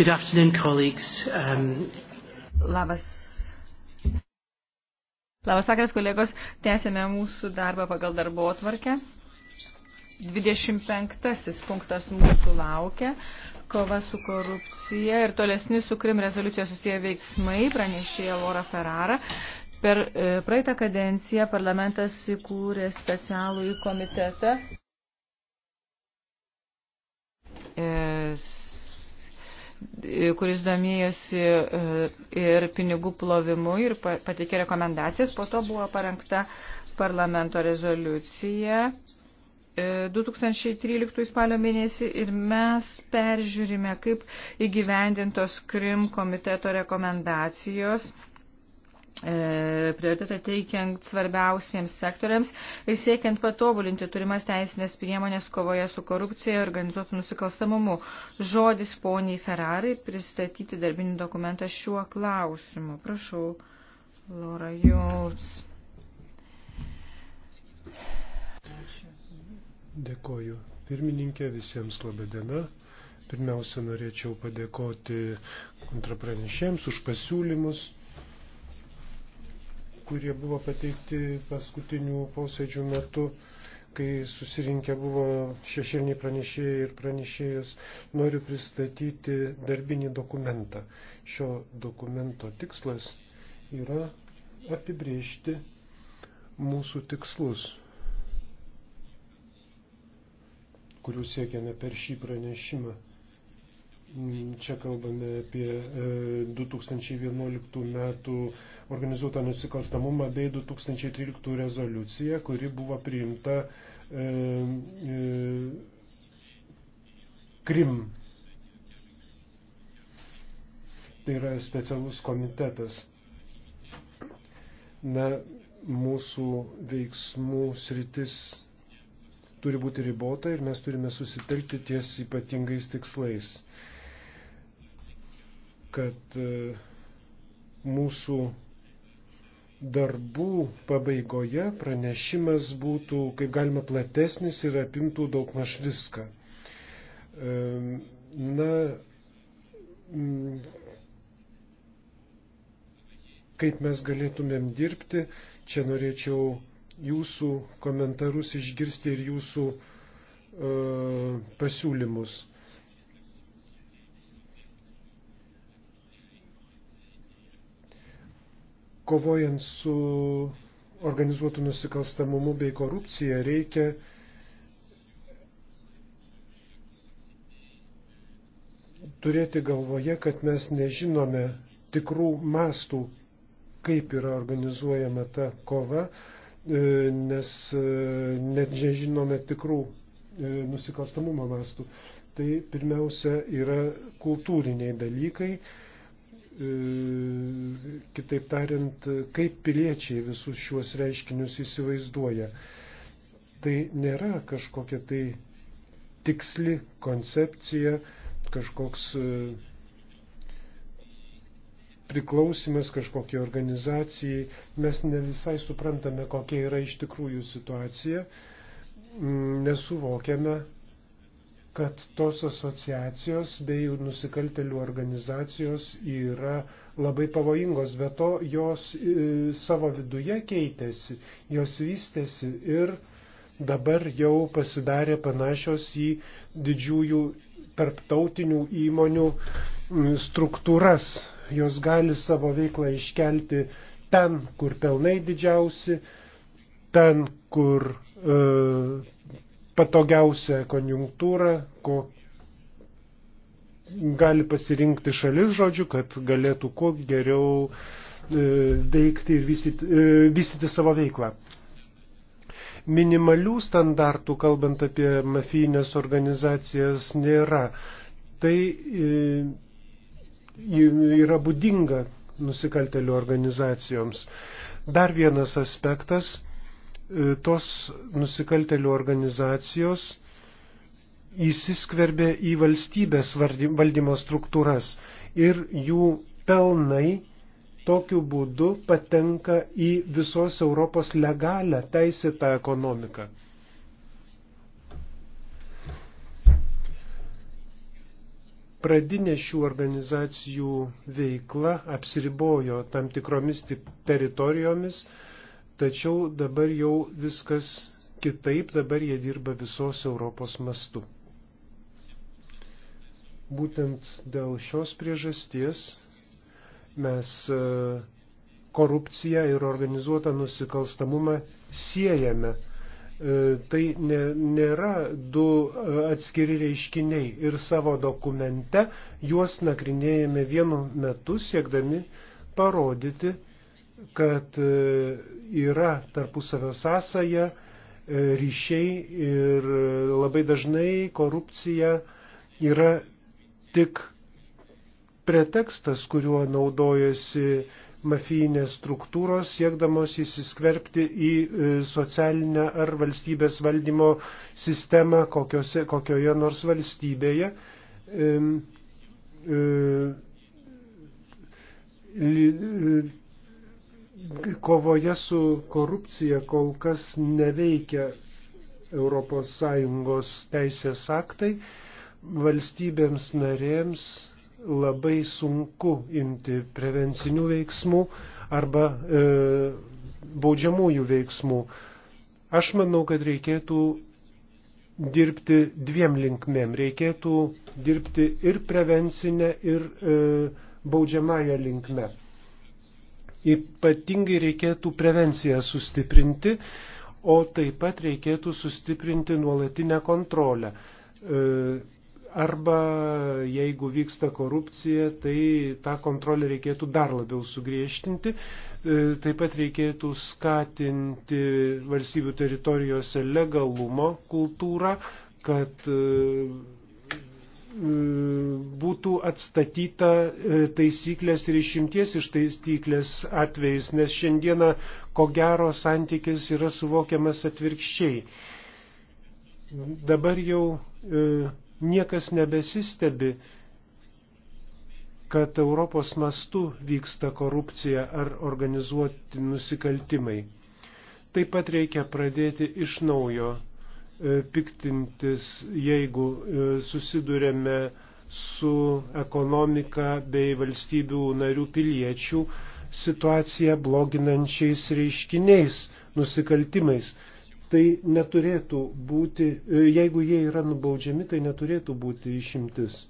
Good afternoon, colleagues. Um... Labas. Labas vakaras, kolegos. Tęsėme mūsų darbą pagal darbo atvarkę. 25 punktas mūsų laukia. Kova su korupcija ir tolesni su Krim rezoliucijos susiję veiksmai, pranešėja Laura Ferrara. Per e, praeitą kadenciją parlamentas įkūrė specialų į komitetą. Es kuris domėjosi e, ir pinigų plovimu ir pateikė rekomendacijas. Po to buvo parengta parlamento rezoliucija 2013 e, spalio mėnesį ir mes peržiūrime, kaip įgyvendintos Krim komiteto rekomendacijos E, prioritetą teikiant svarbiausiems sektoriams ir siekiant patobulinti turimas teisinės priemonės kovoje su korupcija ir organizuotų nusikalstamumu. Žodis poniai Ferrari pristatyti darbinį dokumentą šiuo klausimu. Prašau, Laura, jūs. Dėkoju. Pirmininkė, visiems laba diena. Pirmiausia, norėčiau padėkoti kontrapranešėjams už pasiūlymus kurie buvo pateikti paskutinių posėdžių metu, kai susirinkę buvo šešėliniai pranešėjai ir pranešėjas, noriu pristatyti darbinį dokumentą. Šio dokumento tikslas yra apibriežti mūsų tikslus, kurių siekiame per šį pranešimą. Čia kalbame apie 2011 e, metų organizuotą nusikalstamumą bei 2013 rezoliuciją, kuri buvo priimta e, e, Krim. Tai yra specialus komitetas. Na, mūsų veiksmų sritis turi būti ribota ir mes turime susitelkti ties ypatingais tikslais kad e, mūsų darbų pabaigoje pranešimas būtų kaip galima platesnis ir apimtų daugmaž viską. E, na, kaip mes galėtumėm dirbti, čia norėčiau jūsų komentarus išgirsti ir jūsų e, pasiūlymus. kovojant su organizuotų nusikalstamumu bei korupcija reikia turėti galvoje, kad mes nežinome tikrų mastų, kaip yra organizuojama ta kova, e, nes e, net nežinome tikrų e, nusikalstamumo mastų. Tai pirmiausia yra kultūriniai dalykai, E, kitaip tariant, kaip piliečiai visus šiuos reiškinius įsivaizduoja. Tai nėra kažkokia tai tiksli koncepcija, kažkoks e, priklausimas kažkokiai organizacijai. Mes ne visai suprantame, kokia yra iš tikrųjų situacija, mm, nesuvokiame kad tos asociacijos bei nusikaltelių organizacijos yra labai pavojingos, bet to jos e, savo viduje keitėsi, jos vystėsi ir dabar jau pasidarė panašios į didžiųjų tarptautinių įmonių struktūras. Jos gali savo veiklą iškelti ten, kur pelnai didžiausi, ten, kur e, patogiausią konjunktūrą, ko gali pasirinkti šalis žodžiu, kad galėtų kuo geriau e, veikti ir vystyti, e, vystyti savo veiklą. Minimalių standartų, kalbant apie mafijinės organizacijas, nėra. Tai e, yra būdinga nusikaltelių organizacijoms. Dar vienas aspektas E, tos nusikaltelių organizacijos įsiskverbė į valstybės valdymo struktūras ir jų pelnai tokiu būdu patenka į visos Europos legalę teisėtą ekonomiką. Pradinė šių organizacijų veikla apsiribojo tam tikromis teritorijomis, Tačiau dabar jau viskas kitaip, dabar jie dirba visos Europos mastu. Būtent dėl šios priežasties mes e, korupciją ir organizuotą nusikalstamumą siejame. E, tai nėra du e, atskiri reiškiniai ir savo dokumente juos nagrinėjame vienu metu siekdami parodyti, kad e, yra tarpusavio sąsaja, e, ryšiai ir e, labai dažnai korupcija yra tik pretekstas, kuriuo naudojasi mafijinės struktūros, siekdamos įsiskverbti į socialinę ar valstybės valdymo sistemą kokiose, kokioje nors valstybėje kovoje su korupcija kol kas neveikia ES teisės aktai, valstybėms narėms labai sunku imti prevencinių veiksmų arba e, baudžiamųjų veiksmų. Aš manau, kad reikėtų dirbti dviem linkmėm. Reikėtų dirbti ir prevencinę, ir e, baudžiamąją linkmę. Ypatingai reikėtų prevenciją sustiprinti, o taip pat reikėtų sustiprinti nuolatinę kontrolę. E, arba jeigu vyksta korupcija, tai tą kontrolę reikėtų dar labiau sugriežtinti. E, taip pat reikėtų skatinti valstybių teritorijose legalumo kultūrą, kad e, Mm, būtų atstatyta e, taisyklės ir išimties iš taisyklės atvejais, nes šiandieną ko gero santykis yra suvokiamas atvirkščiai. Dabar jau e, niekas nebesistebi, kad Europos mastu vyksta korupcija ar organizuoti nusikaltimai. Taip pat reikia pradėti iš naujo E, piktintis, jeigu e, susidurėme su ekonomika bei valstybių narių piliečių situaciją bloginančiais reiškiniais, nusikaltimais. Tai neturėtų būti, e, jeigu jie yra nubaudžiami, tai neturėtų būti išimtis.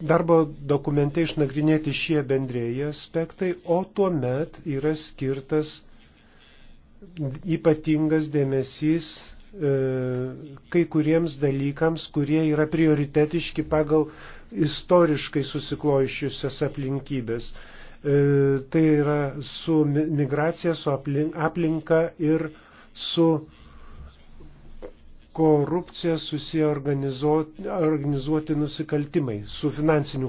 darbo dokumente išnagrinėti šie bendrėjai aspektai, o tuomet yra skirtas ypatingas dėmesys e, kai kuriems dalykams, kurie yra prioritetiški pagal istoriškai susiklojusiusias aplinkybės. E, tai yra su migracija, su aplinka ir su korupcija susiję organizuoti nusikaltimai su,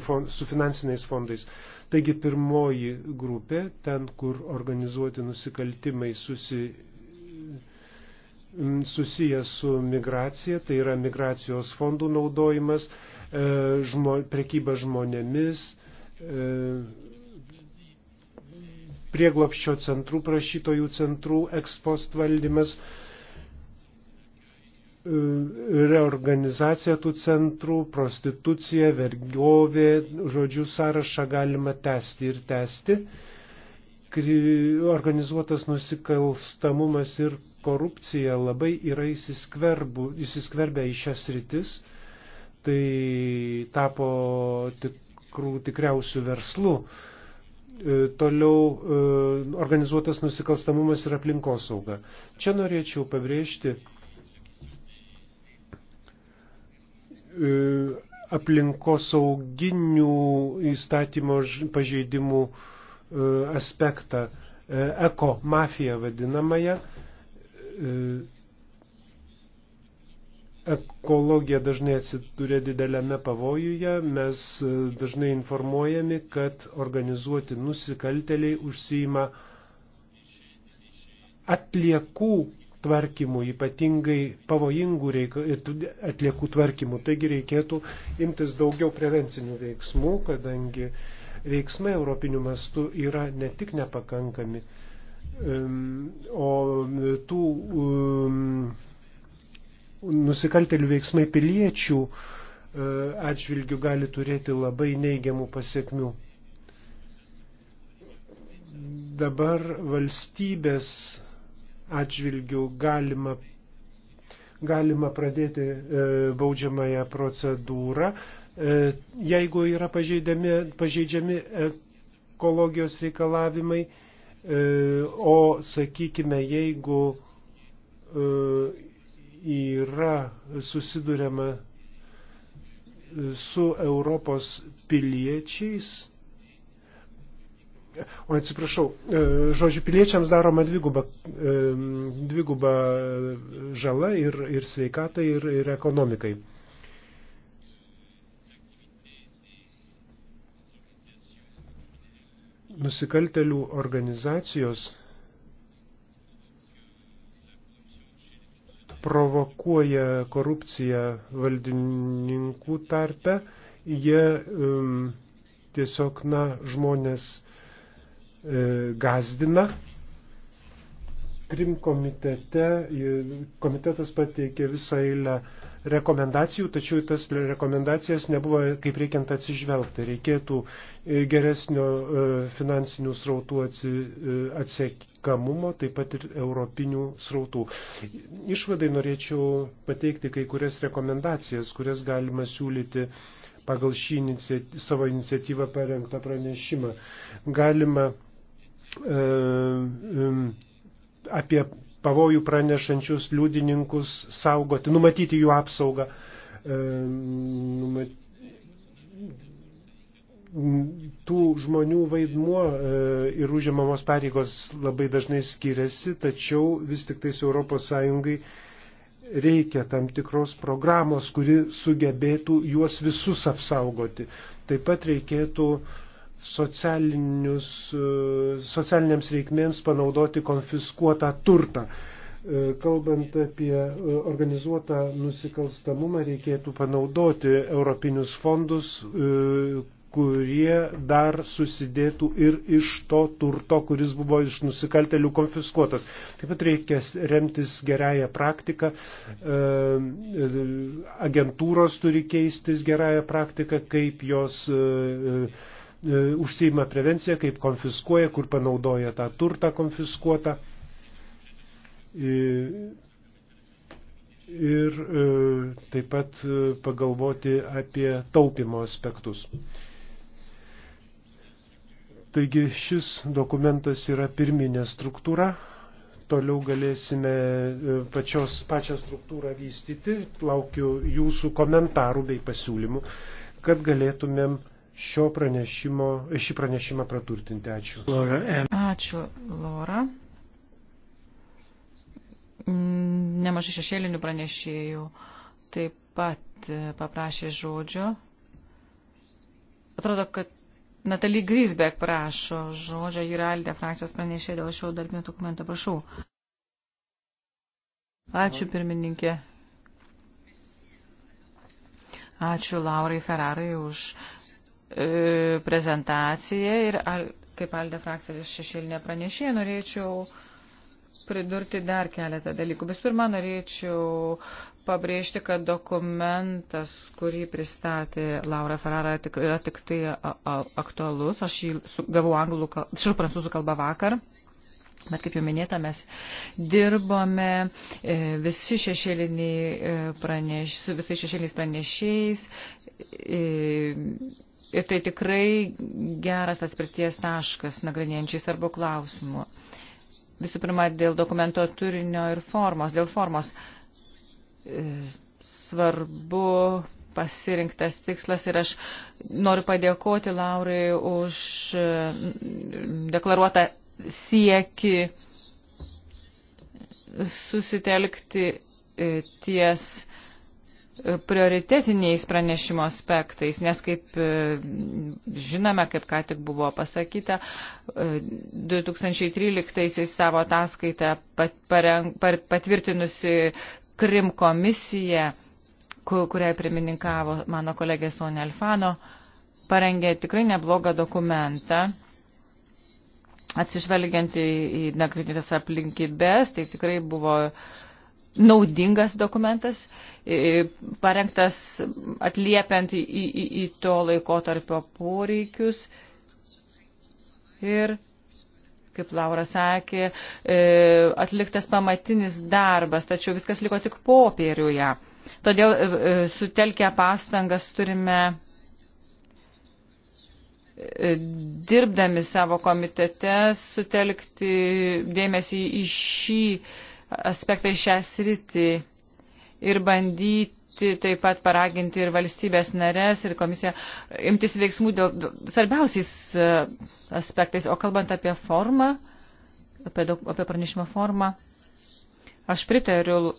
fond, su finansiniais fondais. Taigi pirmoji grupė, ten, kur organizuoti nusikaltimai susi, susiję su migracija, tai yra migracijos fondų naudojimas, e, žmo, prekyba žmonėmis, e, prieglopščio centrų, prašytojų centrų, ekspost valdymas reorganizacija tų centrų, prostitucija, vergovė, žodžių sąrašą galima tęsti ir tęsti. Organizuotas nusikalstamumas ir korupcija labai yra įsiskverbę į šias rytis, tai tapo tikrų tikriausių verslų. E, toliau e, organizuotas nusikalstamumas ir aplinkosauga. Čia norėčiau pabrėžti, E, aplinkosauginių įstatymo pažeidimų e, aspektą, e, eko mafiją vadinamąją. Ekologija dažnai atsituria dideliame pavojuje, mes dažnai informuojami, kad organizuoti nusikalteliai užsijima atliekų tvarkymų, ypatingai pavojingų atliekų tvarkymų. Taigi reikėtų imtis daugiau prevencinių veiksmų, kadangi veiksmai europinių mastų yra ne tik nepakankami, um, o tų um, nusikaltelių veiksmai piliečių uh, atžvilgių gali turėti labai neigiamų pasiekmių. Dabar valstybės atžvilgių galima, galima pradėti e, baudžiamąją procedūrą, e, jeigu yra pažeidami, pažeidžiami ekologijos reikalavimai, e, o sakykime, jeigu e, yra susidurima su Europos piliečiais, O atsiprašau, e, žodžiu, piliečiams daroma dviguba, e, dviguba žala ir, ir sveikatai, ir, ir ekonomikai. Nusikaltelių organizacijos provokuoja korupciją valdininkų tarpe, jie um, tiesiog, na, žmonės E, gazdina. Krim komitete, komitetas pateikė visą eilę rekomendacijų, tačiau tas rekomendacijas nebuvo kaip reikiant atsižvelgti. Reikėtų e, geresnio e, finansinių srautų atsiekamumo, taip pat ir europinių srautų. Išvadai norėčiau pateikti kai kurias rekomendacijas, kurias galima siūlyti pagal šį inicia savo iniciatyvą parengtą pranešimą. Galima E, apie pavojų pranešančius liudininkus saugoti, numatyti jų apsaugą. E, tų žmonių vaidmuo e, ir užimamos pareigos labai dažnai skiriasi, tačiau vis tik tais Europos Sąjungai reikia tam tikros programos, kuri sugebėtų juos visus apsaugoti. Taip pat reikėtų uh, socialiniams e, reikmėms panaudoti konfiskuotą turtą. E, kalbant apie e, organizuotą nusikalstamumą, reikėtų panaudoti europinius fondus, kurie dar susidėtų ir iš to turto, kuris buvo iš nusikaltelių konfiskuotas. Taip pat reikia remtis gerąją praktiką, agentūros turi keistis gerąją praktiką, kaip jos E, užsiima prevenciją, kaip konfiskuoja, kur panaudoja tą turtą konfiskuotą. Ir e, taip pat e, pagalvoti apie taupimo aspektus. Taigi šis dokumentas yra pirminė struktūra, toliau galėsime pačios, pačią struktūrą vystyti. Laukiu jūsų komentarų bei pasiūlymų, kad galėtumėm šio pranešimo, šį pranešimą praturtinti. Ačiū. Laura, and... Ačiū, Laura. Mm, nemažai šešėlinių pranešėjų taip pat e, paprašė žodžio. Atrodo, kad Natalie Grisbeck prašo žodžio, ji Aldė frakcijos pranešė dėl šio darbinio dokumento. Prašau. Ačiū, pirmininkė. Ačiū Laurai Ferrarai už uh, E, prezentaciją ir kaip Aldė frakcijos šešėlinė pranešėja norėčiau pridurti dar keletą dalykų. Vis pirma, norėčiau pabrėžti, kad dokumentas, kurį pristatė Laura Ferrara, tik, yra tik tai a, a, aktualus. Aš jį su, gavau anglų, su prancūzų kalba vakar. Bet kaip jau minėta, mes dirbome e, visi šešėliniai e, praneš, su visais šešėliniais pranešėjais Ir tai tikrai geras atspirties taškas nagrinėjančiai svarbu klausimu. Visų pirma, dėl dokumento turinio ir formos. Dėl formos e, svarbu pasirinktas tikslas ir aš noriu padėkoti Laurai už e, deklaruotą sieki susitelkti e, ties prioritetiniais pranešimo aspektais, nes kaip e, žinome, kaip ką tik buvo pasakyta, 2013 e, savo ataskaitą patvirtinusi Krim komisija, kuriai primininkavo mano kolegė Sonia Alfano, parengė tikrai neblogą dokumentą. Atsižvelgiant į nagrinėtas aplinkybės, tai tikrai buvo uh, naudingas dokumentas, e, parengtas atliepiant į, į, į to laikotarpio poreikius. Ir, kaip Laura sakė, e, atliktas pamatinis darbas, tačiau viskas liko tik popieriuje. Todėl e, sutelkę pastangas turime dirbdami savo komitete sutelkti dėmesį į šį aspektą į šią sritį ir bandyti taip pat paraginti ir valstybės narės ir komisiją imtis veiksmų dėl svarbiausiais e, aspektais. O kalbant apie formą, apie, daug, apie pranešimo formą, aš pritariu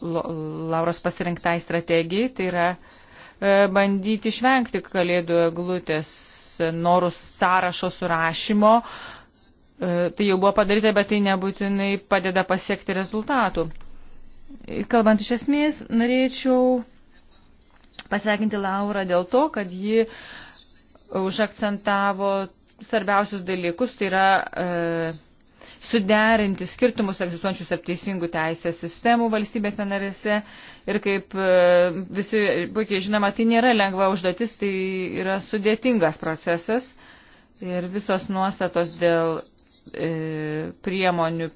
Lauros pasirinktai strategijai, tai yra e, bandyti išvengti kalėdų eglutės norų sąrašo surašymo, uh, E, tai jau buvo padaryta, bet tai nebūtinai padeda pasiekti rezultatų. Kalbant iš esmės, norėčiau pasveikinti Laurą dėl to, kad ji užakcentavo svarbiausius dalykus, tai yra e, suderinti skirtumus egzistuojančius tarp teisingų teisės sistemų valstybės narėse. Ir kaip e, visi puikiai žinoma, tai nėra lengva užduotis, tai yra sudėtingas procesas. Ir visos nuostatos dėl E, priemonių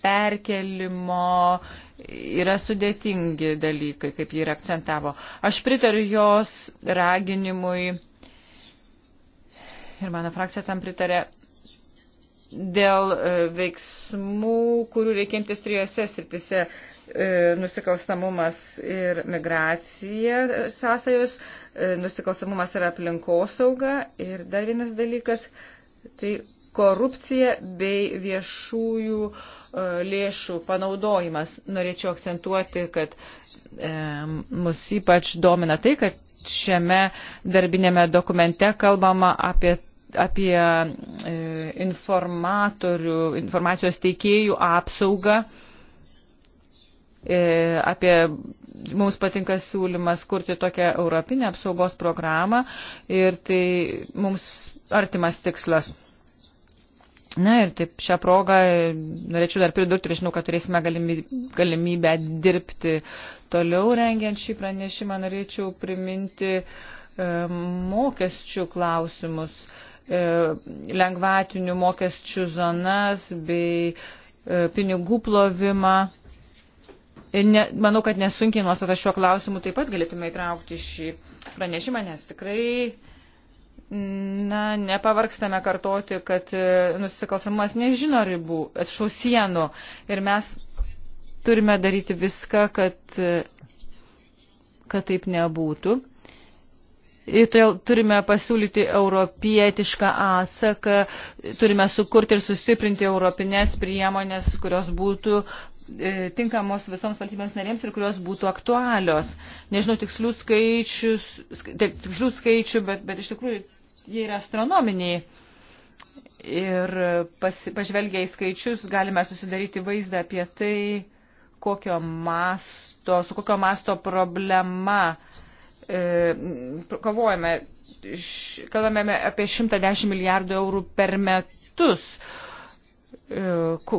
perkelimo yra sudėtingi dalykai, kaip jį ir akcentavo. Aš pritariu jos raginimui ir mano frakcija tam pritarė dėl e, veiksmų, kurių reikiantis trijose sritise e, nusikalstamumas ir migracija sąsajos, nusikalstamumas ir aplinkosauga ir dar vienas dalykas, tai korupcija bei viešųjų e, lėšų panaudojimas. Norėčiau akcentuoti, kad e, mus ypač domina tai, kad šiame darbinėme dokumente kalbama apie apie e, informatorių, informacijos teikėjų apsaugą, e, apie mums patinka siūlymas kurti tokią europinę apsaugos programą ir tai mums artimas tikslas. Na ir taip šią progą e, norėčiau dar pridurti ir žinau, kad turėsime galimybę dirbti toliau rengiant šį pranešimą. Norėčiau priminti e, mokesčių klausimus, e, lengvatinių mokesčių zonas bei e, pinigų plovimą. Ir ne, manau, kad nesunkiai nuostatą šiuo klausimu taip pat galėtume įtraukti šį pranešimą, nes tikrai Na, nepavarkstame kartoti, kad e, nusikalstamumas nežino ribų, atšau sienų. Ir mes turime daryti viską, kad, e, kad taip nebūtų. Ir todėl turime pasiūlyti europietišką atsaką, turime sukurti ir sustiprinti europinės priemonės, kurios būtų e, tinkamos visoms valstybėms narėms ir kurios būtų aktualios. Nežinau tikslių skaičių, tikslių skaičių bet, bet iš tikrųjų jie yra astronominiai. Ir pasi, pažvelgia į skaičius galime susidaryti vaizdą apie tai, kokio masto, su kokio masto problema e, kovojame. Kalbame apie 110 milijardų eurų per metus, e,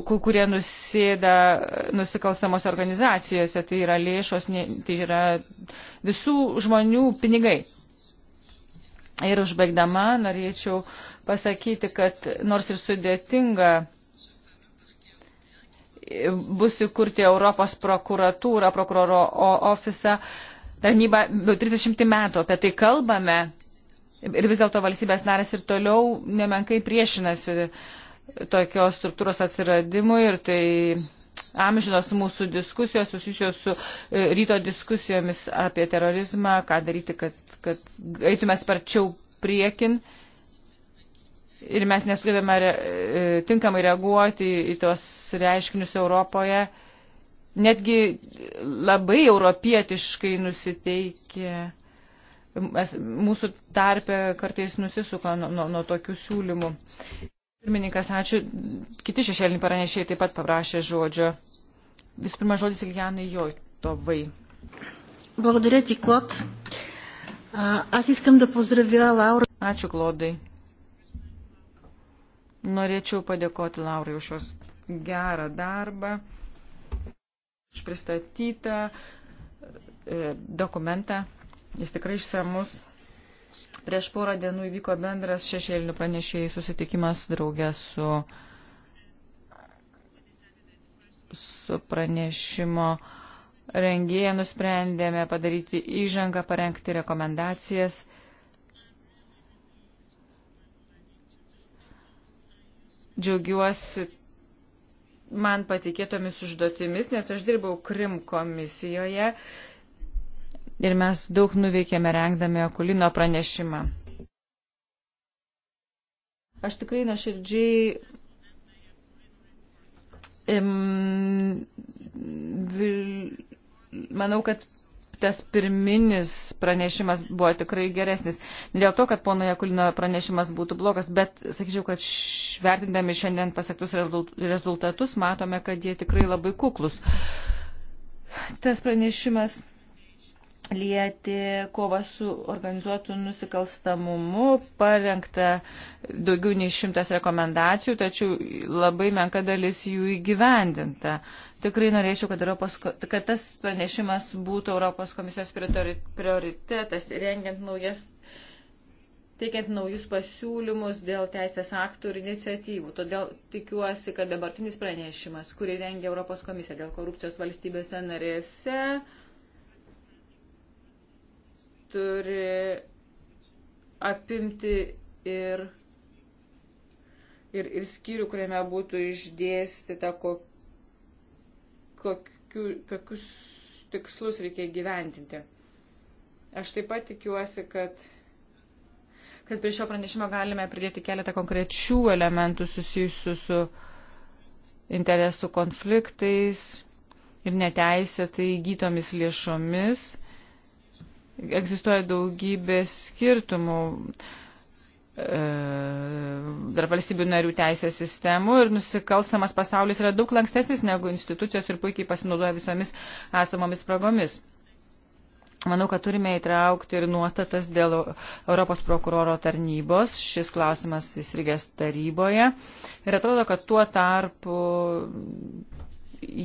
kurie nusėda nusikalstamos organizacijose. Tai yra lėšos, tai yra visų žmonių pinigai. Ir užbaigdama norėčiau pasakyti, kad nors ir sudėtinga bus įkurti Europos prokuratūrą, prokuroro ofisą, tarnybą, 30 metų apie tai kalbame ir vis dėlto valstybės narės ir toliau nemenkai priešinasi tokios struktūros atsiradimui ir tai amžinos mūsų diskusijos susijusios su e, ryto diskusijomis apie terorizmą, ką daryti, kad, kad eitume sparčiau priekin. Ir mes nesugebėme re, e, tinkamai reaguoti į tos reiškinius Europoje. Netgi labai europietiškai nusiteikė. Mes, mūsų tarpe kartais nusisuka nuo, nuo, nuo tokių siūlymų. Pirmininkas, ačiū. Kiti šešėliniai pranešėjai taip pat paprašė žodžio. Visų pirma, žodis Iljanai Jojtovai. Благодаря ти, Клод. Аз искам да поздравя Лаура. Ačiū, Klodai. Norėčiau padėkoti Laurai už šios gerą darbą, už pristatytą e, dokumentą. Jis tikrai išsamus. Prieš porą dienų įvyko bendras šešėlinių pranešėjų susitikimas draugė su, su pranešimo rengėja. Nusprendėme padaryti įžangą, parengti rekomendacijas. Džiaugiuosi man patikėtomis užduotimis, nes aš dirbau Krim komisijoje ir mes daug nuveikėme rengdami Akulino pranešimą. Aš tikrai nuoširdžiai manau, kad tas pirminis pranešimas buvo tikrai geresnis. Ne dėl to, kad pono Jakulino pranešimas būtų blogas, bet sakyčiau, kad vertindami šiandien pasiektus rezultatus matome, kad jie tikrai labai kuklus. Tas pranešimas lieti kovą su organizuotu nusikalstamumu, parengta daugiau nei šimtas rekomendacijų, tačiau labai menka dalis jų įgyvendinta. Tikrai norėčiau, kad, Europos, kad tas pranešimas būtų Europos komisijos prioritetas, rengiant naujas, teikiant naujus pasiūlymus dėl teisės aktų ir iniciatyvų. Todėl tikiuosi, kad dabartinis pranešimas, kurį rengia Europos komisija dėl korupcijos valstybėse narėse, turi apimti ir, ir, ir skyrių, kuriame būtų išdėstyta, kok, kokiu, kokius tikslus reikia gyventinti. Aš taip pat tikiuosi, kad kad prie šio pranešimo galime pridėti keletą konkrečių elementų susijusių su interesų konfliktais ir neteisėtai įgytomis lėšomis egzistuoja daugybė skirtumų e, tarp valstybių narių teisės sistemų ir nusikalstamas pasaulis yra daug lankstesnis negu institucijos ir puikiai pasinaudoja visomis esamomis spragomis. Manau, kad turime įtraukti ir nuostatas dėl Europos prokuroro tarnybos. Šis klausimas įsirgęs taryboje. Ir atrodo, kad tuo tarpu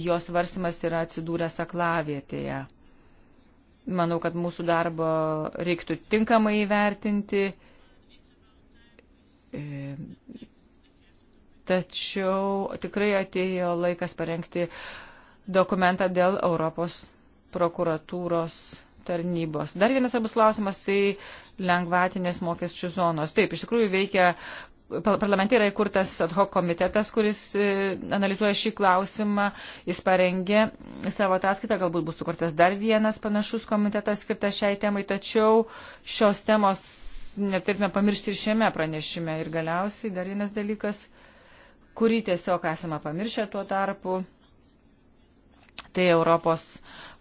jos varsimas yra atsidūręs aklavietėje. Manau, kad mūsų darbo reiktų tinkamai įvertinti. E, tačiau tikrai atėjo laikas parengti dokumentą dėl Europos prokuratūros tarnybos. Dar vienas svarbus klausimas - tai lengvatinės mokesčių zonos. Taip, iš tikrųjų veikia parlamente yra įkurtas ad hoc komitetas, kuris e, analizuoja šį klausimą, jis parengė savo ataskaitą, galbūt bus sukurtas dar vienas panašus komitetas skirtas šiai temai, tačiau šios temos neturime pamiršti ir šiame pranešime. Ir galiausiai dar vienas dalykas, kurį tiesiog esame pamiršę tuo tarpu, tai Europos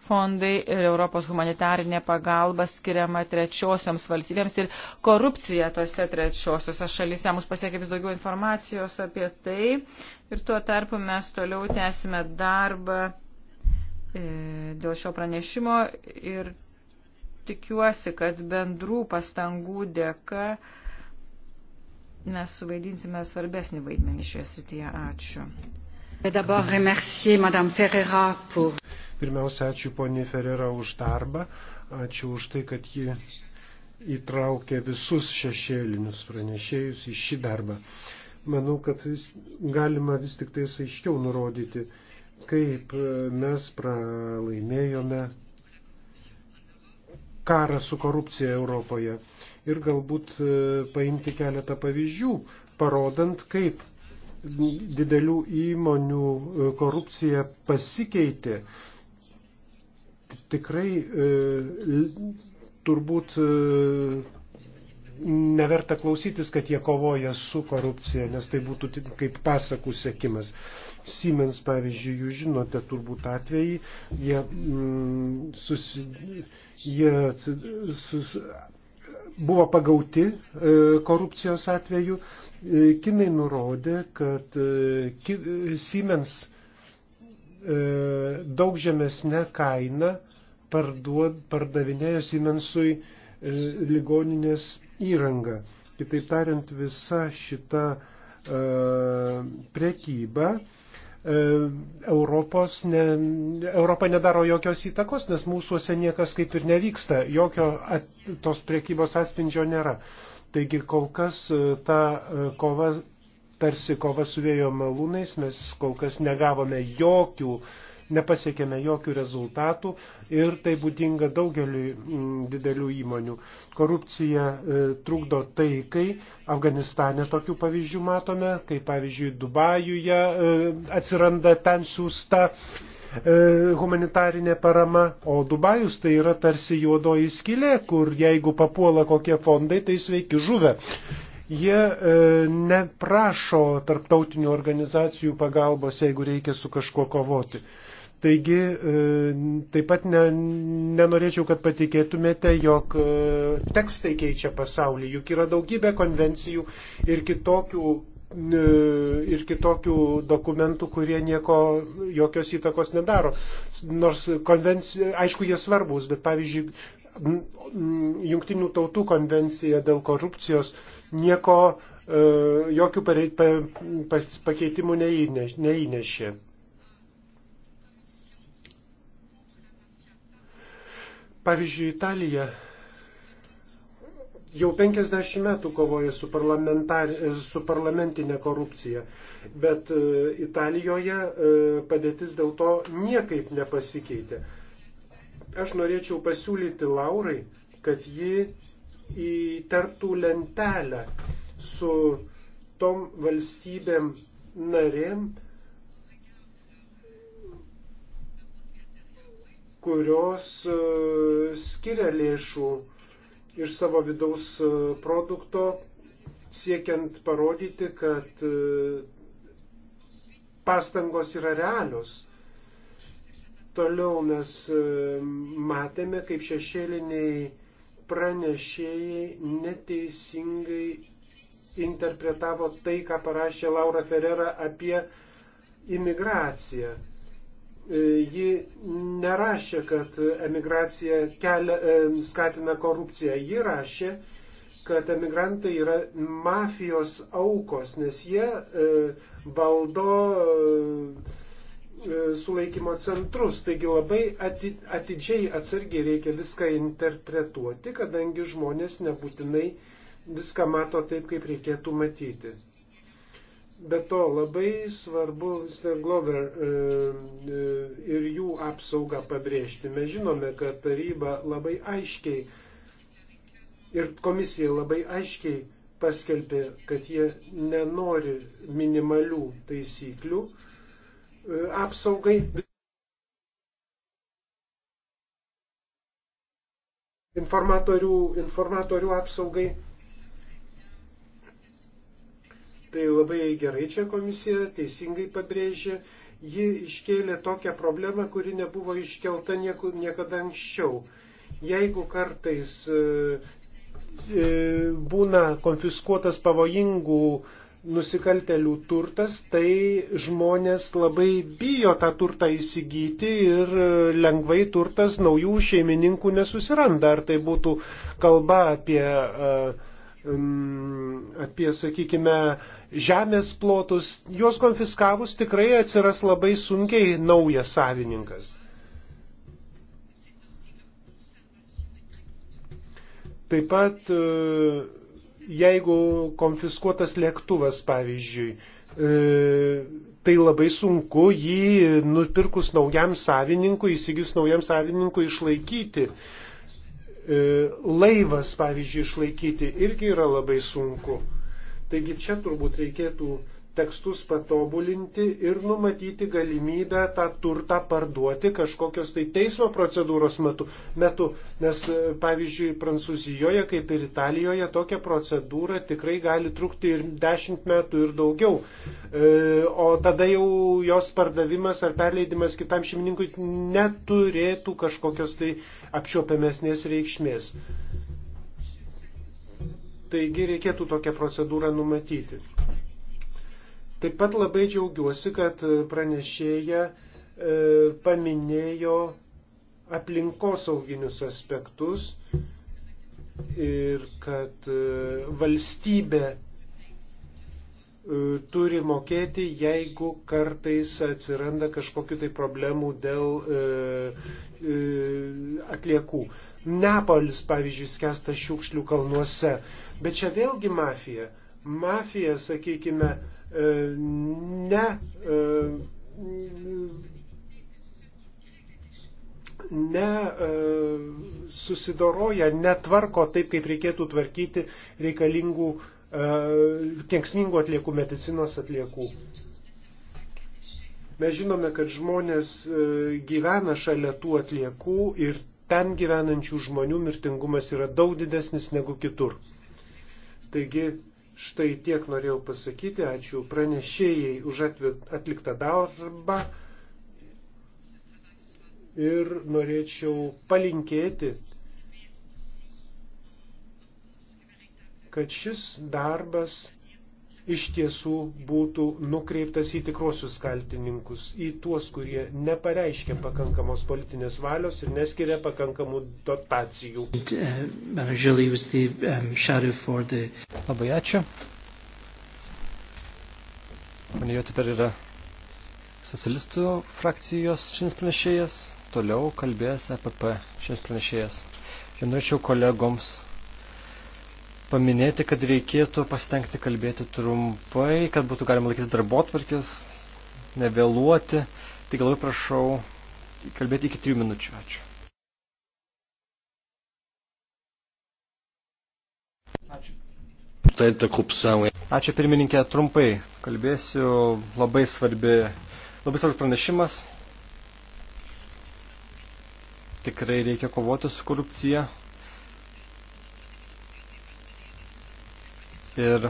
fondai ir Europos humanitarinė pagalba skiriama trečiosioms valstybėms ir korupcija tose trečiosiose šalyse. Mums pasiekia vis daugiau informacijos apie tai ir tuo tarpu mes toliau tęsime darbą e, dėl šio pranešimo ir tikiuosi, kad bendrų pastangų dėka mes suvaidinsime svarbesnį vaidmenį šioje srityje. Ačiū. Pirmiausia, ačiū ponė Ferrera už darbą, ačiū už tai, kad ji įtraukė visus šešėlinius pranešėjus į šį darbą. Manau, kad galima vis tik tais aiškiau nurodyti, kaip e, mes pralaimėjome karą su korupcija Europoje. Ir galbūt e, paimti keletą pavyzdžių, parodant, kaip didelių įmonių e, korupcija pasikeitė, tikrai e, turbūt e, neverta klausytis, kad jie kovoja su korupcija, nes tai būtų kaip pasakų sėkimas. Siemens, pavyzdžiui, jūs žinote turbūt atvejį, jie, mm, susi, jie sus, buvo pagauti e, korupcijos atveju. E, kinai nurodė, kad e, Siemens daug žemesnę kainą parduod, pardavinėjo Siemensui ligoninės įrangą. Kitaip tariant, visa šita prekyba uh, E, Europos ne, Europa nedaro jokios įtakos, nes mūsųse niekas kaip ir nevyksta, jokio at, tos priekybos atspindžio nėra. Taigi kol kas e, ta e, kova, tarsi kova su vėjo malūnais, mes kol kas negavome jokių uh, nepasiekėme jokių rezultatų ir tai būdinga daugeliu mm, didelių įmonių. Korupcija e, trukdo taikai, Afganistane tokių pavyzdžių matome, kaip pavyzdžiui Dubajuje e, atsiranda ten siūsta e, humanitarinė parama, o Dubajus tai yra tarsi juodoji skylė, kur jeigu papuola kokie fondai, tai sveiki žuvę. Jie e, neprašo tarptautinių organizacijų pagalbos, jeigu reikia su kažkuo kovoti. E, Taigi e, taip pat ne, nenorėčiau, kad patikėtumėte, jog e, tekstai keičia pasaulį, juk yra daugybė konvencijų ir kitokių, e, ir kitokių dokumentų, kurie nieko, jokios įtakos nedaro. Nors konvencija, aišku, jie svarbus, bet pavyzdžiui, Junktinių tautų konvencija dėl korupcijos nieko, jokių pakeitimų neįnešė. Pavyzdžiui, Italija jau 50 metų kovoja su, su parlamentinė korupcija, bet e, Italijoje e, padėtis dėl to niekaip nepasikeitė. Aš norėčiau pasiūlyti Laurai, kad ji įterptų lentelę su tom valstybėm narėm, kurios e, skiria lėšų iš savo vidaus e, produkto, siekiant parodyti, kad e, pastangos yra realios. Toliau mes matėme, kaip šešėliniai pranešėjai neteisingai interpretavo tai, ką parašė Laura Ferrera apie imigraciją. E, ji nerašė, kad emigracija kelia, e, skatina korupciją. Ji rašė, kad emigrantai yra mafijos aukos, nes jie e, valdo sulaikymo centrus. Taigi labai atidžiai atsargiai reikia viską interpretuoti, kadangi žmonės nebūtinai viską mato taip, kaip reikėtų matyti. Be to labai svarbu Stenglover e, e, ir jų apsaugą pabrėžti. Mes žinome, kad taryba labai aiškiai ir komisija labai aiškiai paskelbė, kad jie nenori minimalių taisyklių e, apsaugai. Informatorių, informatorių apsaugai Tai labai gerai čia komisija teisingai pabrėžė. Ji iškėlė tokią problemą, kuri nebuvo iškelta nieku, niekada anksčiau. Jeigu kartais e, e, būna konfiskuotas pavojingų nusikaltelių turtas, tai žmonės labai bijo tą turtą įsigyti ir lengvai turtas naujų šeimininkų nesusiranda. Ar tai būtų kalba apie, e, apie sakykime, žemės plotus, juos konfiskavus tikrai atsiras labai sunkiai naujas savininkas. Taip pat, e, jeigu konfiskuotas lėktuvas, pavyzdžiui, e, tai labai sunku jį nupirkus naujam savininkui, įsigius naujam savininkui išlaikyti. E, laivas, pavyzdžiui, išlaikyti irgi yra labai sunku. Taigi čia turbūt reikėtų tekstus patobulinti ir numatyti galimybę tą turtą parduoti kažkokios tai teismo procedūros metu. metu. Nes, e, pavyzdžiui, Prancūzijoje, kaip ir Italijoje, tokia procedūra tikrai gali trukti ir dešimt metų ir daugiau. E, o tada jau jos pardavimas ar perleidimas kitam šeimininkui neturėtų kažkokios tai apčiopiamesnės reikšmės. Taigi reikėtų tokią procedūrą numatyti. Taip pat labai džiaugiuosi, kad pranešėja e, paminėjo aplinkosauginius aspektus ir kad e, valstybė e, turi mokėti, jeigu kartais atsiranda kažkokiu tai problemų dėl e, e, atliekų. Neapolis, pavyzdžiui, skęsta šiukšlių kalnuose. E, Bet čia vėlgi mafija. Mafija, sakykime, e, ne. E, ne e, susidoroja, netvarko taip, kaip reikėtų tvarkyti reikalingų, kenksmingų atliekų, medicinos atliekų. Mes žinome, kad žmonės gyvena šalia tų atliekų ir ten gyvenančių žmonių mirtingumas yra daug didesnis negu kitur. Taigi štai tiek norėjau pasakyti. Ačiū pranešėjai už atliktą darbą. Ir norėčiau palinkėti, kad šis darbas iš tiesų būtų nukreiptas į tikruosius kaltininkus, į tuos, kurie nepareiškia pakankamos politinės valios ir neskiria pakankamų dotacijų. Labai ačiū. Mane jo dabar yra socialistų frakcijos šis pranešėjas, toliau kalbės EPP šis pranešėjas. Šiandien norėčiau kolegoms paminėti, kad reikėtų pasitengti kalbėti trumpai, kad būtų galima laikyti darbotvarkės, nevėluoti. Tai galbūt prašau kalbėti iki trijų minučių. Ačiū. Ačiū. Ačiū pirmininkė, trumpai kalbėsiu, labai svarbi, labai svarbus pranešimas. Tikrai reikia kovoti su korupcija. Ir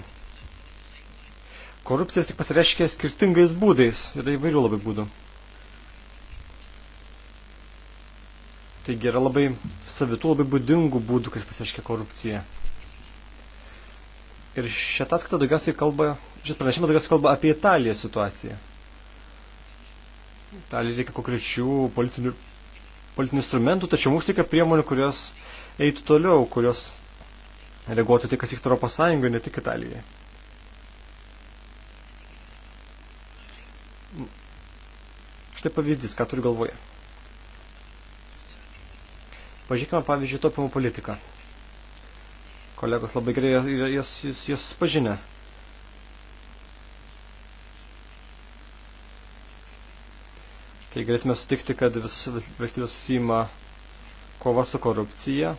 korupcijas tik pasireiškia skirtingais būdais, yra įvairių labai būdų. Taigi yra labai savitų, labai būdingų būdų, kaip pasireiškia korupcija. Ir šią ataskaitą daugiausiai kalba, šis pranešimas daugiausiai kalba apie Italiją situaciją. Italijai reikia konkrečių politinių, politinių instrumentų, tačiau mums reikia priemonių, kurios eitų toliau, kurios reaguotų tai, kas vyksta Europos Sąjungoje, ne tik Italijoje. Štai pavyzdys, ką turiu galvoje. Pažiūrėkime, pavyzdžiui, taupimo politiką. Kolegos labai gerai jas, jas, jas pažinę. Tai galėtume sutikti, kad visose valstybės susima kova su korupcija,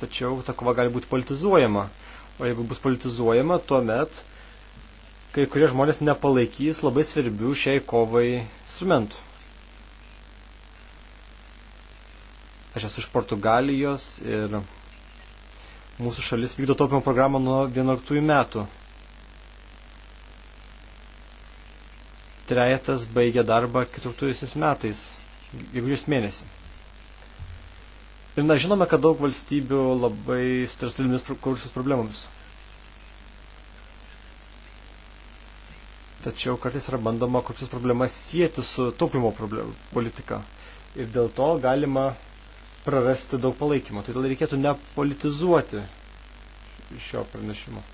tačiau ta kova gali būti politizuojama. O jeigu bus politizuojama, tuomet kai kurie žmonės nepalaikys labai svarbių šiai kovai instrumentų. Aš esu iš Portugalijos ir mūsų šalis vykdo taupimo programą nuo 11 metų. Trejetas baigė darbą 14 metais, jeigu jūs mėnesį. Ir na, žinome, kad daug valstybių labai stresilėmis kursus problemams. Tačiau kartais yra bandoma korupcijos problemas sieti su taupimo problem, politika. Ir dėl to galima prarasti daug palaikymo. Tai tada reikėtų nepolitizuoti šio pranešimo.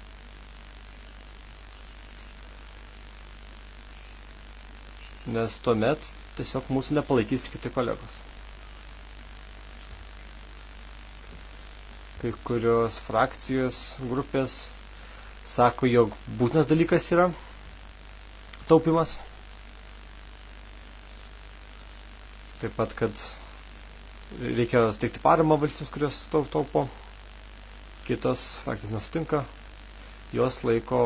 Nes tuomet tiesiog mūsų nepalaikys kiti kolegos. kai kurios frakcijos grupės sako, jog būtinas dalykas yra taupimas. Taip pat, kad reikia steigti paramą valstybės, kurios taupo. Kitos frakcijos nesutinka. Jos laiko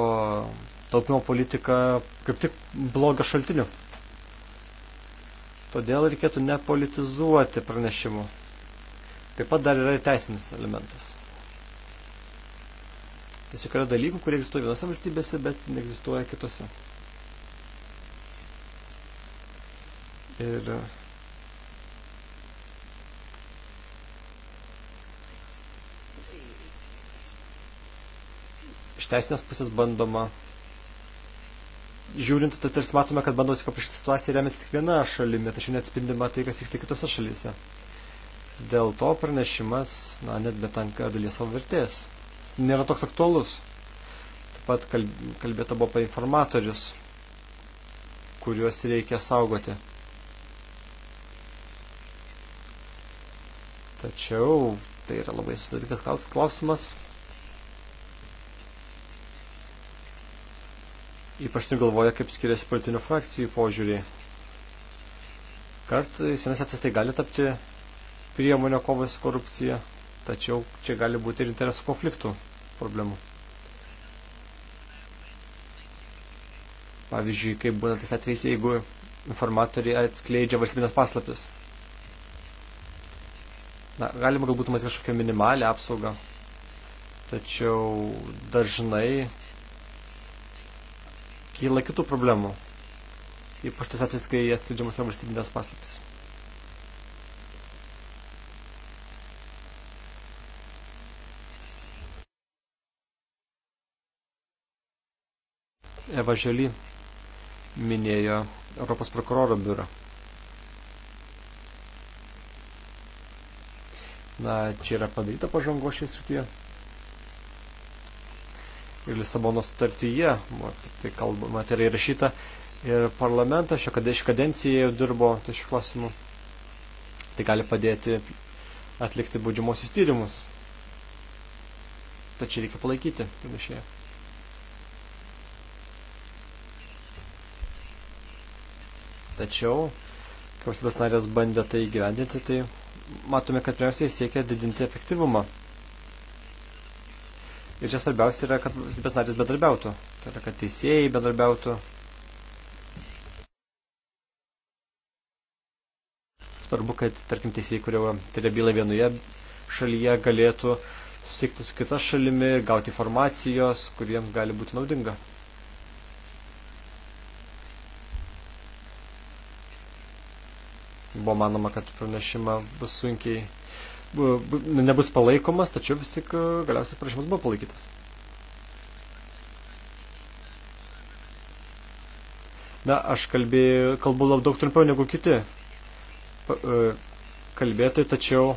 taupimo politiką kaip tik blogą šaltiniu. Todėl reikėtų nepolitizuoti pranešimų. Taip pat dar yra ir teisinis elementas. Tiesiog yra dalykų, kurie egzistuoja vienose valstybėse, bet neegzistuoja kitose. Ir uh, iš teisinės pusės bandoma žiūrint, tai tarsi matome, kad bandoma tik aprašyti situaciją remiantis tik viena šalimi, tačiau neatspindima tai, kas vyksta kitose šalyse. Dėl to pranešimas, na, net betanka dalies savo vertės. Jis nėra toks aktualus. Taip pat kalbėta buvo apie informatorius, kuriuos reikia saugoti. Tačiau tai yra labai sudėtingas klausimas. Ypač tai galvoja, kaip skiriasi politinių frakcijų požiūriai. Kartais vienas atsistai gali tapti priemonę kovai su korupcija, tačiau čia gali būti ir interesų konfliktų problemų. Pavyzdžiui, kaip būna tas atvejs, jeigu informatoriai atskleidžia valstybinės paslaptis. Na, galima galbūt matyti kažkokią minimalę apsaugą, tačiau dažnai kyla kitų problemų. Ypač tas atvejs, kai atskleidžiamas yra valstybinės paslaptis. Eva Želi minėjo Europos prokuroro biurą. Na, čia yra padaryta pažango šioje srityje. Ir Lisabono sutartyje, tai kalbama, tai yra įrašyta, ir parlamentas šio kadencijoje jau dirbo tai šiuo klausimu. Tai gali padėti atlikti būdžiamosius tyrimus. Tačiau reikia palaikyti pranešėją. Tačiau, kai valstybės narės bandė tai gyvendinti, tai matome, kad pirmiausiai siekia didinti efektyvumą. Ir čia svarbiausia yra, kad valstybės narės bedarbiautų. Tai yra, kad teisėjai bedarbiautų. Svarbu, kad, tarkim, teisėjai, kurie tyria bylą vienoje šalyje, galėtų susikti su kita šalimi, gauti informacijos, kuriems gali būti naudinga. buvo manoma, kad pranešimą bus sunkiai, bu, bu, nu, nebus palaikomas, tačiau vis tik uh, galiausiai pranešimas buvo palaikytas. Na, aš kalbėjau, kalbu labai daug trumpiau negu kiti uh, kalbėtojai, tačiau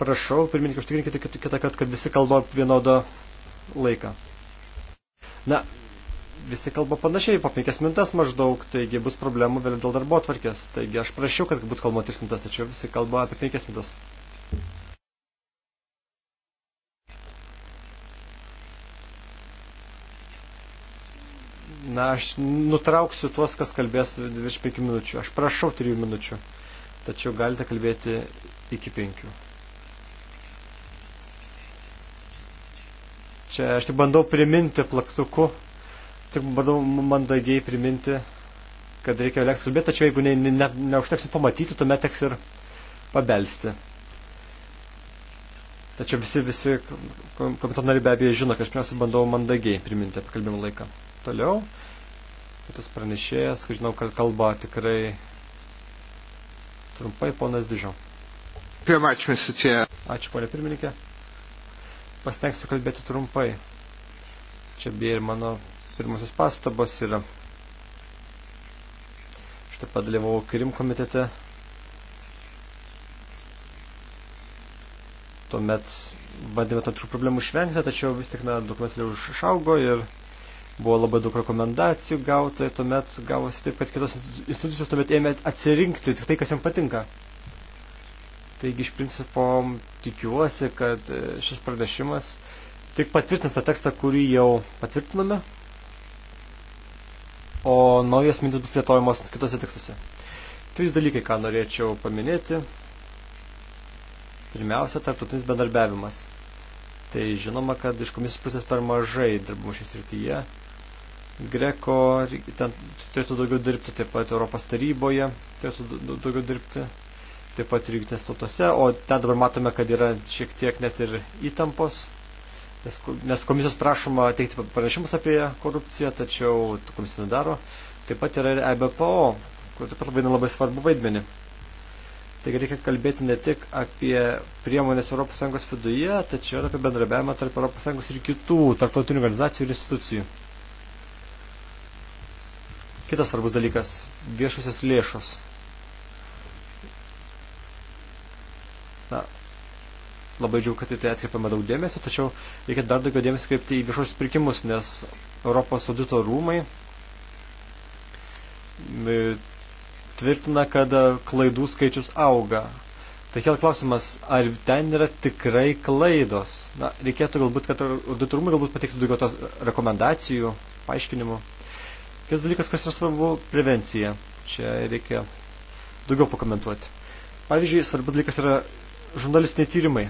prašau, pirmininkai, užtikrinkite kitą kartą, kad visi kalba vienodą laiką. Na, visi kalba panašiai, po penkias minutės maždaug, taigi bus problemų vėl dėl darbo atvarkės. Taigi aš prašiau, kad būtų kalbama tris minutės, tačiau visi kalba apie penkias minutės. Na, aš nutrauksiu tuos, kas kalbės virš penkių minučių. Aš prašau trijų minučių, tačiau galite kalbėti iki penkių. Čia aš tik bandau priminti plaktuku tik bandau mandagiai priminti, kad reikia leks kalbėti, tačiau jeigu ne, ne, neužteks pamatyti, tuomet teks ir pabelsti. Tačiau visi, visi komiteto nariai be abejo žino, kad aš pirmiausia bandau mandagiai priminti apie kalbimo laiką. Toliau, tas pranešėjas, kur žinau, kad kalba tikrai trumpai, ponas Dižo. Ačiū, ponė pirmininkė. Pasitengsiu kalbėti trumpai. Čia beje ir mano pirmasis pastabos yra. Aš taip pat dalyvau Krim komitete. Tuomet bandėme tam tikrų problemų išvengti, tačiau vis tik na, dokumentas vėliau išaugo ir buvo labai daug rekomendacijų gauta ir tuomet gavosi taip, kad kitos institucijos tuomet ėmė atsirinkti tik tai, kas jam patinka. Taigi iš principo tikiuosi, kad e, šis pranešimas tik patvirtins tą tekstą, kurį jau patvirtinome o naujos mintis bus plėtojamos kitose tekstuose. Trys dalykai, ką norėčiau paminėti. Pirmiausia, tarptautinis bendarbiavimas. Tai žinoma, kad iš komisijos pusės per mažai dirbama šis rytyje. Greko ten turėtų daugiau dirbti, taip pat Europos taryboje turėtų daugiau dirbti, taip pat ir jungtinės tautose, o ten dabar matome, kad yra šiek tiek net ir įtampos nes komisijos prašoma teikti pranešimus apie korupciją, tačiau komisija nedaro. Taip pat yra ir EBPO, kur taip pat vaidina labai svarbu vaidmenį. Taigi reikia kalbėti ne tik apie priemonės ES viduje, tačiau ir apie bendrabiavimą tarp ES ir kitų tarptautinių organizacijų ir institucijų. Kitas svarbus dalykas – viešusios lėšos. Na, Labai džiaugiu, kad į tai atkreipiama daug dėmesio, tačiau reikia dar daugiau dėmesio kreipti į viešosius pirkimus, nes Europos audito rūmai e, tvirtina, kad e, klaidų skaičius auga. Tai kėl klausimas, ar ten yra tikrai klaidos? Na, reikėtų galbūt, kad auditorumai galbūt pateiktų daugiau tos rekomendacijų, paaiškinimų. Kitas dalykas, kas yra svarbu, prevencija. Čia reikia daugiau pakomentuoti. Pavyzdžiui, svarbus dalykas yra žurnalistiniai tyrimai.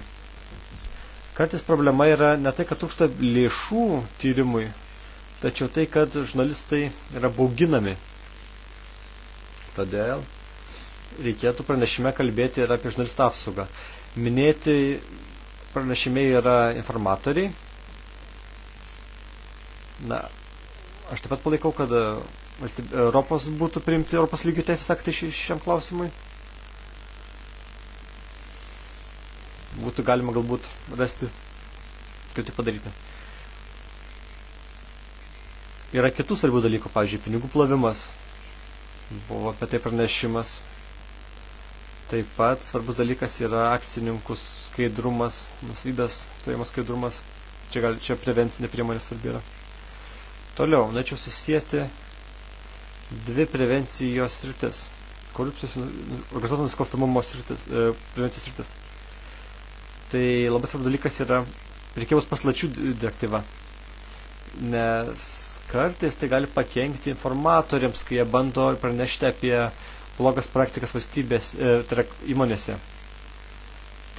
Kartais problema yra ne tai, kad trūksta lėšų tyrimui, tačiau tai, kad žurnalistai yra bauginami. Todėl reikėtų pranešime kalbėti ir apie žurnalistą apsaugą. Minėti pranešime yra informatoriai. Na, aš taip pat palaikau, kad Europos būtų priimti Europos lygių teisės aktai šiam klausimui. būtų galima galbūt rasti, kaip tai padaryti. Yra kitų svarbių dalykų, pavyzdžiui, pinigų plovimas, buvo apie tai pranešimas. Taip pat svarbus dalykas yra akcininkų skaidrumas, nuslydas, turėjimas skaidrumas. Čia, gal, čia prevencinė priemonė svarbi yra. Toliau, norėčiau susijęti dvi prevencijos sritis. Korupcijos organizuotos nusikalstamumo sritis, e, prevencijos sritis. Tai labai svarbu dalykas yra prekybos paslačių direktyva. Nes kartais tai gali pakenkti informatoriams, kai jie bando pranešti apie blogas praktikas valstybės e, tai įmonėse.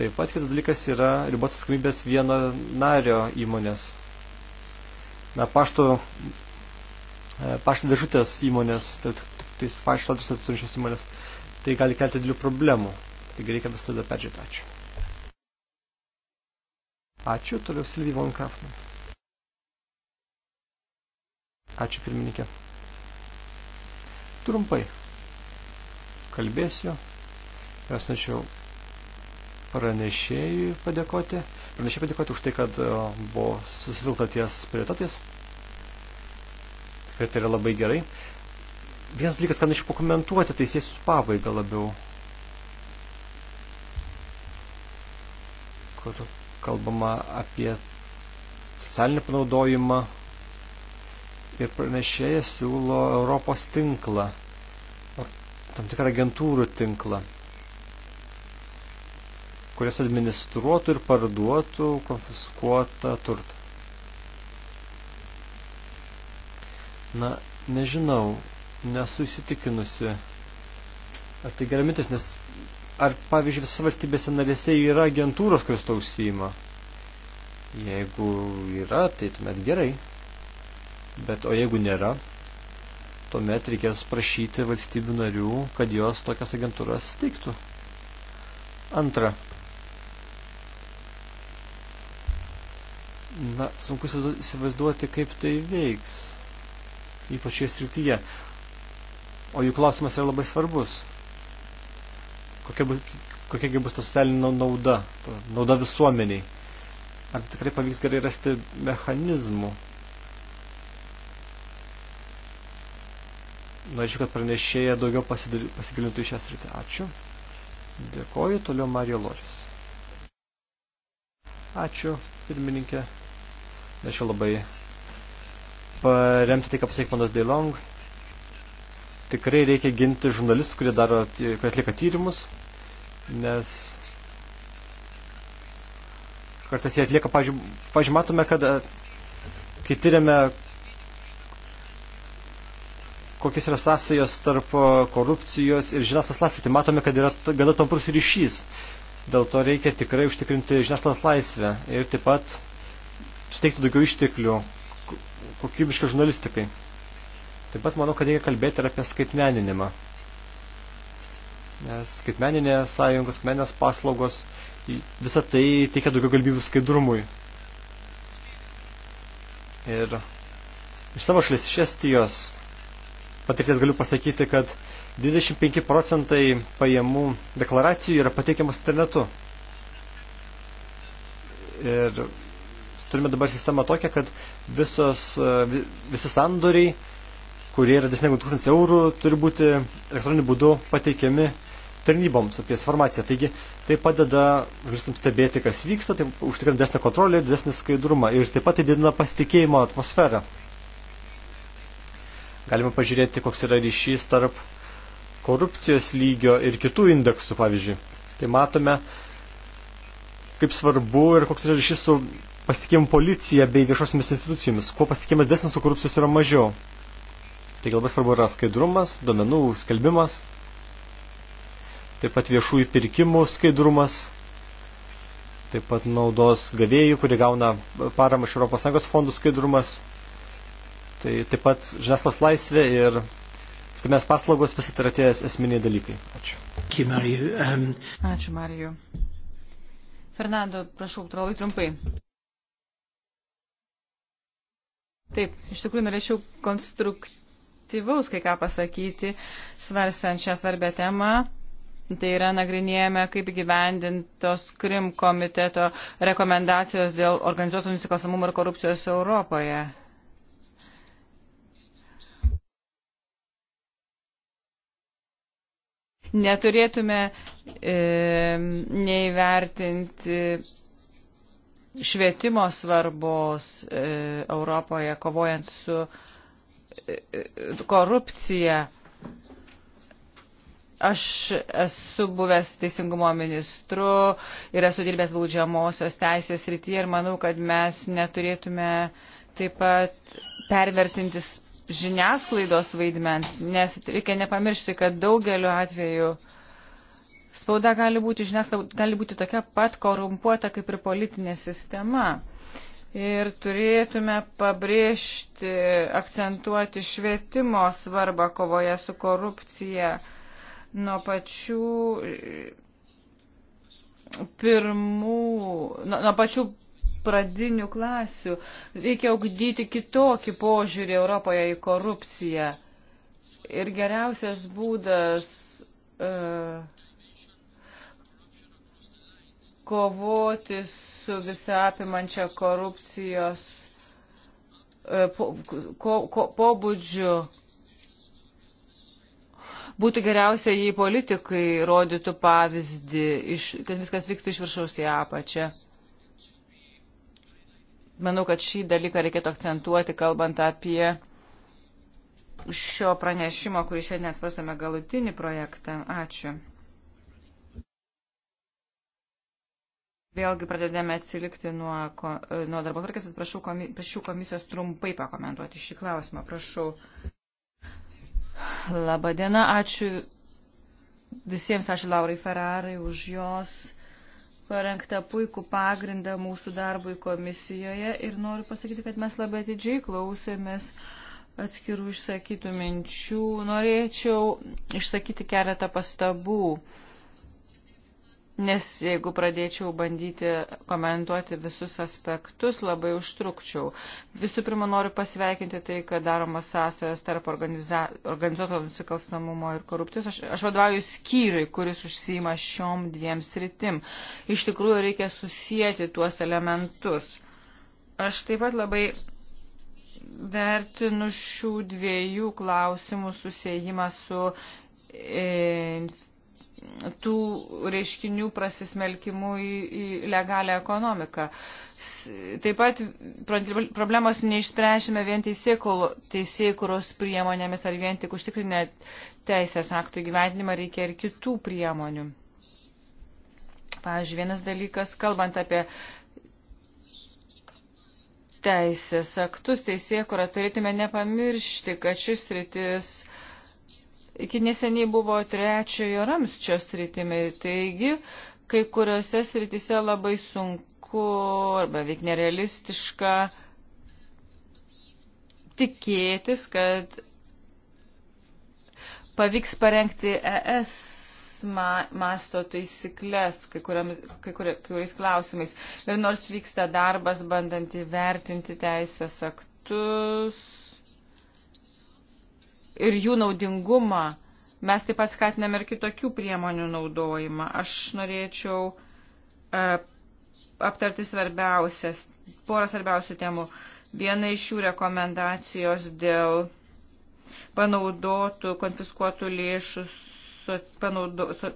Taip pat kitas dalykas yra ribotas atsakomybės vieno nario įmonės. Na, pašto, e, pašto dėžutės įmonės, tai, tai pašto adresą turinčios įmonės, tai gali kelti didelių problemų. Taigi reikia visą tada peržiūrėti. Ačiū. Ačiū, toliau Silvija von Kaufman. Ačiū pirmininkė. Trumpai kalbėsiu. Aš norėčiau pranešėjui padėkoti. Pranešėjai padėkoti už tai, kad buvo susitilta ties prioritetais. Tikrai tai yra labai gerai. Vienas dalykas, ką norėčiau pakomentuoti, tai sėsiu su pabaiga labiau. Kur kalbama apie socialinį panaudojimą ir pranešėjas siūlo Europos tinklą, tam tikrą agentūrų tinklą, kurias administruotų ir parduotų konfiskuotą turtą. Na, nežinau, nesu įsitikinusi, ar tai gera mintis, nes ar pavyzdžiui visose valstybėse narėse yra agentūros, kurios to užsijima? Jeigu yra, tai tuomet gerai. Bet o jeigu nėra, tuomet reikės prašyti valstybių narių, kad jos tokias agentūras steigtų. Antra. Na, sunku įsivaizduoti, kaip tai veiks. Ypač šioje srityje. O jų klausimas yra labai svarbus kokia, bus, kokia bus ta socialinė nauda, ta nauda visuomeniai. Ar tikrai pavyks gerai rasti mechanizmų. Norėčiau, kad pranešėja daugiau pasigilintų į šią sritį. Ačiū. Dėkoju. Toliau Marija Loris. Ačiū, pirmininkė. Norėčiau labai paremti tai, ką pasakė panas Dailong tikrai reikia ginti žurnalistus, kurie, daro, kurie atlieka tyrimus, nes kartais jie atlieka, pažiūrėjau, matome, kad e, kai tyriame, kokios yra sąsajos tarp e, korupcijos ir žiniasklaidos laisvės, tai matome, kad yra gana tamprus ryšys. Dėl to reikia tikrai užtikrinti žiniasklaidos laisvę ir taip pat suteikti daugiau išteklių kokybiškai žurnalistikai. Taip pat manau, kad reikia kalbėti ir apie skaitmeninimą. Nes skaitmeninė sąjungos, skaitmeninės paslaugos, visa tai teikia daugiau galimybių skaidrumui. Ir iš savo šalies, iš Estijos patirties galiu pasakyti, kad 25 procentai pajamų deklaracijų yra pateikiamas internetu. Ir turime dabar sistemą tokią, kad visos, visi sandoriai kurie yra desnegu 1000 eurų, turi būti elektroniniu būdu pateikiami tarnyboms apie informaciją. Taigi tai padeda žurnalistams stebėti, kas vyksta, tai užtikrina didesnę kontrolę ir didesnį skaidrumą. Ir taip pat tai didina pasitikėjimo atmosferą. Galime pažiūrėti, koks yra ryšys tarp korupcijos lygio ir kitų indeksų, pavyzdžiui. Tai matome, kaip svarbu ir koks yra ryšys su pasitikėjimu policija bei viešosiamis institucijomis. Kuo pasitikėjimas desnis, tuo korupcijos yra mažiau. Taigi labai svarbu yra skaidrumas, domenų skelbimas, taip pat viešųjų pirkimų skaidrumas, taip pat naudos gavėjų, kurie gauna paramą iš ES fondų skaidrumas, tai taip pat žiniaslas laisvė ir skamės paslaugos visi tai yra esminiai dalykai. Ačiū. Ačiū, Mariju. Um... Ačiū, Mariju. Fernando, prašau, labai trumpai. Taip, iš tikrųjų norėčiau konstruktyviai konstruktyvaus kai ką pasakyti, svarstant šią svarbę temą. Tai yra nagrinėjame, kaip gyvendintos Krim komiteto rekomendacijos dėl organizuotų nusikalstamumo ir korupcijos Europoje. Neturėtume e, neįvertinti švietimo svarbos e, Europoje, kovojant su e, korupcija. Aš esu buvęs teisingumo ministru ir esu dirbęs baudžiamosios teisės rytyje ir manau, kad mes neturėtume taip pat pervertintis žiniasklaidos vaidmens, nes reikia nepamiršti, kad daugeliu atveju spauda gali būti, žiniasklaida gali būti tokia pat korumpuota kaip ir politinė sistema. Ir turėtume pabrėžti, akcentuoti švietimo svarbą kovoje su korupcija nuo pačių e, pirmų, nuo, nuo pačių pradinių klasių. Reikia augdyti kitokį požiūrį Europoje į korupciją. Ir geriausias būdas uh, kovoti su su visą apimančia korupcijos e, po, ko, ko, pobūdžiu. Būtų geriausia, jei politikai rodytų pavyzdį, iš, kad viskas vyktų iš viršaus į apačią. Manau, kad šį dalyką reikėtų akcentuoti, kalbant apie šio pranešimo, kurį šiandien svarstame galutinį projektą. Ačiū. Vėlgi pradedame atsilikti nuo, nuo darbo tvarkės, prašau, komi, prašau komisijos trumpai pakomentuoti šį klausimą. Prašau. Labadiena, ačiū visiems, ačiū Laurai Ferrarai už jos parengtą puikų pagrindą mūsų darbui komisijoje ir noriu pasakyti, kad mes labai atidžiai klausėmės atskirų išsakytų minčių. Norėčiau išsakyti keletą pastabų. Uh, Nes jeigu pradėčiau bandyti komentuoti visus aspektus, labai užtrukčiau. Visų pirma, noriu pasveikinti tai, kad daromas sąsajos tarp organiza... organizuoto nusikalstamumo ir korupcijos. Aš, aš vadovauju skyriui, kuris užsima šiom dviem sritim. Iš tikrųjų, reikia susijęti tuos elementus. Aš taip pat labai vertinu šių dviejų klausimų susijimą su. E, tų reiškinių prasismelkimu į, į legalią ekonomiką. Taip pat problemos neišspręšime vien teisėkuros priemonėmis ar vien tik užtikrinę teisės aktų įgyvendinimą, reikia ir kitų priemonių. Pavyzdžiui, vienas dalykas, kalbant apie teisės aktus, teisėkurą, turėtume nepamiršti, kad šis rytis uh, iki neseniai buvo trečiojo ramsčio sritimi. Taigi, kai kuriuose srityse labai sunku arba veik nerealistiška tikėtis, kad pavyks parengti ES masto taisyklės kai, kuriamis, kai, kuria, kai kuriais klausimais. Ir nors vyksta darbas bandant įvertinti teisės aktus, ir jų naudingumą. Mes taip pat skatiname ir kitokių priemonių naudojimą. Aš norėčiau e, aptarti svarbiausias, porą svarbiausių temų. Viena iš jų rekomendacijos dėl panaudotų, konfiskuotų lėšų so, panaudo, so,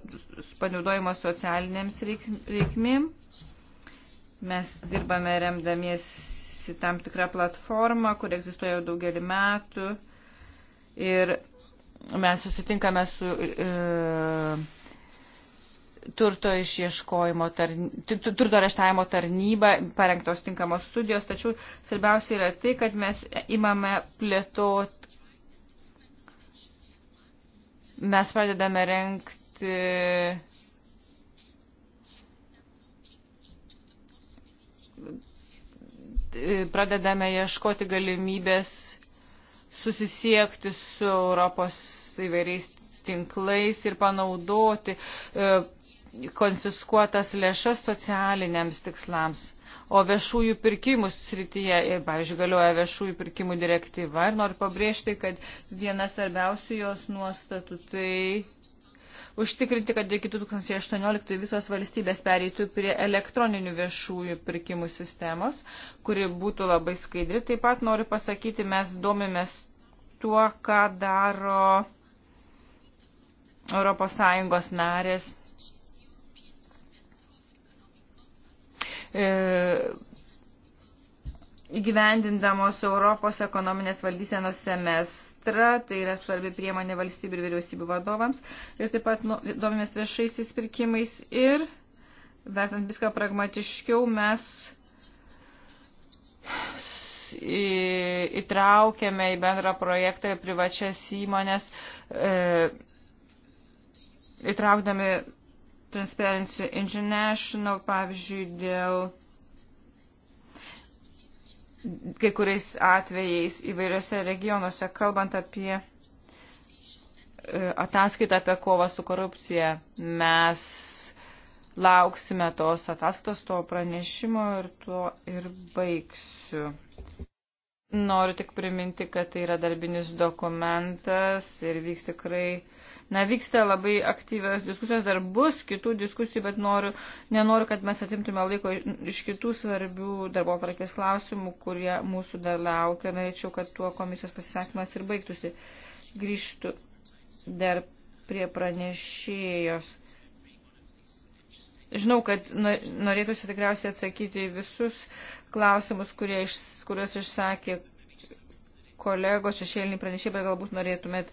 panaudojimo socialinėms reikmėm. Mes dirbame remdamiesi tam tikrą platformą, kur egzistuoja jau daugelį metų. E, ir mes susitinkame su e, turto išieškojimo, tarny, turto areštavimo tarnyba, parengtos tinkamos studijos, tačiau svarbiausia yra tai, kad mes imame plėtoti, mes pradedame renkti pradedame ieškoti galimybės susisiekti su Europos įvairiais tinklais ir panaudoti e, konfiskuotas lėšas socialiniams tikslams. O viešųjų pirkimų srityje, e, pavyzdžiui, galioja viešųjų pirkimų direktyva ir noriu pabrėžti, kad viena svarbiausių jos nuostatų tai užtikrinti, kad iki 2018 visos valstybės pereitų prie elektroninių viešųjų pirkimų sistemos, kuri būtų labai skaidri. Taip pat noriu pasakyti, mes domimės tuo, ką daro ES narės. E, įgyvendindamos Europos ekonominės valdysenos semestrą, tai yra svarbi priemonė valstybių ir vyriausybių vadovams, ir taip pat nu, domimės viešaisiais pirkimais ir, vertant viską pragmatiškiau, mes įtraukėme į bendrą projektą ir privačias įmonės, e, įtraukdami Transparency International, pavyzdžiui, dėl kai kuriais atvejais įvairiose regionuose, kalbant apie e, ataskaitą apie kovą su korupcija. Mes lauksime tos ataskaitos, to pranešimo ir tuo ir baigsiu. Noriu tik priminti, kad tai yra darbinis dokumentas ir vyks tikrai, na, vyksta labai aktyvios diskusijos, dar bus kitų diskusijų, bet noriu, nenoriu, kad mes atimtume laiko iš kitų svarbių darbo prakės klausimų, kurie mūsų dar laukia. Norėčiau, kad tuo komisijos pasisakymas ir baigtųsi. Grįžtų dar prie pranešėjos. Žinau, kad norėtųsi tikriausiai atsakyti visus klausimus, iš, kuriuos išsakė kolegos šešėliniai pranešiai, bet galbūt norėtumėt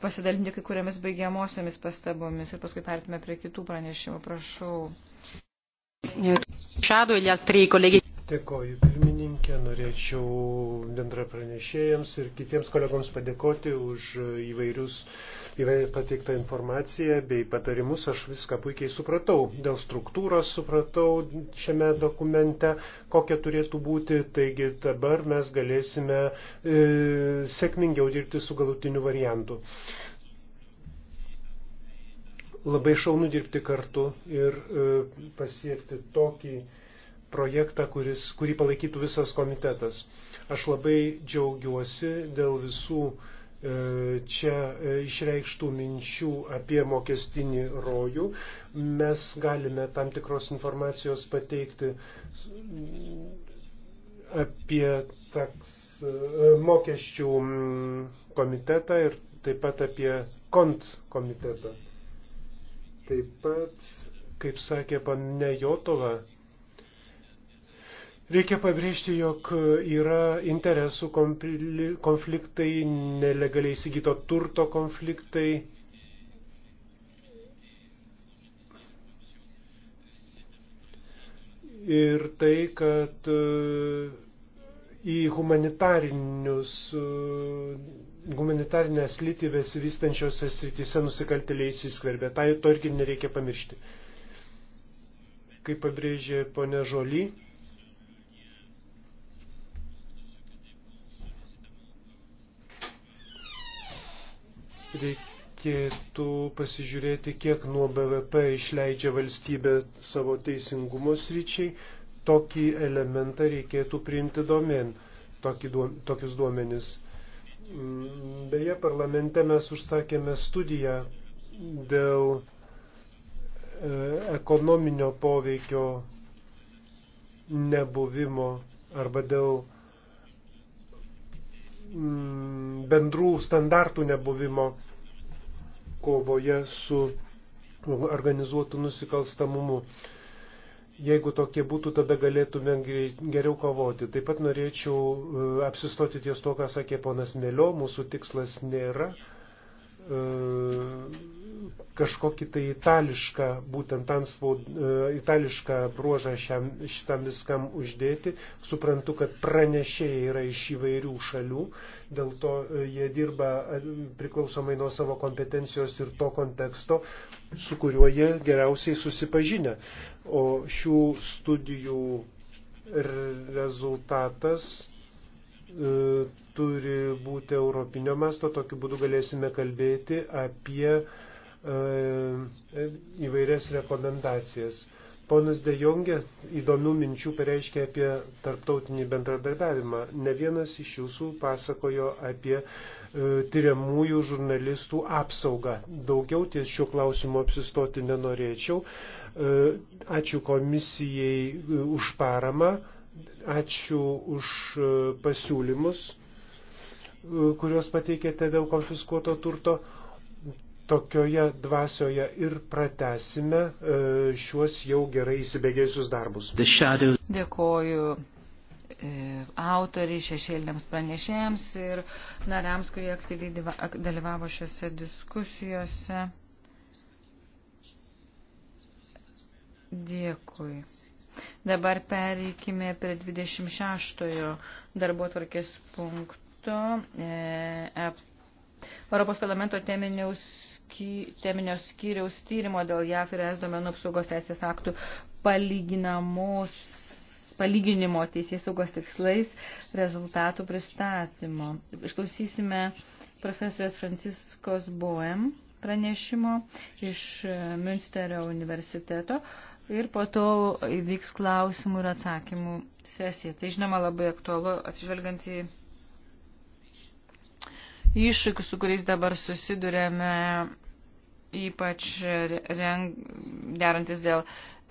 pasidalinti kai kuriamis baigiamosiomis pastabomis ir paskui pertume prie kitų pranešimų. Prašau. Dėkoju. Pirmin pirmininkė, norėčiau bendra pranešėjams ir kitiems kolegoms padėkoti už įvairius įvairiai pateiktą informaciją bei patarimus. Aš viską puikiai supratau. Dėl struktūros supratau šiame dokumente, kokia turėtų būti. Taigi dabar mes galėsime e, sėkmingiau dirbti su galutiniu variantu. Labai šaunu dirbti kartu ir e, pasiekti tokį projektą, kuris, kurį palaikytų visas komitetas. Aš labai džiaugiuosi dėl visų e, čia e, išreikštų minčių apie mokestinį rojų. Mes galime tam tikros informacijos pateikti mm, apie taks, e, mokesčių mm, komitetą ir taip pat apie kont komitetą. Taip pat, kaip sakė panne Jotova, Reikia pabrėžti, jog yra interesų konfliktai, nelegaliai įsigyto turto konfliktai. Ir tai, kad e, į humanitarinius, e, humanitarinę slytį besivystančiose srityse nusikaltėliai įsiskverbė. Tai to irgi nereikia pamiršti. Kaip pabrėžė ponė Žoly, reikėtų pasižiūrėti, kiek nuo BVP išleidžia valstybė savo teisingumo sryčiai. Tokį elementą reikėtų priimti domen, tokius duomenis. Mm, beje, parlamente mes užsakėme studiją dėl e, ekonominio poveikio nebuvimo arba dėl Mm, bendrų standartų nebuvimo kovoje su organizuotų nusikalstamumu. Jeigu tokie būtų, tada galėtume geriau kovoti. Taip pat norėčiau e, apsistoti ties to, ką sakė ponas Mėlio. Mūsų tikslas nėra e, kažkokį tai itališką, būtent anspaud, e, itališką bruožą šiam, šitam viskam uždėti. Suprantu, kad pranešėjai yra iš įvairių šalių, dėl to e, jie dirba e, priklausomai nuo savo kompetencijos ir to konteksto, su kuriuo jie geriausiai susipažinę. O šių studijų rezultatas turi būti europinio masto, tokiu būdu galėsime kalbėti apie E, įvairias rekomendacijas. Ponas De Jongė įdomių minčių pareiškė apie tarptautinį bendradarbiavimą. Ne vienas iš jūsų pasakojo apie e, tyriamųjų žurnalistų apsaugą. Daugiau ties šiuo klausimu apsistoti nenorėčiau. E, ačiū komisijai e, už paramą, ačiū už e, pasiūlymus, e, kuriuos pateikėte dėl konfiskuoto turto tokioje dvasioje ir pratesime e, šiuos jau gerai įsibėgėjusius darbus. Dėkoju e, autoriai, šešėliniams pranešėjams ir nariams, kurie aktyviai dalyvavo šiuose diskusijose. Dėkui. Dabar pereikime prie 26 darbo tvarkės punkto. E, Europos parlamento teminiaus sky, teminio skyriaus tyrimo dėl JAF ir ES domenų apsaugos teisės aktų palyginamos palyginimo teisės saugos tikslais rezultatų pristatymo. Išklausysime profesorės Franciskos Boem pranešimo iš Münsterio universiteto ir po to įvyks klausimų ir atsakymų sesija. Tai žinoma labai aktualu atsižvelgiant į iššūkių, su kuriais dabar susidurėme, ypač reng, derantis dėl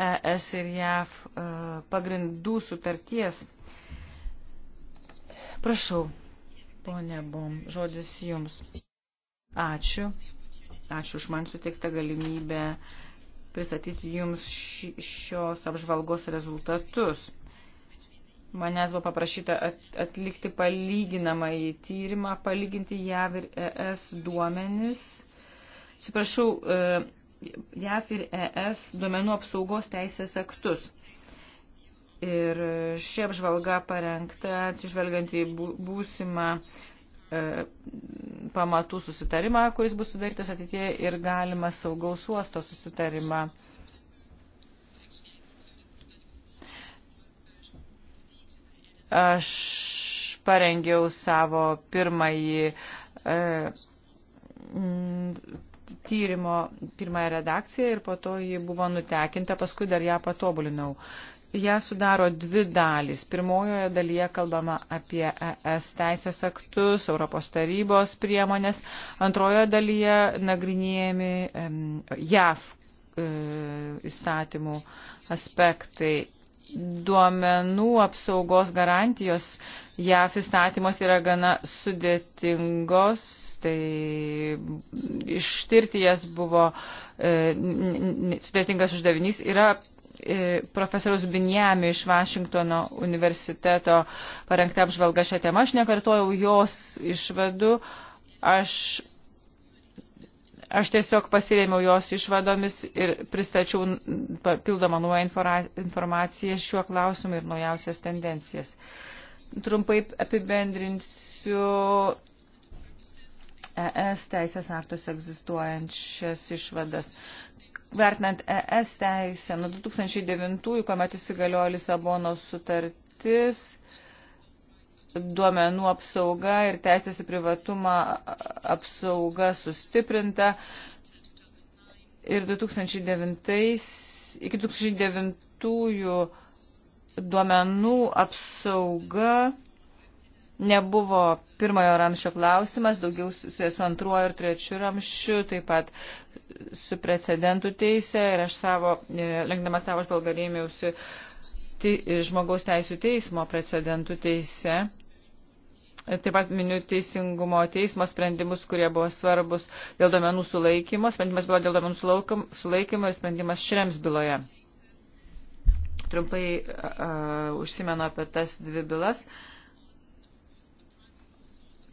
ES ir JAV e, pagrindų sutarties. Prašau, ponė Bom, žodis jums. Ačiū. Ačiū už man suteiktą galimybę pristatyti jums šios apžvalgos rezultatus. Manęs buvo paprašyta atlikti palyginamąjį tyrimą, palyginti JAV ir ES duomenis. Suprašau, e, JAV ir ES duomenų apsaugos teisės aktus. Ir ši apžvalga parengta atsižvelgiant į būsimą e, pamatų susitarimą, kuris bus sudarytas ateitie ir galima saugaus uosto susitarimą. Aš parengiau savo pirmąjį e, tyrimo, pirmąją redakciją ir po to ji buvo nutekinta, paskui dar ją patobulinau. Ja sudaro dvi dalys. Pirmojoje dalyje kalbama apie ES teisės aktus, Europos tarybos priemonės. Antrojoje dalyje nagrinėjami JAV e, įstatymų aspektai duomenų apsaugos garantijos JAF įstatymos yra gana sudėtingos, tai ištirti jas buvo e, sudėtingas uždavinys. Yra e, profesoriaus Binjami iš Vašingtono universiteto parengta apžvalga šią temą. Aš nekartojau jos išvadų. Aš Aš tiesiog pasirėmiau jos išvadomis ir pristačiau papildomą nuoją informaciją šiuo klausimu ir naujausias tendencijas. Trumpai apibendrinsiu ES teisės aktus egzistuojančias išvadas. Vertinant ES teisę, nuo 2009, kuomet įsigaliojo Lisabonos sutartis, duomenų apsauga ir teisės į privatumą apsauga sustiprinta. Ir 2009, iki 2009 duomenų apsauga nebuvo pirmojo ramščio klausimas, daugiau su antruoju ir trečiu ramščiu, taip pat su precedentų teisė ir aš savo, e, lengdama savo žvalgalėmiausi žmogaus teisų teismo precedentų teise Taip pat miniu teisingumo teismo sprendimus, kurie buvo svarbus dėl domenų sulaikymo. Sprendimas buvo dėl domenų sulaikymo ir sprendimas šrems byloje. Trumpai uh, užsimenu apie tas dvi bylas.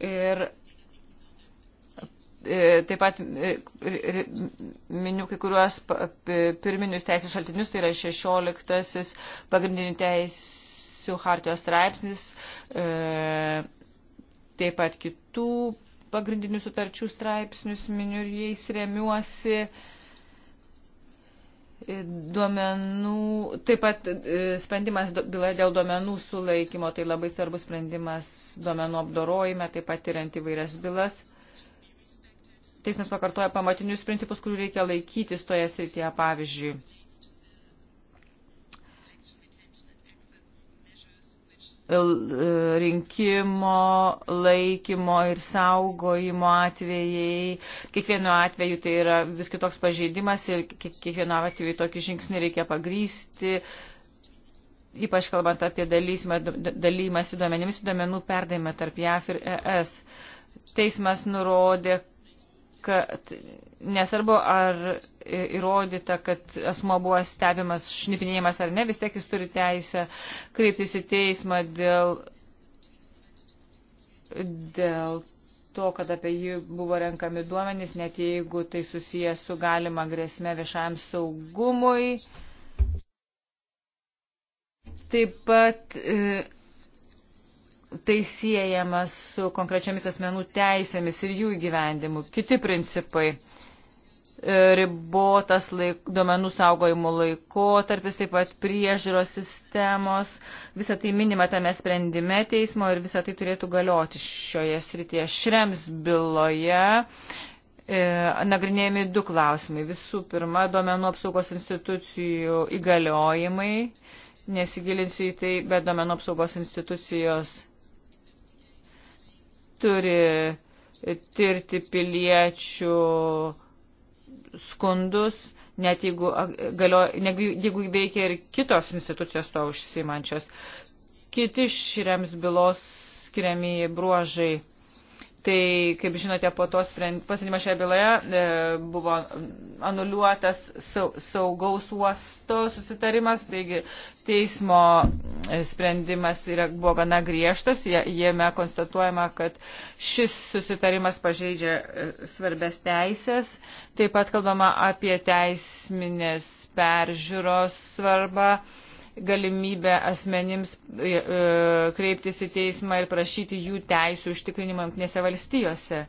Ir e, taip pat e, miniu kai kuriuos pirminius teisės šaltinius, tai yra 16 pagrindinių teisų hartijos straipsnis. Uh, taip pat kitų pagrindinių sutarčių straipsnius miniu ir jais remiuosi. E, duomenų, taip pat e, sprendimas byla dėl duomenų sulaikymo, tai labai svarbus sprendimas duomenų apdorojime, taip pat tyriant įvairias bylas. Teismas pakartoja pamatinius principus, kurių reikia laikytis toje srityje, pavyzdžiui E, rinkimo, laikymo ir saugojimo atvejai. Kiekvienu atveju tai yra vis kitoks pažeidimas ir kiekvienu atveju tokį žingsnį reikia pagrysti. Ypač kalbant apie dalymąsi duomenimis, duomenų perdavimą tarp JAF ir ES. Teismas nurodė, kad nesvarbu, ar įrodyta, kad asmo buvo stebimas šnipinėjimas ar ne, vis tiek jis turi teisę kreiptis į teismą dėl, dėl to, kad apie jį buvo renkami duomenys, net jeigu tai susijęs su galima grėsme viešajam saugumui. Taip pat. E, tai siejama su konkrečiamis asmenų teisėmis ir jų įgyvendimu. Kiti principai e, ribotas laik, duomenų saugojimo laikotarpis, taip pat priežiūros sistemos, visą tai minima tame sprendime teismo ir visą tai turėtų galioti šioje srityje. Šrems byloje e, nagrinėjami du klausimai. Visų pirma, duomenų apsaugos institucijų įgaliojimai, nesigilinsiu į tai, bet duomenų apsaugos institucijos turi tirti piliečių skundus, net jeigu, galio, jeigu veikia ir kitos institucijos to užsimančios. Kiti širiams bylos skiriamieji bruožai Tai, kaip žinote, po to pasirinkimas šioje byloje e, buvo anuliuotas saugaus uosto susitarimas, taigi teismo e, sprendimas yra, buvo gana griežtas, jame konstatuojama, kad šis susitarimas pažeidžia e, svarbės teisės, taip pat kalbama apie teisminės peržiūros svarbą. E, galimybę asmenims e, e, kreiptis į teismą ir prašyti jų teisų užtikrinimą jungtinėse valstijose.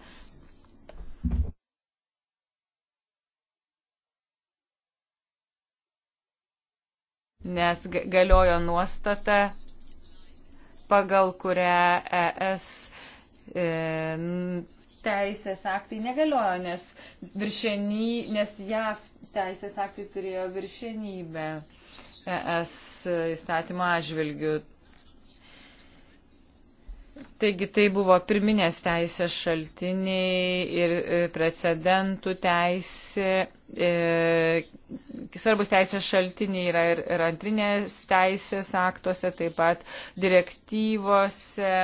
Nes galiojo nuostata, pagal kurią ES e, teisės aktai negaliojo, nes, viršeny, nes JAV teisės aktai turėjo viršenybę ES įstatymo atžvilgių. Taigi tai buvo pirminės teisės šaltiniai ir e, precedentų teisė. E, svarbus teisės šaltiniai yra ir, ir antrinės teisės aktuose, taip pat direktyvose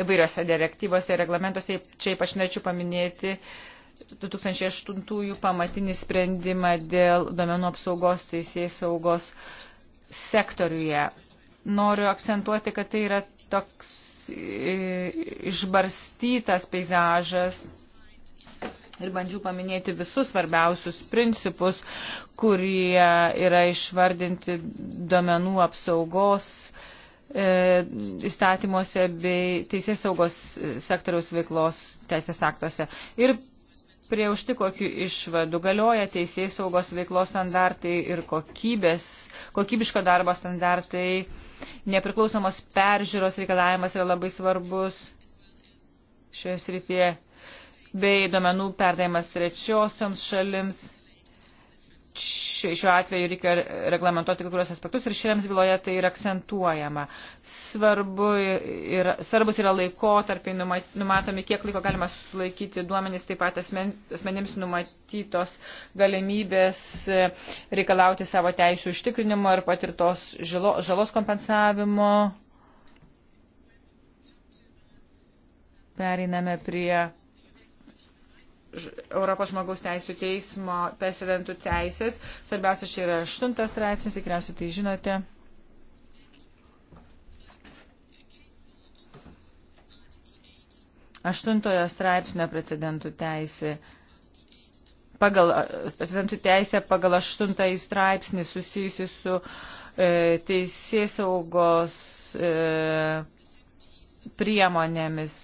įvairiose direktyvose ir reglamentuose. Čia ypač norėčiau paminėti 2008 pamatinį sprendimą dėl domenų apsaugos teisės saugos sektoriuje. Noriu akcentuoti, kad tai yra toks išbarstytas peizažas ir bandžiau paminėti visus svarbiausius principus, kurie yra išvardinti domenų apsaugos E, įstatymuose bei teisės saugos sektoriaus veiklos teisės aktuose. Ir prie užti kokių išvadų galioja teisės saugos veiklos standartai ir kokybės, kokybiško darbo standartai, nepriklausomos peržiūros reikalavimas yra labai svarbus šioje srityje, bei domenų perdavimas trečiosioms šalims šiuo atveju reikia reglamentuoti kai kurios aspektus ir šiems byloje tai yra akcentuojama. Svarbu yra, svarbus yra laikotarpiai numatomi, kiek laiko galima sulaikyti duomenys, taip pat asmen, asmenims numatytos galimybės e, reikalauti savo teisų užtikrinimo ir patirtos žalo, žalos kompensavimo. Pereiname prie Europos žmogaus teisų teismo presidentų teisės. Svarbiausia, čia yra aštuntas straipsnis, tikriausiai tai žinote. Aštuntojo straipsnio precedentų teisė. Pagal, precedentų teisė pagal aštuntąjį straipsnį susijusi su e, teisės saugos e, priemonėmis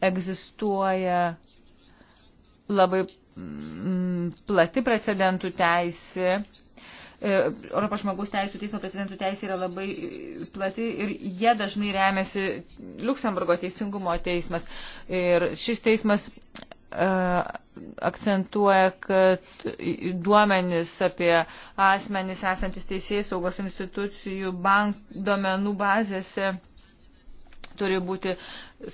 egzistuoja labai mm, plati precedentų teisė. E, Europos žmogaus teisų teismo precedentų teisė yra labai e, plati ir jie dažnai remiasi Luksemburgo teisingumo teismas. Ir šis teismas e, akcentuoja, kad duomenys apie asmenys esantis teisėjai saugos institucijų bank, domenų bazėse turi būti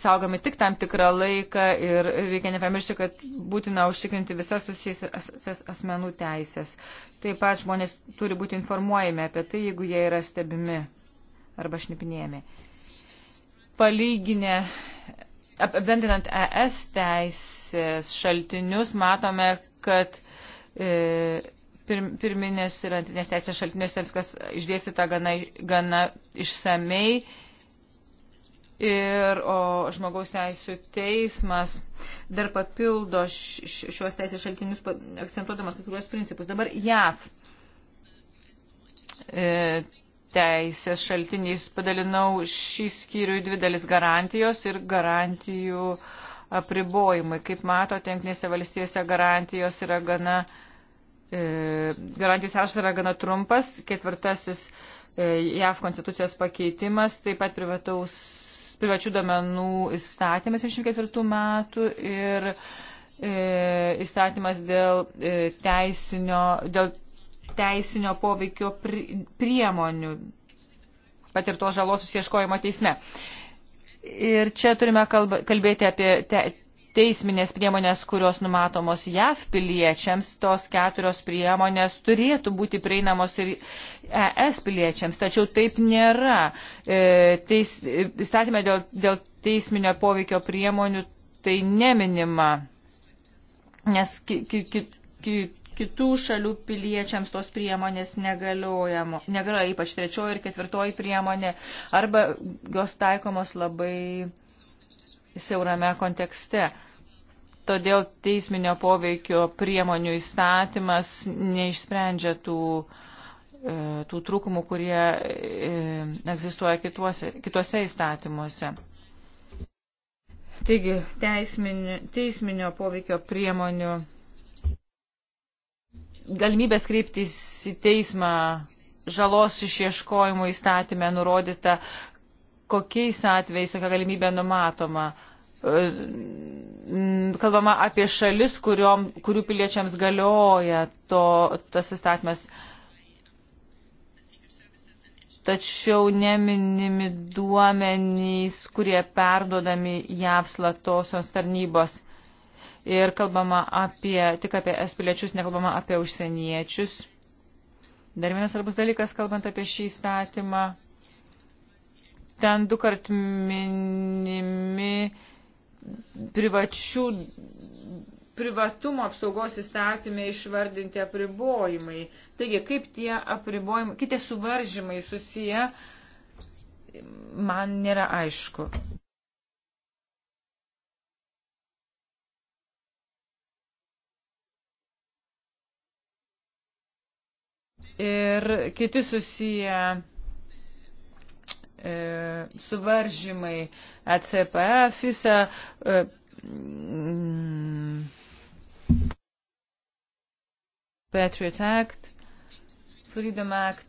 saugomi tik tam tikrą laiką ir reikia nepamiršti, kad būtina užtikrinti visas susijusias asmenų teisės. Taip pat žmonės turi būti informuojami apie tai, jeigu jie yra stebimi arba šnipinėjami. Palyginę, apibendrinant ES teisės šaltinius, matome, kad e, pirminės ir antrinės teisės šaltiniuose viskas išdėstyta gana, gana išsamei Ir o žmogaus teisų teismas dar papildo šios teisės šaltinius, akcentuodamas kai kuriuos principus. Dabar JAV e, teisės šaltiniais padalinau šį skyrių į dvi dalis garantijos ir garantijų apribojimai. Kaip matote, jungtinėse valstijose garantijos yra gana, e, garantijos sąrašas yra gana trumpas. Ketvirtasis e, JAV konstitucijos pakeitimas, taip pat privataus privačių domenų įstatymas 74 metų ir e, įstatymas dėl, e, teisinio, dėl teisinio poveikio pri, priemonių patirtos žalos susieškojimo teisme. Ir čia turime kalba, kalbėti apie te, teisminės priemonės, kurios numatomos JAV piliečiams, tos keturios priemonės turėtų būti prieinamos ir ES piliečiams, tačiau taip nėra. E, teis, įstatymė dėl, dėl teisminio poveikio priemonių tai neminima, nes ki, ki, ki, ki, kitų šalių piliečiams tos priemonės negalioja, ypač trečioji ir ketvirtoji priemonė, arba jos taikomos labai siaurame kontekste todėl teisminio poveikio priemonių įstatymas neišsprendžia tų, e, tų trūkumų, kurie e, egzistuoja kituose, kituose įstatymuose. Taigi, teisminio, teisminio poveikio priemonių galimybės kreiptis į teismą žalos išieškojimo įstatymę nurodyta, kokiais atvejais tokia galimybė numatoma. E, kalbama apie šalis, kuriom, kurių piliečiams galioja to, tas įstatymas. Tačiau neminimi duomenys, kurie perduodami JAV slatosios tarnybos. Ir kalbama apie, tik apie es piliečius, nekalbama apie užsieniečius. Dar vienas svarbus dalykas, kalbant apie šį įstatymą. Ten du kart minimi privačių, privatumo apsaugos įstatymė išvardinti apribojimai. Taigi, kaip tie apribojimai, kitie suvaržymai susiję, man nėra aišku. Ir kiti susiję E, suvaržymai ACPE, FISA. Mm, Patriot Act, Freedom Act.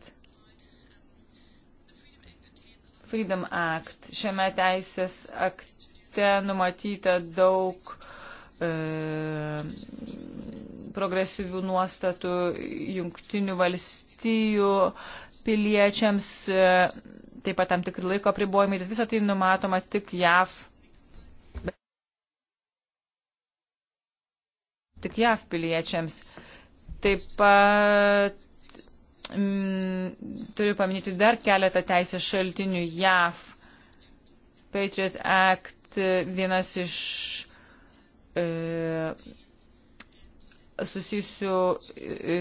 Freedom Act. Šiame teisės akte numatyta daug e, progresyvių nuostatų jungtinių valstijų piliečiams. E, taip pat tam tikri laiko pribojimai, bet visą tai numatoma tik JAV. Tik JAV piliečiams. Taip pat mm, turiu paminėti dar keletą teisės šaltinių JAV. Patriot Act vienas iš e, susijusių e,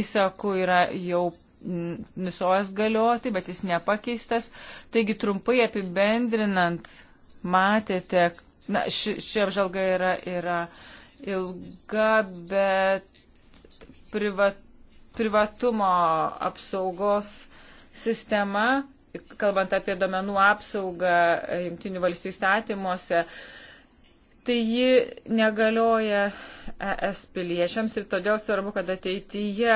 įsakų yra jau nusojas galioti, bet jis nepakeistas. Taigi trumpai apibendrinant, matėte, na, ši, ši apžalga yra, yra ilga, bet priva, privatumo apsaugos sistema, kalbant apie domenų apsaugą e, Junktinių valstybių įstatymuose, uh, tai ji negalioja ES piliečiams ir todėl svarbu, kad ateityje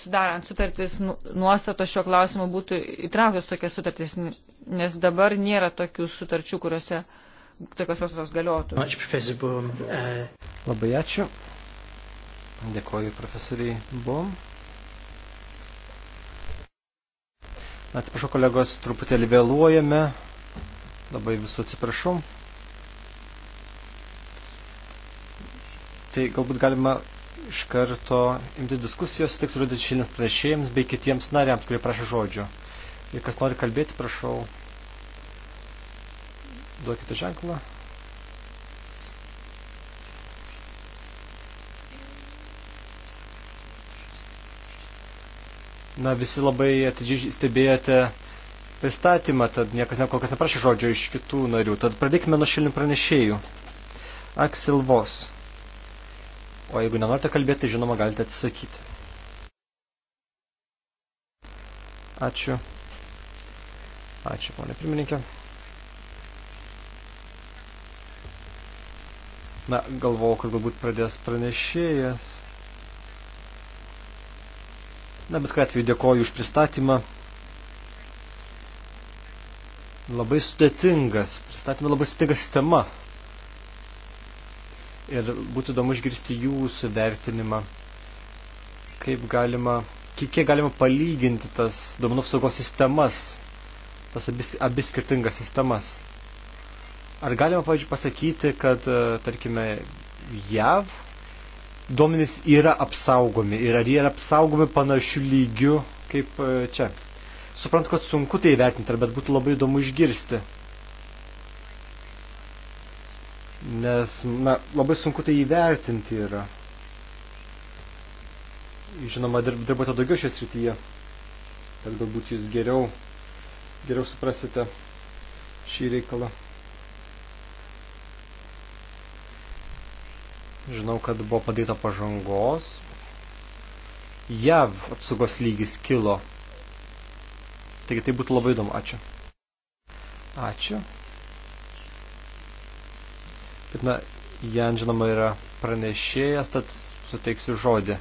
sudarant sutartis nu, nuostatos šio klausimo būtų įtrauktos tokias sutartis, nes dabar nėra tokių sutarčių, kuriuose tokios nuostatos galiotų. Uh, Labai ačiū. Dėkoju profesoriai Bom. Atsiprašau, kolegos, truputėlį vėluojame. Labai visų atsiprašau. tai galbūt galima iš karto imti diskusijos, tiks rodyti šiandien pranešėjams bei kitiems nariams, kurie prašo žodžio. Ir kas nori kalbėti, prašau, duokite ženklą. Na, visi labai atidžiai stebėjote pristatymą, tad niekas ne, kol kas neprašė žodžio iš kitų narių. Tad pradėkime nuo šilinių pranešėjų. Aksel Vos. O jeigu nenorite kalbėti, tai žinoma, galite atsisakyti. Ačiū. Ačiū, ponė pirmininkė. Na, galvojau, kad galbūt pradės pranešėjas. Na, bet ką atveju dėkoju už pristatymą. Labai sudėtingas, pristatymą labai sudėtinga sistema ir būtų įdomu išgirsti jūsų vertinimą, kaip galima, kiek galima palyginti tas duomenų apsaugos sistemas, tas abis, abis skirtingas sistemas. Ar galima, pavyzdžiui, pasakyti, kad, e, tarkime, JAV duomenys yra apsaugomi ir ar jie yra apsaugomi panašių lygių kaip e, čia? Suprantu, kad sunku tai vertinti, bet būtų labai įdomu išgirsti. nes na, labai sunku tai įvertinti yra. Žinoma, dirb, dirbate daugiau šioje srityje, tad galbūt jūs geriau, geriau suprasite šį reikalą. Žinau, kad buvo padaryta pažangos. JAV apsaugos lygis kilo. Taigi tai būtų labai įdomu. Ačiū. Ačiū. Na, Jan, žinoma, yra pranešėjas, tad suteiksiu žodį.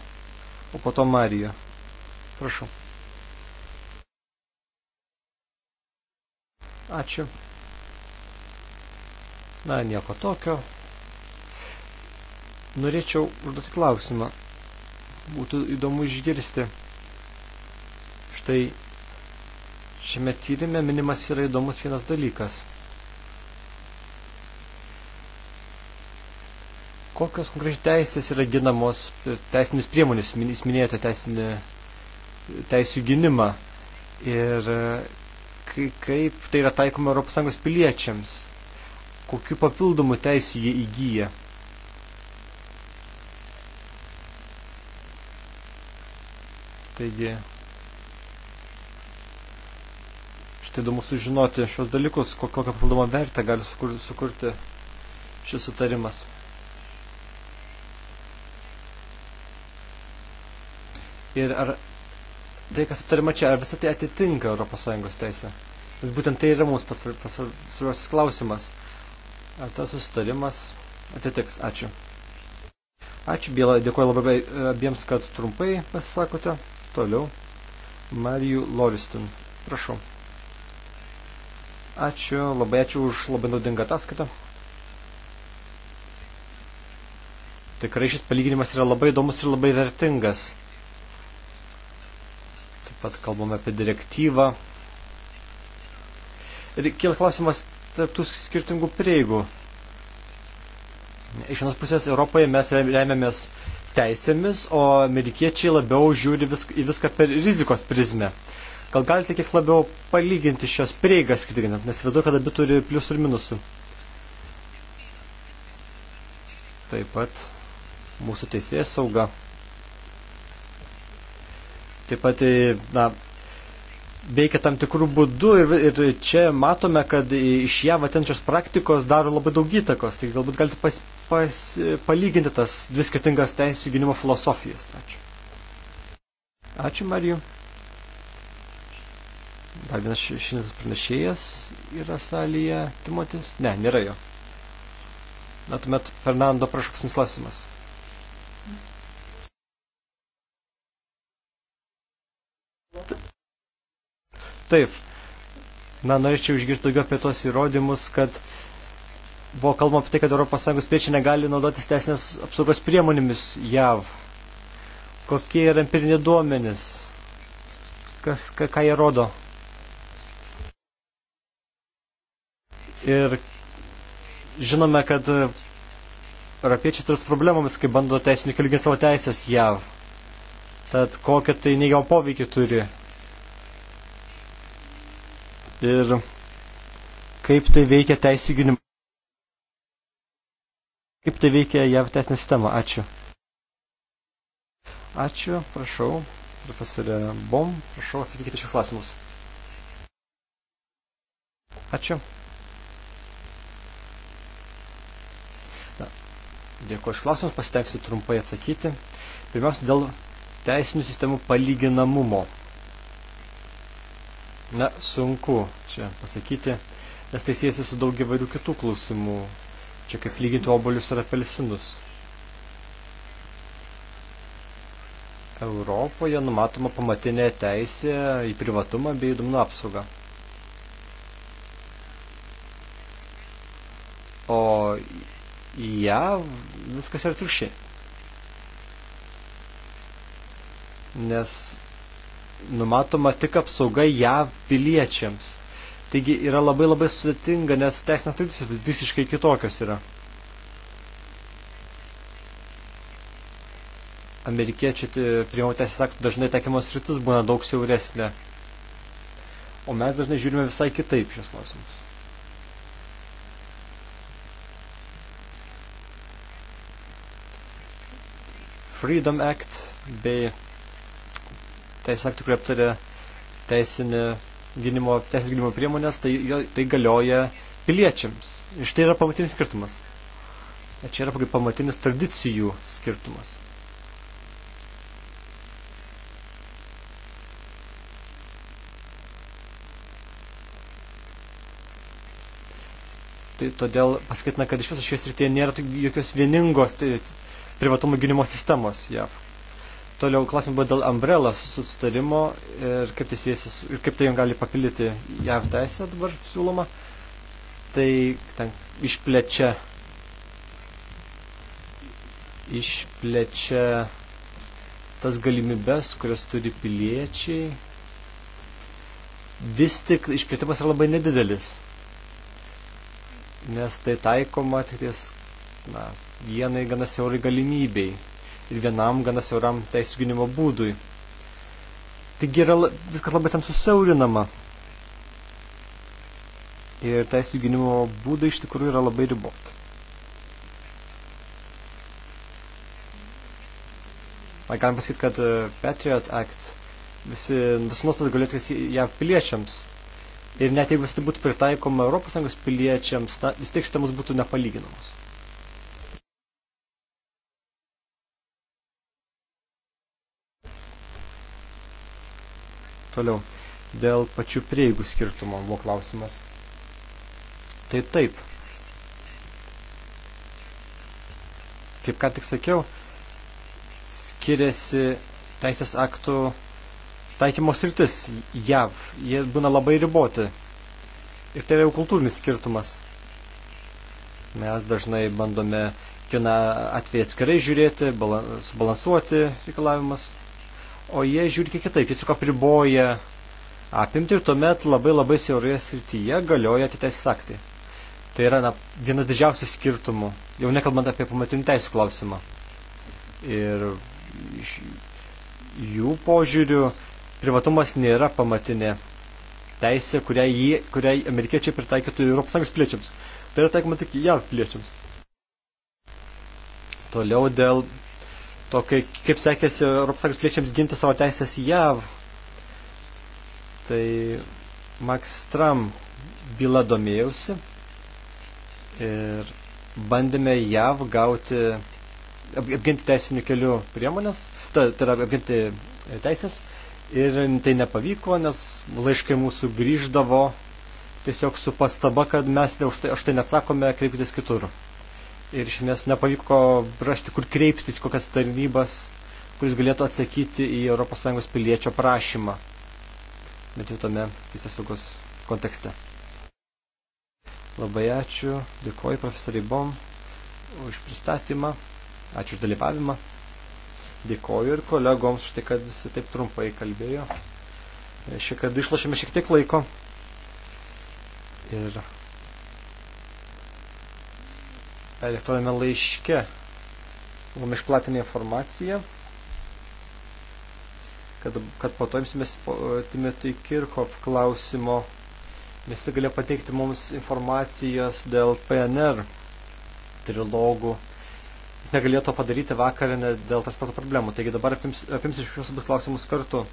O po to Marija. Prašau. Ačiū. Na, nieko tokio. Norėčiau užduoti klausimą. Būtų įdomu išgirsti. Štai šiame tyrimė minimas yra įdomus vienas dalykas – Kokios konkrečiai teisės yra ginamos teisinės priemonės? Jūs minėjote teisinį, teisų gynimą ir kaip tai yra taikoma ES piliečiams? Kokiu papildomu teisų jie įgyja? Taigi, štai įdomu sužinoti šios dalykus, kokią papildomą vertę gali sukurti šis sutarimas. ir ar tai, kas aptarima čia, ar visą tai atitinka ES teisę. Nes būtent tai yra mums pasvarbiausias klausimas. Ar tas sustarimas atitiks? Ačiū. Ačiū, Biela, dėkuoju labai e, abiems, kad trumpai pasisakote. Toliau. Marijų Loristin. Prašau. Ačiū, labai ačiū už labai naudingą ataskaitą. Tikrai šis palyginimas yra labai įdomus ir labai vertingas pat kalbame apie direktyvą. Ir kyla klausimas tarptų skirtingų prieigų. Iš vienos pusės Europoje mes remiamės teisėmis, o amerikiečiai labiau žiūri visk, į viską per rizikos prizmę. Gal galite kiek labiau palyginti šios prieigas skirtingas, nes įsivaizduoju, kad abi turi pliusų ir minusų. Taip pat mūsų teisėjas sauga taip pat e, na, veikia tam tikrų būdų ir, ir čia matome, kad iš ją vatenčios praktikos daro labai daug įtakos. Tai galbūt galite pas, pas, palyginti tas dvi skirtingas teisų gynimo filosofijas. Ačiū. Ačiū, Mariju. Dar vienas šiandien pranešėjas yra salėje, Timotis. Ne, nėra jo. Na, tuomet Fernando, prašau, pasinis klausimas. Taip. Na, norėčiau išgirsti daugiau apie tos įrodymus, kad buvo kalbama apie tai, kad ES piliečiai negali naudotis teisinės apsaugos priemonėmis JAV. Kokie yra empiriniai duomenys? Kas, ką, ką jie rodo? Ir žinome, kad europiečiai turi problemomis, kai bando teisininkų lyginti savo teisės JAV. Tad kokią tai neigiamą poveikį turi. Ir kaip tai veikia teisiginimą. Kaip tai veikia JAV teisinę sistemą. Ačiū. Ačiū, prašau. Profesorė Bom, prašau atsakykite šios klausimus. Ačiū. Na, dėkuoju iš klausimus, pasitengsiu trumpai atsakyti. Pirmiausia, dėl teisinių sistemų palyginamumo. Na, sunku čia pasakyti, nes tai siejasi su daug įvairių kitų klausimų. Čia kaip lyginti obolius ir apelsinus. Europoje numatoma pamatinė teisė į privatumą bei duomenų apsaugą. O JAV viskas yra atvirkščiai. nes numatoma tik apsauga JAV piliečiams. Taigi yra labai labai sudėtinga, nes teisinės tradicijos visiškai kitokios yra. Amerikiečių priimamų teisės aktų dažnai tekimos rytis būna daug siauresnė. O mes dažnai žiūrime visai kitaip šios klausimus. Freedom Act bei teisės aktų, kurie aptarė teisinę gynimo, teisės gynimo priemonės, tai, jo, tai galioja piliečiams. Iš tai yra pamatinis skirtumas. Čia yra pamatinis tradicijų skirtumas. Tai todėl pasakytina, kad iš viso šioje srityje nėra jokios vieningos tai privatumo gynimo sistemos JAV. Toliau klausimai buvo dėl Umbrella susitarimo ir kaip tai, siesis, ir kaip tai gali papildyti JAV teisę dabar siūloma. Tai ten išplečia išplečia tas galimybes, kurias turi piliečiai. Vis tik išplėtimas yra labai nedidelis, nes tai taikoma tik ties na, vienai gana siaurai galimybei ir vienam ganas siauram teisų gynimo būdui. Taigi yra viskas labai tam susiaurinama. Ir teisų gynimo būdai iš tikrųjų yra labai riboti. Ar galim pasakyti, kad e, Patriot Act visi nuostatas galėtų jav piliečiams. Ir net jeigu vis tai būtų pritaikoma ES piliečiams, ta, vis tiek sistemos būtų nepalyginamos. Toliau, dėl pačių prieigų skirtumo buvo klausimas. Tai taip. Kaip ką tik sakiau, skiriasi teisės aktų taikymo sritis JAV. Jie būna labai riboti. Ir tai yra jau kultūrinis skirtumas. Mes dažnai bandome kiną atveju atskirai žiūrėti, subalansuoti reikalavimas o jie žiūri kiek kitaip, jie tiesiog apriboja apimti ir tuomet labai labai siauroje srityje galioja tie teisės aktai. Tai yra na, vienas didžiausių skirtumų, jau nekalbant apie pamatinių teisų klausimą. Ir jų požiūrių privatumas nėra pamatinė teisė, kurią, jį, kurią amerikiečiai pritaikytų ES piliečiams. Tai yra taikoma tik JAV piliečiams. Toliau dėl to, kaip, kaip sekėsi ES piliečiams ginti savo teisės į JAV. Tai Max Tram byla domėjausi ir bandėme JAV gauti, apginti teisinių kelių priemonės, tai yra apginti teisės ir tai nepavyko, nes laiškai mūsų grįždavo tiesiog su pastaba, kad mes už tai, už tai neatsakome kreipytis kitur ir iš esmės nepavyko rasti, kur kreiptis, kokias tarnybas, kuris galėtų atsakyti į ES piliečio prašymą, bet jau tame teisės saugos kontekste. Labai ačiū, dėkuoju profesoriai Bom už pristatymą, ačiū už dalyvavimą, dėkuoju ir kolegoms už tai, kad visi taip trumpai kalbėjo. Šiek tiek išlošėme šiek tiek laiko ir elektroninėme laiške buvome išplatinę informaciją, kad, kad po to imsimės Timetui Kirkov klausimo. Visi galėjo pateikti mums informacijos dėl PNR trilogų. Jis negalėjo to padaryti vakarą dėl tas pato problemų. Taigi dabar apims, apims iš šios abu klausimus kartu.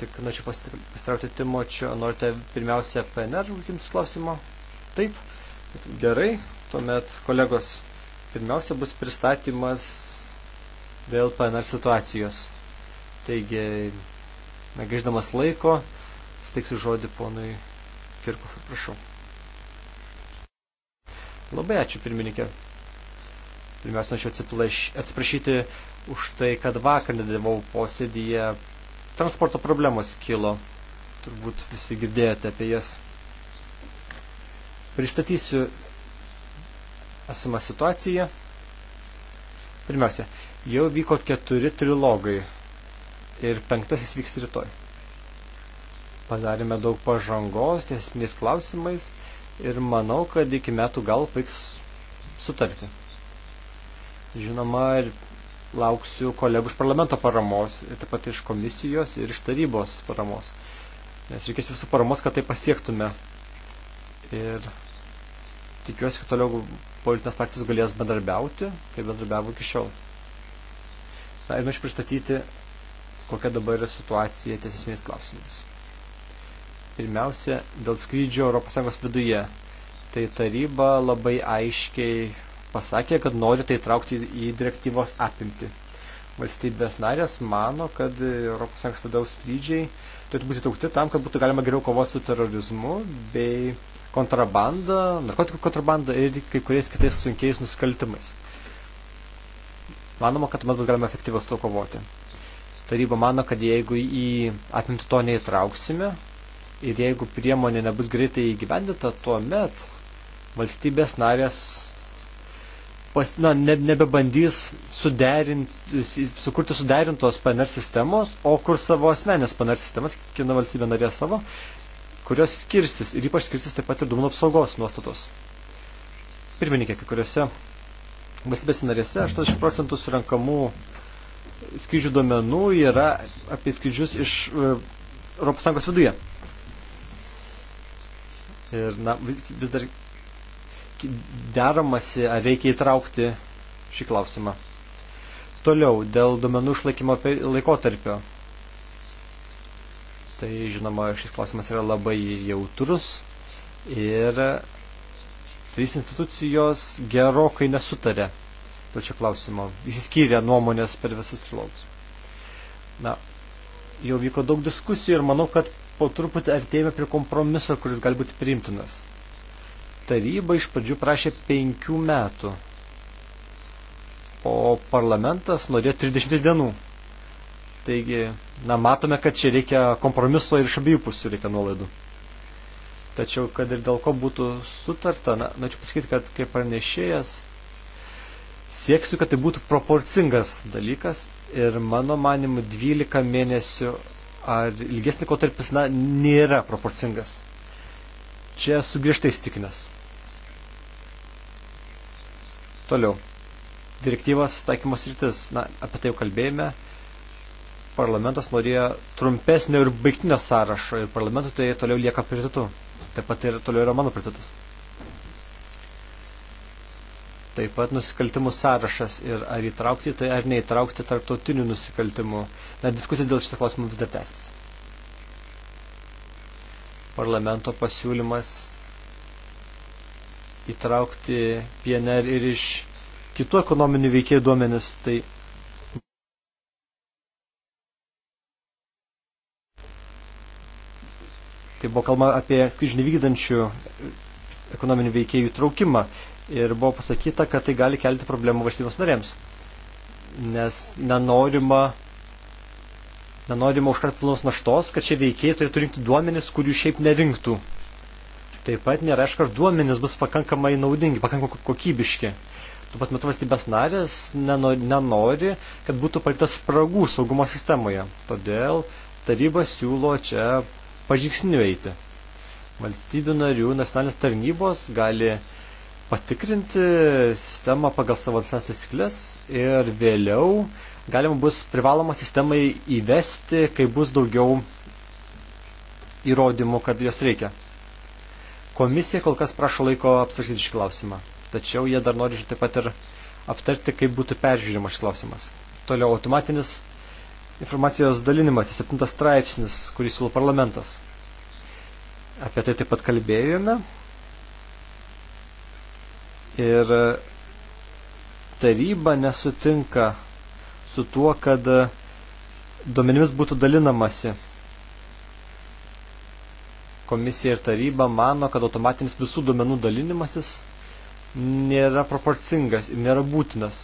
Tik norėčiau nu, pasitraukti Timočio, norite pirmiausia PNR jums klausimo? Taip, gerai, Tuomet, kolegos, pirmiausia bus pristatymas dėl PNR situacijos. Taigi, negaiždamas laiko, steiksiu žodį ponui Kirkofui, prašau. Labai ačiū, pirmininkė. Pirmiausia, norėčiau atsiprašyti už tai, kad vakar nedalyvau posėdyje. Transporto problemos kilo. Turbūt visi girdėjote apie jas. Pristatysiu esamą situaciją. Pirmiausia, jau vyko keturi trilogai ir penktasis vyks rytoj. Padarėme daug pažangos, tiesmės klausimais ir manau, kad iki metų gal paiks sutarti. Žinoma, lauksiu kolegų iš parlamento paramos, ir taip pat iš komisijos ir iš tarybos paramos. Nes reikės visų paramos, kad tai pasiektume. Ir tikiuosi, kad toliau politinės partijos galės bendarbiauti, kaip bendarbiavo iki šiol. Na ir noriu pristatyti, kokia dabar yra situacija ties esmės klausimais. Pirmiausia, dėl skrydžio ES viduje. Tai taryba labai aiškiai pasakė, kad nori tai traukti į direktyvos apimti. Valstybės narės mano, kad ES vidaus skrydžiai turėtų būti taukti tam, kad būtų galima geriau kovoti su terorizmu bei kontrabanda, narkotikų kontrabanda ir kai kuriais kitais sunkiais nusikaltimais. Manoma, kad tuomet bus galima efektyviau su to kovoti. Taryba mano, kad jeigu į atmintį to neįtrauksime ir jeigu priemonė nebus greitai įgyvendinta, tuomet valstybės narės pas, na, ne, nebebandys suderinti, sukurti suderintos PNR sistemos, o kur savo asmenės PNR sistemas, kiekviena valstybė narė savo, kurios skirsis ir ypač skirsis taip pat ir duomenų apsaugos nuostatos. Pirmininkė, kai kuriuose valstybės narėse 80 procentų surankamų skrydžių duomenų yra apie skrydžius iš e, Europos Sąjungos viduje. Ir na, vis dar deramasi, ar reikia įtraukti šį klausimą. Toliau, dėl duomenų išlaikymo laikotarpio. Tai žinoma, šis klausimas yra labai jautrus ir trys institucijos gerokai nesutarė dėl šio klausimo. Įsiskyrė nuomonės per visas trilogus. Na, jau vyko daug diskusijų ir manau, kad po truputį artėjame prie kompromiso, kuris gali būti priimtinas. Taryba iš pradžių prašė penkių metų, o parlamentas norėjo 30 dienų. Taigi, na, matome, kad čia reikia kompromiso ir iš abiejų pusių reikia nuolaidų. Tačiau, kad ir dėl ko būtų sutarta, na, norėčiau pasakyti, kad kaip pranešėjas sieksiu, kad tai būtų proporcingas dalykas ir mano manimu 12 mėnesių ar ilgesnį laikotarpis, na, nėra proporcingas. Čia esu griežtai stikinęs. Toliau. Direktyvos taikymos rytis, na, apie tai jau kalbėjome parlamentas norėjo trumpesnio ir baigtinio sąrašo ir parlamentui tai toliau lieka prioritetu. Taip pat ir toliau yra mano prioritetas. Taip pat nusikaltimų sąrašas ir ar įtraukti tai ar neįtraukti tarptautinių nusikaltimų. Na, diskusija dėl šitą klausimą vis dar tęsis. Parlamento pasiūlymas įtraukti PNR ir iš kitų ekonominių veikėjų duomenis, tai Tai buvo kalba apie skrydžių nevykdančių ekonominių veikėjų traukimą ir buvo pasakyta, kad tai gali kelti problemų valstybės norėms, nes nenorima, nenorima užkart pilnos naštos, kad šie veikėjai turėtų rinkti duomenis, kurių šiaip nerinktų. Taip pat nėra iškart duomenis bus pakankamai naudingi, pakankamai kokybiški. Tuo pat metu valstybės narės nenori, kad būtų paliktas spragų saugumo sistemoje. Todėl taryba siūlo čia pažingsniu eiti. Valstybių narių nacionalinės tarnybos gali patikrinti sistemą pagal savo nacionalinės taisyklės ir vėliau galima bus privaloma sistemai įvesti, kai bus daugiau įrodymų, kad jos reikia. Komisija kol kas prašo laiko apsakyti šį klausimą, tačiau jie dar nori taip pat ir aptarti, kaip būtų peržiūrimas šis klausimas. Toliau automatinis informacijos dalinimas, septintas straipsnis, kurį siūlo parlamentas. Apie tai taip pat kalbėjome. Ir taryba nesutinka su tuo, kad duomenimis būtų dalinamasi. Komisija ir taryba mano, kad automatinis visų duomenų dalinimasis nėra proporcingas ir nėra būtinas.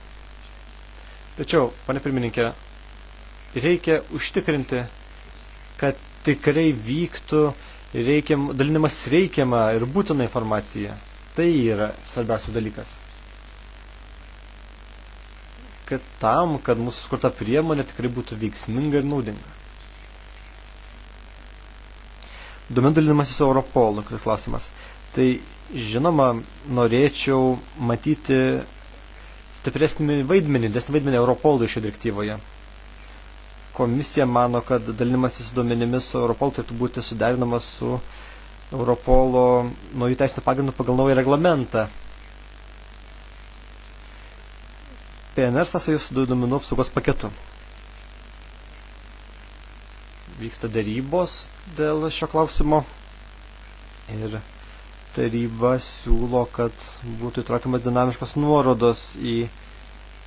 Tačiau, pane pirmininkė, reikia užtikrinti, kad tikrai vyktų reikiam, dalinimas reikiama ir būtina informacija. Tai yra svarbiausias dalykas. Kad tam, kad mūsų skurta priemonė tikrai būtų veiksminga ir naudinga. Duomenų dalinimasis Europolų, kitas klausimas. Tai žinoma, norėčiau matyti stipresnį vaidmenį, desnį vaidmenį Europolų šioje direktyvoje komisija mano, kad dalinimasis duomenimis su Europol turėtų būti suderinamas su Europolo naujų teisinių pagrindų pagal naują reglamentą. PNR sąsajų su duomenų apsaugos paketu. Vyksta darybos dėl šio klausimo ir taryba siūlo, kad būtų įtraukiamas dinamiškos nuorodos į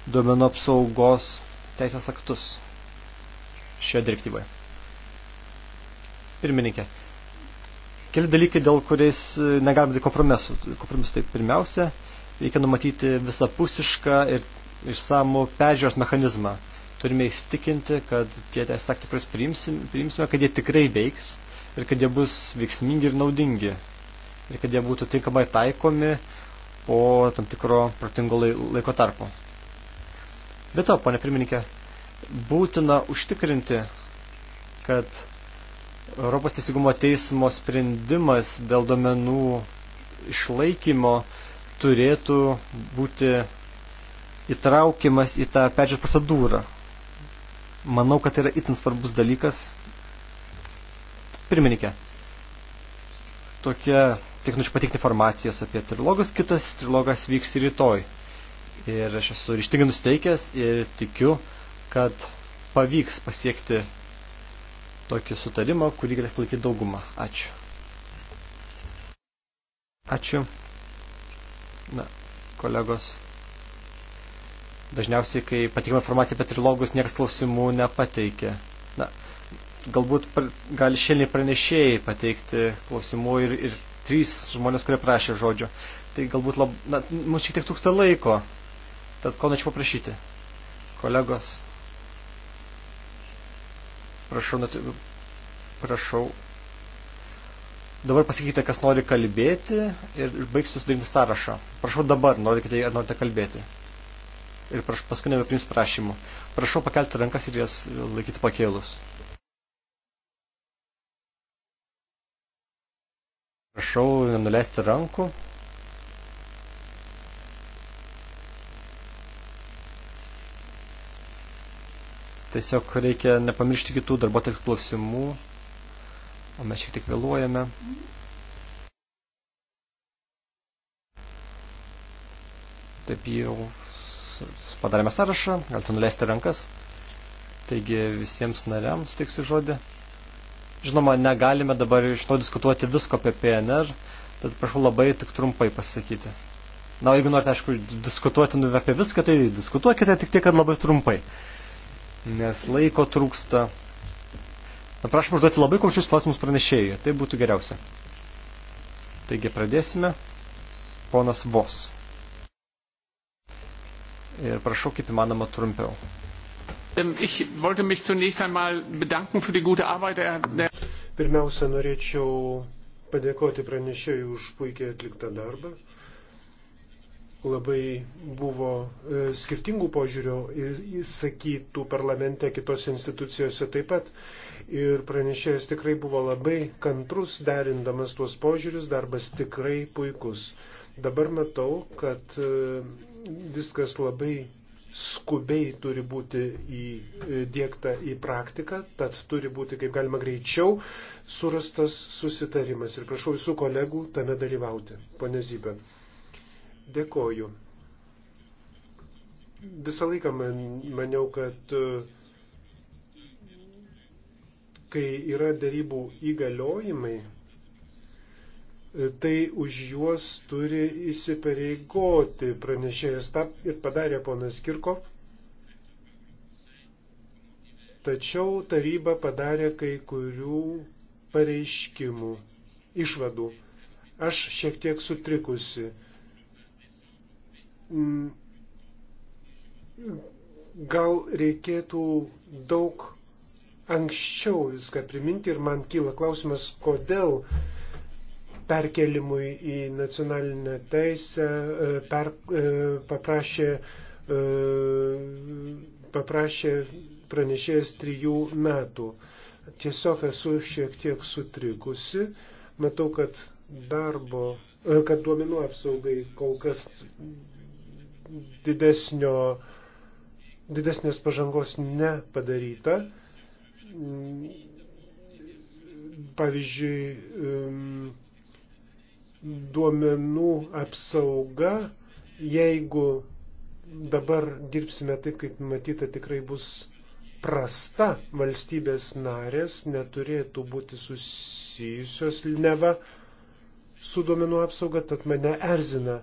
duomenų apsaugos teisės aktus šioje direktyvoje. Pirmininkė, keli dalykai, dėl kuriais e, negalime daryti kompromisų. Kompromisų tai pirmiausia, reikia numatyti visapusišką ir išsamų peržiūros mechanizmą. Turime įsitikinti, kad tie teisės aktai, kuriuos priimsime, priimsime, kad jie tikrai veiks ir kad jie bus veiksmingi ir naudingi. Ir kad jie būtų tinkamai taikomi po tam tikro protingo laiko tarpo. Be to, ponė pirmininkė, būtina užtikrinti, kad Europos teisingumo teismo sprendimas dėl domenų išlaikymo turėtų būti įtraukimas į tą peržiūrą procedūrą. Manau, kad tai yra itin svarbus dalykas. Pirmininkė, tokia, tik norėčiau pateikti informacijos apie trilogus, kitas trilogas vyks rytoj. Ir aš esu ryštingai nusteikęs ir tikiu, kad pavyks pasiekti tokį sutarimą, kurį galės palaikyti daugumą. Ačiū. Ačiū. Na, kolegos. Dažniausiai, kai patikima informacija apie trilogus, niekas klausimų nepateikia. Na, galbūt gali šiandien pranešėjai pateikti klausimų ir, ir trys žmonės, kurie prašė žodžio. Tai galbūt lab, na, mums šiek tiek trūksta laiko. Tad ko norėčiau paprašyti? Kolegos, Prašau, net, prašau. Dabar pasakykite, kas nori kalbėti ir baigsiu sudaryti sąrašą. Prašau dabar, norite, ar norite kalbėti. Ir prašau, paskui nebeprims prašymų. Prašau pakelti rankas ir jas laikyti pakėlus. Prašau nenuleisti rankų. Tiesiog reikia nepamiršti kitų darbo teks klausimų, o mes šiek tiek vėluojame. Taip jau padarėme sąrašą, galite nuleisti rankas. Taigi visiems nariams teiksiu žodį. Žinoma, negalime dabar iš to diskutuoti visko apie PNR, tad prašau labai tik trumpai pasakyti. Na, jeigu norite, aišku, diskutuoti apie viską, tai diskutuokite tik tiek, kad labai trumpai nes laiko trūksta. Na, prašom užduoti labai konkrečius klausimus pranešėjui, tai būtų geriausia. Taigi pradėsime. Ponas Vos. Ir prašau, kaip įmanoma, trumpiau. Ich wollte mich zunächst einmal bedanken für die gute Arbeit er, der Pirmiausia, norėčiau padėkoti pranešėjui už puikiai atliktą darbą labai buvo e, skirtingų požiūrių įsakytų parlamente kitose institucijose taip pat. Ir pranešėjas tikrai buvo labai kantrus, derindamas tuos požiūrius, darbas tikrai puikus. Dabar matau, kad e, viskas labai skubiai turi būti įdėkta e, į praktiką, tad turi būti kaip galima greičiau surastas susitarimas. Ir prašau visų kolegų tame dalyvauti. Pone Zybė. Dėkoju. Visą laiką man, maniau, kad e, kai yra darybų įgaliojimai, e, tai už juos turi įsipareigoti pranešėjas. Ta ir padarė ponas Kirko. Tačiau taryba padarė kai kurių pareiškimų, išvadų. Aš šiek tiek sutrikusi. Mm. gal reikėtų daug anksčiau viską priminti ir man kyla klausimas, kodėl perkelimui į nacionalinę teisę e, per, e, paprašė, e, paprašė pranešėjas trijų metų. Tiesiog esu šiek tiek sutrikusi, matau, kad darbo, kad duomenų apsaugai kol kas didesnio, didesnės pažangos nepadaryta. Pavyzdžiui, duomenų apsauga, jeigu dabar dirbsime taip, kaip matyta, tikrai bus prasta valstybės narės neturėtų būti susijusios neva su duomenų apsauga, tad mane erzina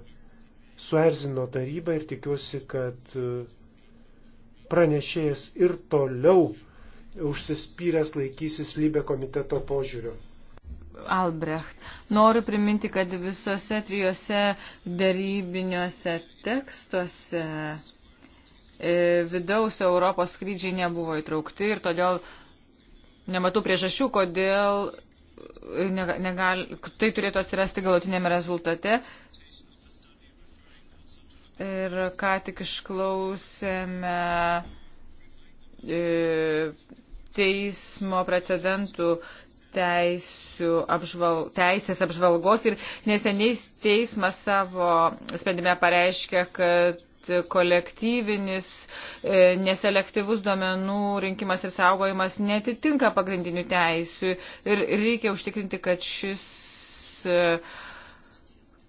suerzino tarybą ir tikiuosi, kad e, pranešėjas ir toliau užsispyręs laikysis lybė komiteto požiūrio. Albrecht. Noriu priminti, kad visose trijose darybiniuose tekstuose e, vidaus Europos skrydžiai nebuvo įtraukti ir todėl nematau priežasčių, kodėl e, negal, tai turėtų atsirasti galutinėme rezultate. Ir ką tik išklausėme e, teismo precedentų apžval, teisės apžvalgos ir neseniai teismas savo sprendime pareiškė, kad kolektyvinis, e, neselektyvus duomenų rinkimas ir saugojimas netitinka pagrindinių teisių ir reikia užtikrinti, kad šis e,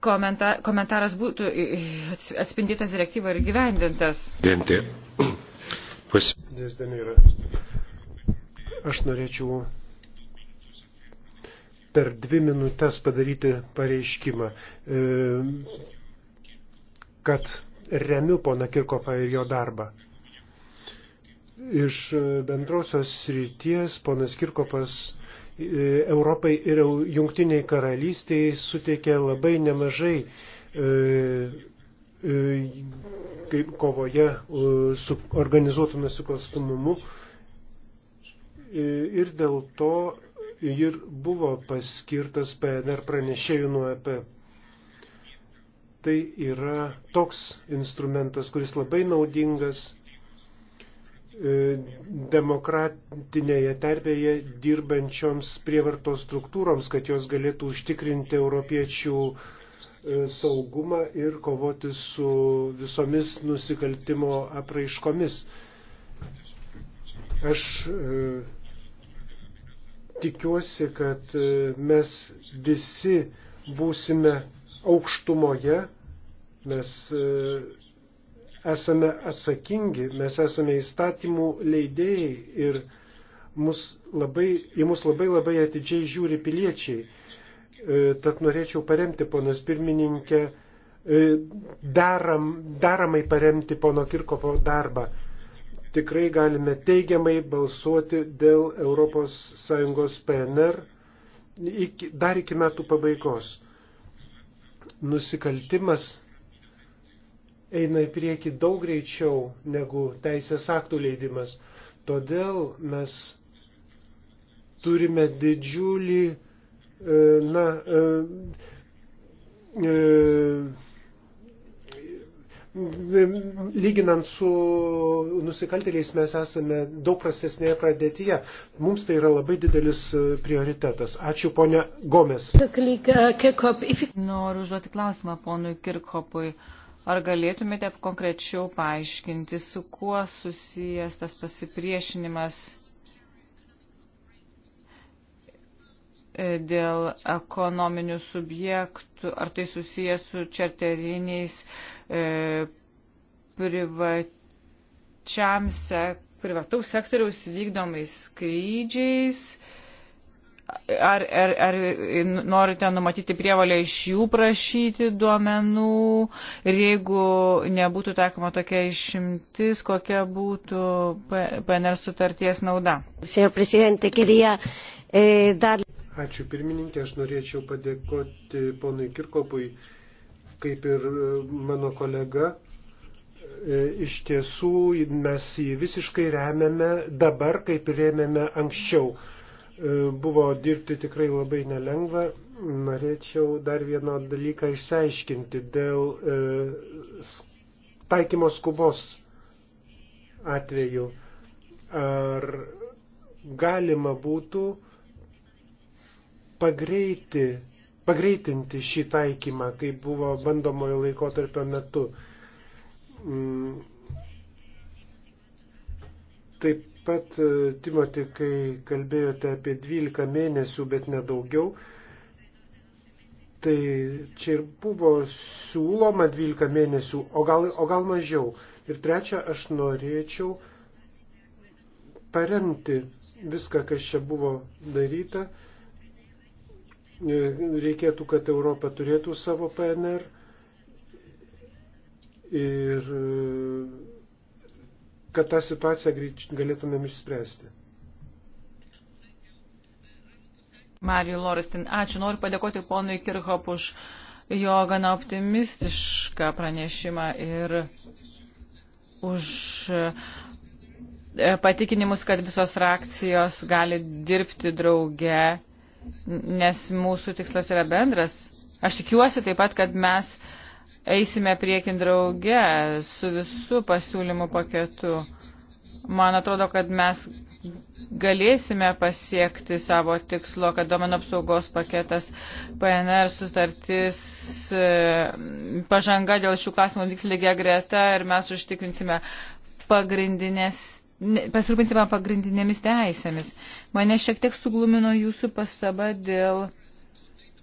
komenta, komentaras būtų atspindytas direktyvo ir gyvendintas. Aš norėčiau per dvi minutės padaryti pareiškimą, e, kad remiu poną Kirkopą ir jo darbą. Iš bendrosios ryties ponas Kirkopas Europai ir jungtiniai karalystiai suteikė labai nemažai e, e, kovoje e, su organizuotų nusikalstumumu ir dėl to ir buvo paskirtas PNR pranešėjų nuo EP. Tai yra toks instrumentas, kuris labai naudingas E, demokratinėje terpėje dirbančioms prievartos struktūroms, kad jos galėtų užtikrinti europiečių e, saugumą ir kovoti su visomis nusikaltimo apraiškomis. Aš e, tikiuosi, kad mes visi būsime aukštumoje, mes esame atsakingi, mes esame įstatymų leidėjai ir mus labai, į mus labai labai atidžiai žiūri piliečiai. E, tad norėčiau paremti ponas pirmininkė, e, daram, daramai paremti pono Kirkovo darbą. Tikrai galime teigiamai balsuoti dėl ES PNR iki, dar iki metų pabaigos. Nusikaltimas eina į priekį daug greičiau negu teisės aktų leidimas. Todėl mes turime didžiulį, e, na, e, e, lyginant su nusikaltėliais mes esame daug prastesnėje pradėtyje. Mums tai yra labai didelis prioritetas. Ačiū ponia Gomes. Noriu užduoti klausimą ponui Kirkhopui. Ar galėtumėte konkrečiau paaiškinti, su kuo susijęs tas pasipriešinimas e, dėl ekonominių subjektų, ar tai susijęs su čarteriniais e, privačiam sek, privataus sektoriaus vykdomais skrydžiais? E, Ar, ar, ar norite numatyti prievalę iš jų prašyti duomenų ir jeigu nebūtų taikoma tokia išimtis, kokia būtų PNR sutarties nauda? Eh, Ačiū pirmininkė, aš norėčiau padėkoti ponui Kirkopui, kaip ir e, mano kolega. E, iš tiesų mes jį visiškai remiame dabar, kaip remiame anksčiau. E, buvo dirbti tikrai labai nelengva. Norėčiau dar vieną dalyką išsiaiškinti dėl e, taikymo skubos atveju. Ar galima būtų pagreiti, pagreitinti šį taikymą, kaip buvo bandomojo laikotarpio metu. Mm. Taip pat, e, Timoti, kai kalbėjote apie 12 mėnesių, bet nedaugiau, tai čia ir buvo siūloma 12 mėnesių, o gal, o gal mažiau. Ir trečia, aš norėčiau paremti viską, kas čia buvo daryta. E, reikėtų, kad Europa turėtų savo PNR ir kad tą situaciją galėtumėm išspręsti. Marijų Loristin, ačiū. Noriu padėkoti ponui Kirchop už jo gana optimistišką pranešimą ir už e, patikinimus, kad visos frakcijos gali dirbti drauge, nes mūsų tikslas yra bendras. Aš tikiuosi taip pat, kad mes uh, eisime priekin drauge su visų pasiūlymų paketu. Man atrodo, kad mes galėsime pasiekti savo tikslo, kad domenų apsaugos paketas, PNR sutartis, e, pažanga dėl šių klausimų vyks lygia greta ir mes užtikrinsime pagrindinės pasirūpinsime pagrindinėmis teisėmis. Mane šiek tiek suglumino jūsų pastaba dėl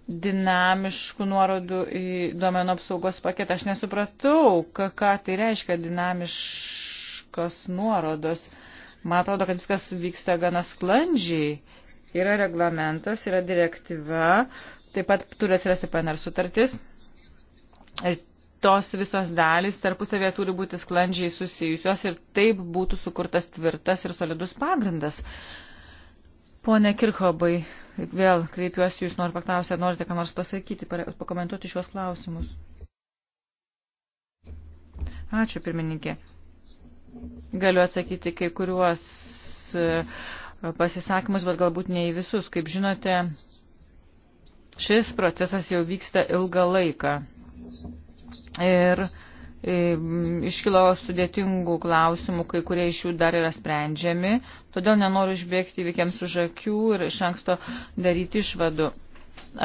dinamiškų nuorodų į duomenų apsaugos paketą. Aš nesupratau, ką, ką tai reiškia dinamiškos nuorodos. Man atrodo, kad viskas vyksta gana sklandžiai. Yra reglamentas, yra direktyva, taip pat turi atsirasti PNR sutartis. Ir tos visos dalys tarpusavėje turi būti sklandžiai susijusios ir taip būtų sukurtas tvirtas ir solidus pagrindas Pone Kirchobai, vėl kreipiuosi jūs, noriu paklausti, ar norite ką nors pasakyti, pakomentuoti šiuos klausimus. Ačiū, pirmininkė. Galiu atsakyti kai kuriuos e, pasisakymus, bet galbūt ne į visus. Kaip žinote, šis procesas jau vyksta ilgą laiką. Ir uh, iškilo sudėtingų klausimų, kai kurie iš jų dar yra sprendžiami, todėl nenoriu išbėgti įvykiams už akių ir iš anksto daryti išvadų.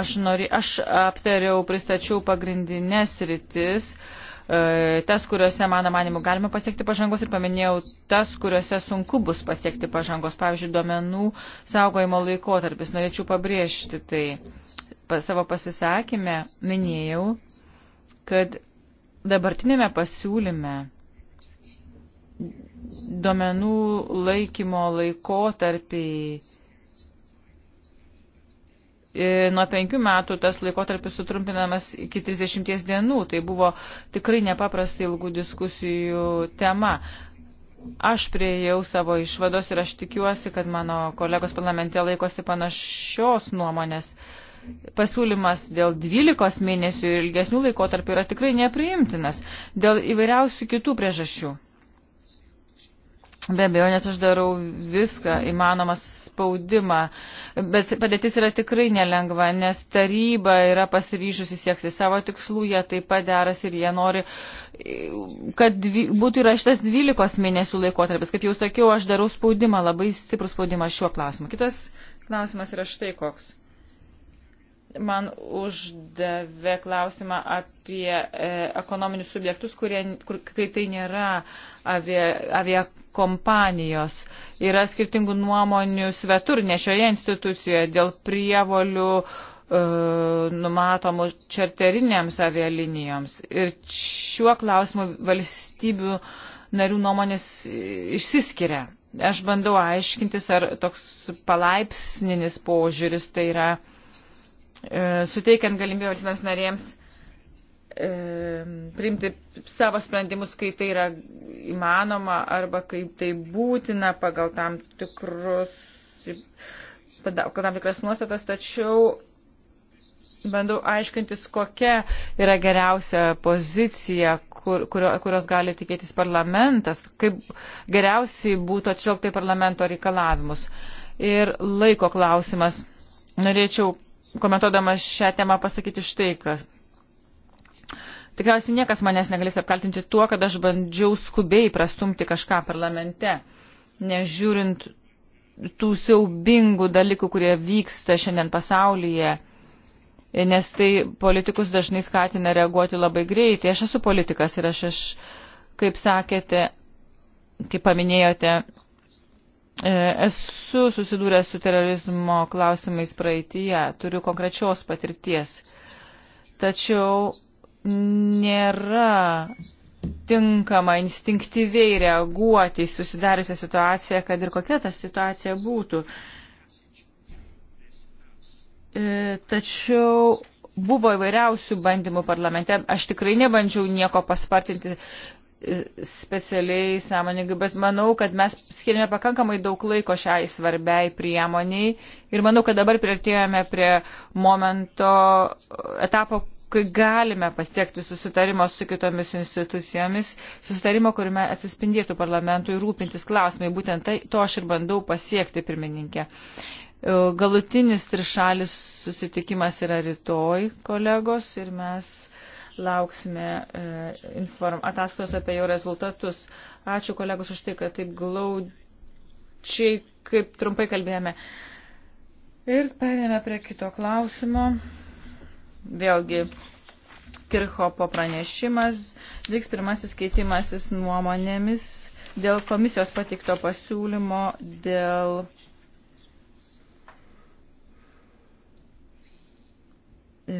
Aš, nori, aš aptariau, pristačiau pagrindinės rytis, e, tas, kuriuose, mano manimu, galima pasiekti pažangos ir paminėjau tas, kuriuose sunku bus pasiekti pažangos, pavyzdžiui, duomenų saugojimo laikotarpis. Norėčiau pabrėžti tai. Pa, savo pasisakymę minėjau, kad Dabartinėme pasiūlyme duomenų laikymo laikotarpiai e, nuo penkių metų tas laikotarpis sutrumpinamas iki 30 dienų. Tai buvo tikrai nepaprastai ilgų diskusijų tema. Aš prieėjau savo išvados ir aš tikiuosi, kad mano kolegos parlamente laikosi panašios nuomonės. Uh, pasiūlymas dėl 12 mėnesių ir ilgesnių laikotarpių yra tikrai nepriimtinas dėl įvairiausių kitų priežasčių. Be abejo, nes aš darau viską, įmanomas spaudimą, bet padėtis yra tikrai nelengva, nes taryba yra pasiryžusi siekti savo tikslų, jie taip pat deras ir jie nori, kad būtų įrašytas 12 mėnesių laikotarpis. Kaip jau sakiau, aš darau spaudimą, labai stiprų spaudimą šiuo klausimu. Kitas klausimas yra štai koks man uždavė klausimą apie e, ekonominius subjektus, kurie, kur, kai tai nėra aviakompanijos. Avia Yra skirtingų nuomonių svetur, ne šioje institucijoje, dėl prievolių e, numatomų čarterinėms avialinijoms. Ir šiuo klausimu valstybių narių nuomonės išsiskiria. Aš bandau aiškintis, ar toks palaipsninis požiūris tai yra E, suteikiant galimybę valstybėms narėms e, priimti savo sprendimus, kai tai yra įmanoma arba kaip tai būtina pagal tam tikrus, pagal tam tikras nuostatas, tačiau bandau aiškintis, kokia yra geriausia pozicija, kur, kurio, kurios gali tikėtis parlamentas, kaip geriausiai būtų atšvelgti parlamento reikalavimus. Ir laiko klausimas. Norėčiau komentuodamas šią temą pasakyti štai, kad tikriausiai niekas manęs negalės apkaltinti tuo, kad aš bandžiau skubiai prastumti kažką parlamente, nežiūrint tų siaubingų dalykų, kurie vyksta šiandien pasaulyje, nes tai politikus dažnai skatina reaguoti labai greitai. Aš esu politikas ir aš, aš kaip sakėte, kaip paminėjote, E, esu susidūręs su terorizmo klausimais praeityje, turiu konkrečios patirties, tačiau nėra tinkama instinktyviai reaguoti į susidariusią situaciją, kad ir kokia ta situacija būtų. E, tačiau buvo įvairiausių bandymų parlamente. Aš tikrai nebandžiau nieko paspartinti, specialiai sąmoningai, bet manau, kad mes skiriame pakankamai daug laiko šiai svarbiai priemoniai ir manau, kad dabar prieartėjome prie momento etapo, kai galime pasiekti susitarimo su kitomis institucijomis, susitarimo, kuriame atsispindėtų parlamentui rūpintis klausimai. Būtent tai, to aš ir bandau pasiekti, pirmininkė. Galutinis trišalis susitikimas yra rytoj, kolegos, ir mes lauksime e, inform, ataskaitos apie jo rezultatus. Ačiū kolegos už tai, kad taip glaučiai, kaip trumpai kalbėjome. Ir perėmėme prie kito klausimo. Vėlgi, Kirchopo pranešimas vyks pirmasis keitimasis nuomonėmis dėl komisijos patikto pasiūlymo dėl e,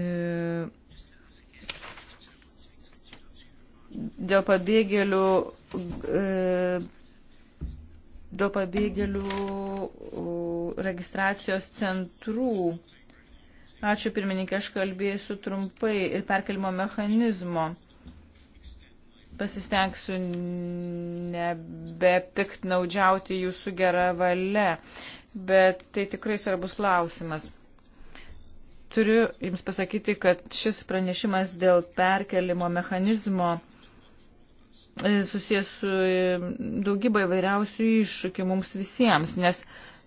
dėl pabėgėlių, e, dėl pabėgėlių registracijos centrų. Ačiū pirmininkė, aš kalbėsiu trumpai ir perkelimo mechanizmo. Pasistengsiu nebepiktnaudžiauti jūsų gerą valią, bet tai tikrai svarbus klausimas turiu Jums pasakyti, kad šis pranešimas dėl perkelimo mechanizmo E, susijęs su e, daugybą įvairiausių iššūkių mums visiems, nes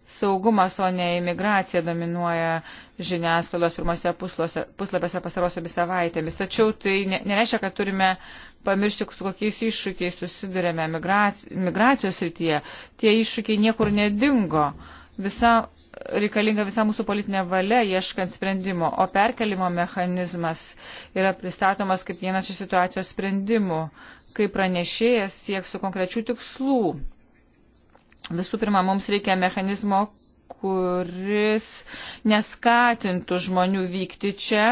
saugumas, o ne imigracija dominuoja žiniasklaidos pirmose puslapiuose pastarosiomis savaitėmis. Tačiau tai nereiškia, kad turime pamiršti, su kokiais iššūkiais susidurėme migracijos srityje. Tie iššūkiai niekur nedingo. Visa, reikalinga visa mūsų politinė valia ieškant sprendimo, o perkelimo mechanizmas yra pristatomas kaip vienas iš situacijos sprendimų kaip pranešėjas sieksiu konkrečių tikslų. Visų pirma, mums reikia mechanizmo, kuris neskatintų žmonių vykti čia.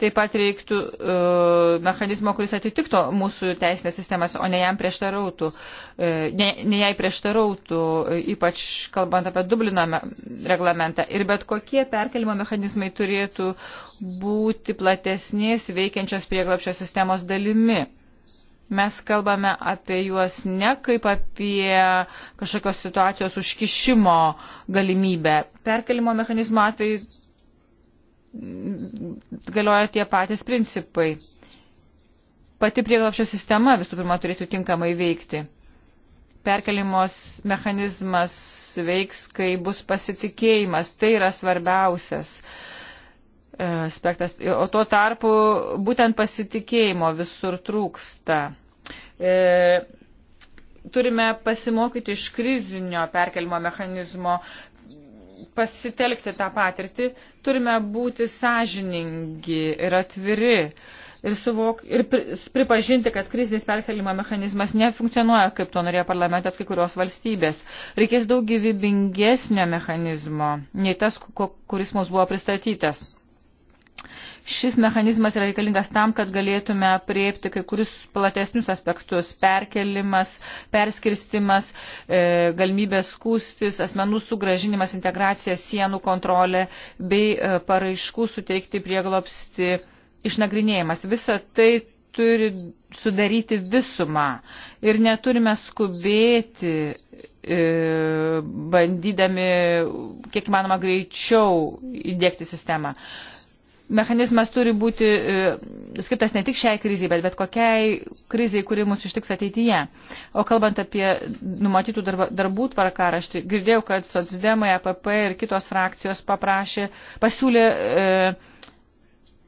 Taip pat reiktų uh, mechanizmo, kuris atitiktų mūsų teisinės sistemas, o ne, jam prieštarautų, uh, ne, ne jai prieštarautų, e, ypač kalbant apie Dublino reglamentą. Ir bet kokie perkelimo mechanizmai turėtų būti platesnės veikiančios prieglapščio sistemos dalimi. Uh, Mes kalbame apie juos ne kaip apie kažkokios situacijos užkišimo galimybę. Perkelimo mechanizmo atvejais galioja tie patys principai. Pati prieglapščio sistema visų pirma turėtų tinkamai veikti perkelimos mechanizmas veiks, kai bus pasitikėjimas. Tai yra svarbiausias e, aspektas. O tuo tarpu būtent pasitikėjimo visur trūksta e, turime pasimokyti iš krizinio perkelimo mechanizmo, pasitelkti tą patirtį, turime būti sąžiningi ir atviri. Ir, suvok, ir pri, pripažinti, kad krizinis perkelimo mechanizmas nefunkcionuoja, kaip to norėjo parlamentas kai kurios valstybės. Reikės daug gyvybingesnio mechanizmo, nei tas, kuris mums buvo pristatytas. Šis mechanizmas yra reikalingas tam, kad galėtume priepti kai kurius platesnius aspektus - perkelimas, perskirstimas, e, galimybės skūstis, asmenų sugražinimas, integracija, sienų kontrolė bei e, paraiškų suteikti prieglopsti išnagrinėjimas. Visa tai turi sudaryti visumą ir neturime skubėti, e, bandydami kiek įmanoma greičiau įdėkti sistemą. E, mechanizmas turi būti e, skirtas ne tik šiai kriziai, bet bet kokiai kriziai, kuri mus ištiks ateityje. O kalbant apie numatytų darbų tvarkaraštį, girdėjau, kad Sotsdemai, APP ir kitos frakcijos paprašė, pasiūlė e,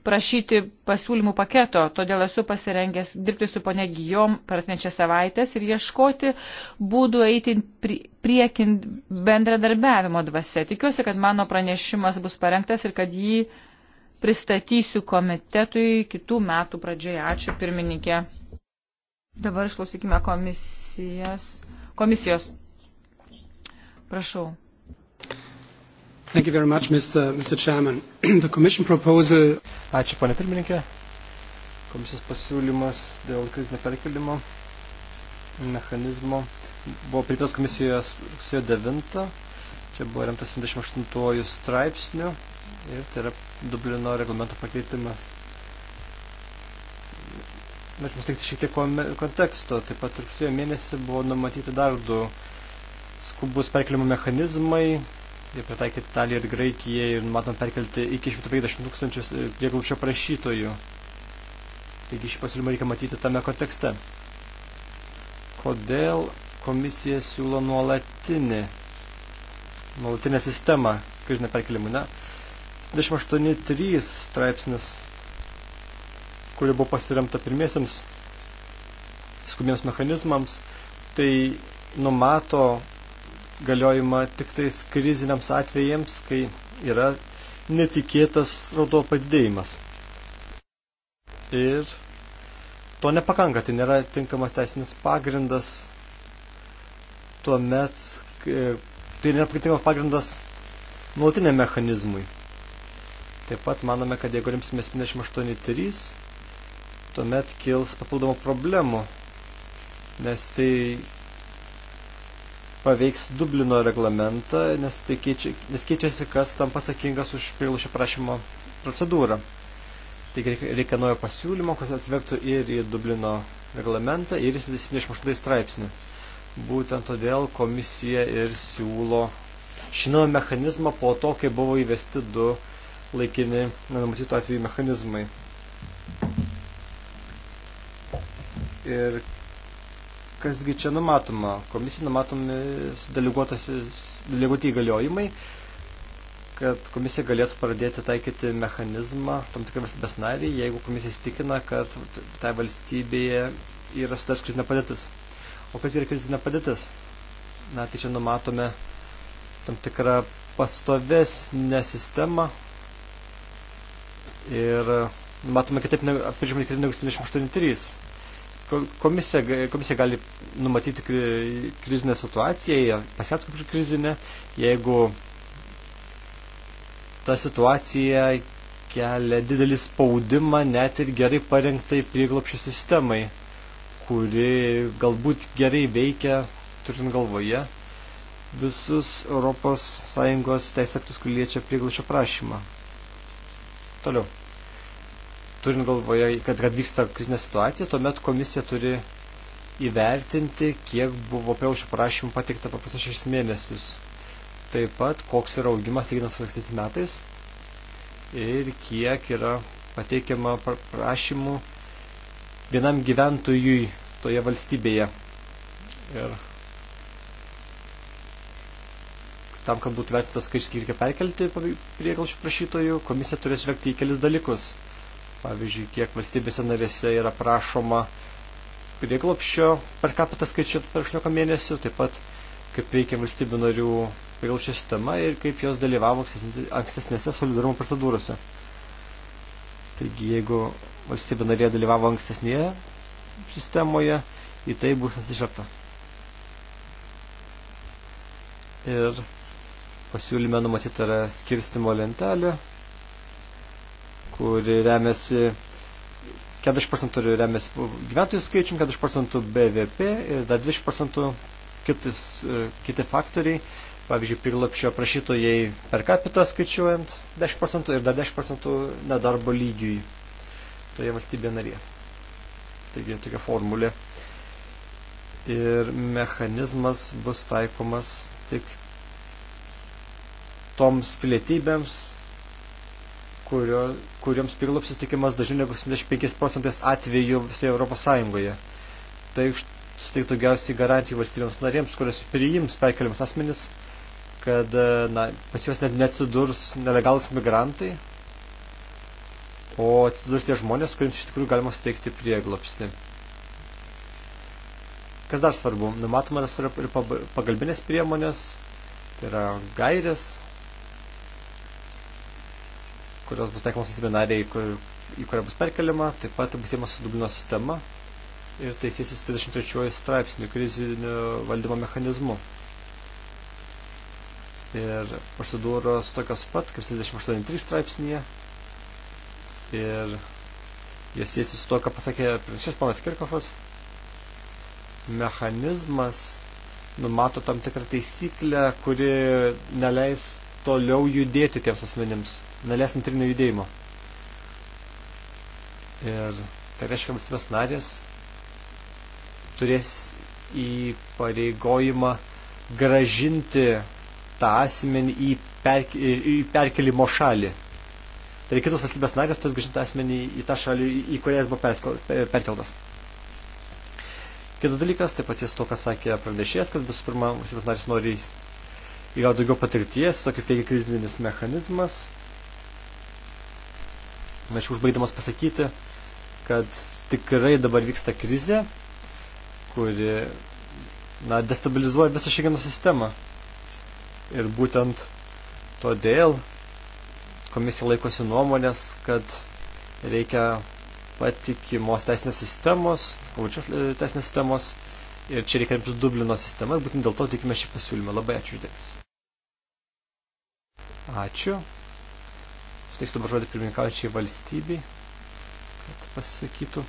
prašyti pasiūlymų paketo, todėl esu pasirengęs dirbti su ponia Gijom per atnečią savaitės ir ieškoti būdų eiti priekin bendradarbiavimo dvasia. Tikiuosi, kad mano pranešimas bus parengtas ir kad jį pristatysiu komitetui kitų metų pradžioje. Ačiū pirmininkė. Dabar išklausykime komisijas. komisijos. Prašau. Thank you very much, Mr. Mr. Chairman. The Commission proposal... Ačiū, ponė pirmininkė. Komisijos pasiūlymas dėl krizinio perkelimo mechanizmo buvo priimtas komisijos rugsėjo 9. Čia buvo remtas 28 straipsnių ir tai yra Dublino reglamento pakeitimas. Norėčiau pasakyti šiek tiek konteksto. Taip pat rugsėjo mėnesį buvo numatyti dar du skubus perkelimo mechanizmai. Jie pritaikyti Italiją ir Graikiją ir matom perkelti iki 150 tūkstančius e, prieglupščio prašytojų. Taigi šį pasiūlymą reikia matyti tame kontekste. Kodėl komisija siūlo nuolatinį, nuolatinę sistemą krizinę perkelimą? Na, 28.3 straipsnis, kuri buvo pasiremta pirmiesiams skubiems mechanizmams, tai numato galiojimą tik tais kriziniams atvejams, kai yra netikėtas raudo padidėjimas. Ir to nepakanka, tai nėra tinkamas teisinis pagrindas, tuomet e, tai nėra tinkamas pagrindas nuotiniam mechanizmui. Taip pat manome, kad jeigu rimsimės 58.3, tuomet kils papildomų problemų, nes tai paveiks Dublino reglamentą, nes, tai keičia, nes keičiasi, kas tam atsakingas už prieglūšio prašymo procedūrą. Taigi reikia, reikia naujo pasiūlymo, kas atsvegtų ir į Dublino reglamentą, ir į 78 straipsnį. Būtent todėl komisija ir siūlo šį naują mechanizmą po to, kai buvo įvesti du laikini nenumatytų atvejų mechanizmai. Ir kasgi čia numatoma? Komisija numatomi deleguoti įgaliojimai, kad komisija galėtų pradėti taikyti mechanizmą tam tikrą valstybės narį, jeigu komisija įstikina, kad tai valstybėje yra sudarš krizinė padėtis. O kas yra krizinė padėtis? Na, tai čia numatome tam tikrą pastovesnę sistemą, Ir matome, kad taip apiržymai kitaip negu 78.3. Komisija, komisija gali numatyti krizinę situaciją, pasiatko krizinę, jeigu ta situacija kelia didelį spaudimą net ir gerai parengtai prieglopščio sistemai, kuri galbūt gerai veikia, turint galvoje, visus ES teisės aktus, kurie liečia prieglopščio prašymą toliau. Turint galvoje, kad, kad vyksta krizinė situacija, tuomet komisija turi įvertinti, kiek buvo prieaušio prašymų pateikta per pusę šešis mėnesius. Taip pat, koks yra augimas lyginant su ankstesniais metais ir kiek yra pateikiama prašymų vienam gyventojui toje valstybėje. Ir tam, kad būtų vertintas skaičius, kiek reikia perkelti prieglaušių prašytojų, komisija turės vekti į kelis dalykus. Pavyzdžiui, kiek valstybėse narėse yra prašoma prieglopščio per kapitą skaičių per 18 mėnesių, taip pat kaip veikia valstybių narių prieglopščio sistema ir kaip jos dalyvavo ankstesnėse solidarumo procedūrose. Taigi, jeigu valstybė narė dalyvavo ankstesnėje sistemoje, į tai bus atsižvelgta. Ir pasiūlyme numatyta yra skirstimo lentelė, kuri remiasi 40 procentų remiasi gyventojų skaičium, 40 procentų BVP ir dar 20 procentų kitus, e, kiti faktoriai, pavyzdžiui, priglapščio prašytojai per capita skaičiuojant 10 procentų ir dar 10 procentų nedarbo lygiui toje valstybėje narėje. Taigi tokia formulė. Ir mechanizmas bus taikomas tik toms pilietybėms, kurio, kuriems priglopsis tikimas dažniau negu 75 procentais atveju visoje Europos Sąjungoje. Tai suteiktų daugiausiai garantijų valstybėms narėms, kurios priims perkeliamas asmenis, kad na, pas juos net neatsidurs nelegalus migrantai, o atsidurs tie žmonės, kuriems iš tikrųjų galima suteikti prieglopstį. Kas dar svarbu, numatomas yra ir pagalbinės priemonės, tai yra gairės, kurios bus taikomas seminariai, kur, į kurią bus perkeliama, taip pat bus įmas su Dublino sistema ir taisysis 23 straipsnių krizinio valdymo mechanizmu. Ir procedūros tokios pat, kaip 78.3 straipsnėje. Ir jie siesi su to, ką pasakė priešės panas Kirkofas. Mechanizmas numato tam tikrą taisyklę, kuri neleis toliau judėti tiems asmenims, nelės antrinio judėjimo. Ir tai reiškia, kad valstybės narės turės įpareigojimą gražinti tą asmenį į, perk į perkelimo šalį. Tai kitos valstybės narės turės gražinti asmenį į tą šalį, į kurią jis buvo perkeltas. Kitas dalykas, taip pat jis to, ką sakė pranešėjas, kad visų pirma, valstybės narės nori yra daugiau patirties, tokį veikia krizinis mechanizmas. Aš užbaigdamas pasakyti, kad tikrai dabar vyksta krizė, kuri na, destabilizuoja visą šengeno sistemą. Ir būtent todėl komisija laikosi nuomonės, kad reikia patikimos teisinės sistemos, kaučios e, teisinės sistemos ir čia reikia rimtų Dublino sistemą ir būtent dėl to tikime šį pasiūlymą. Labai ačiū uždėmesi. Ačiū. Suteiksiu dabar žodį pirmininkaujančiai valstybei, kad pasakytų.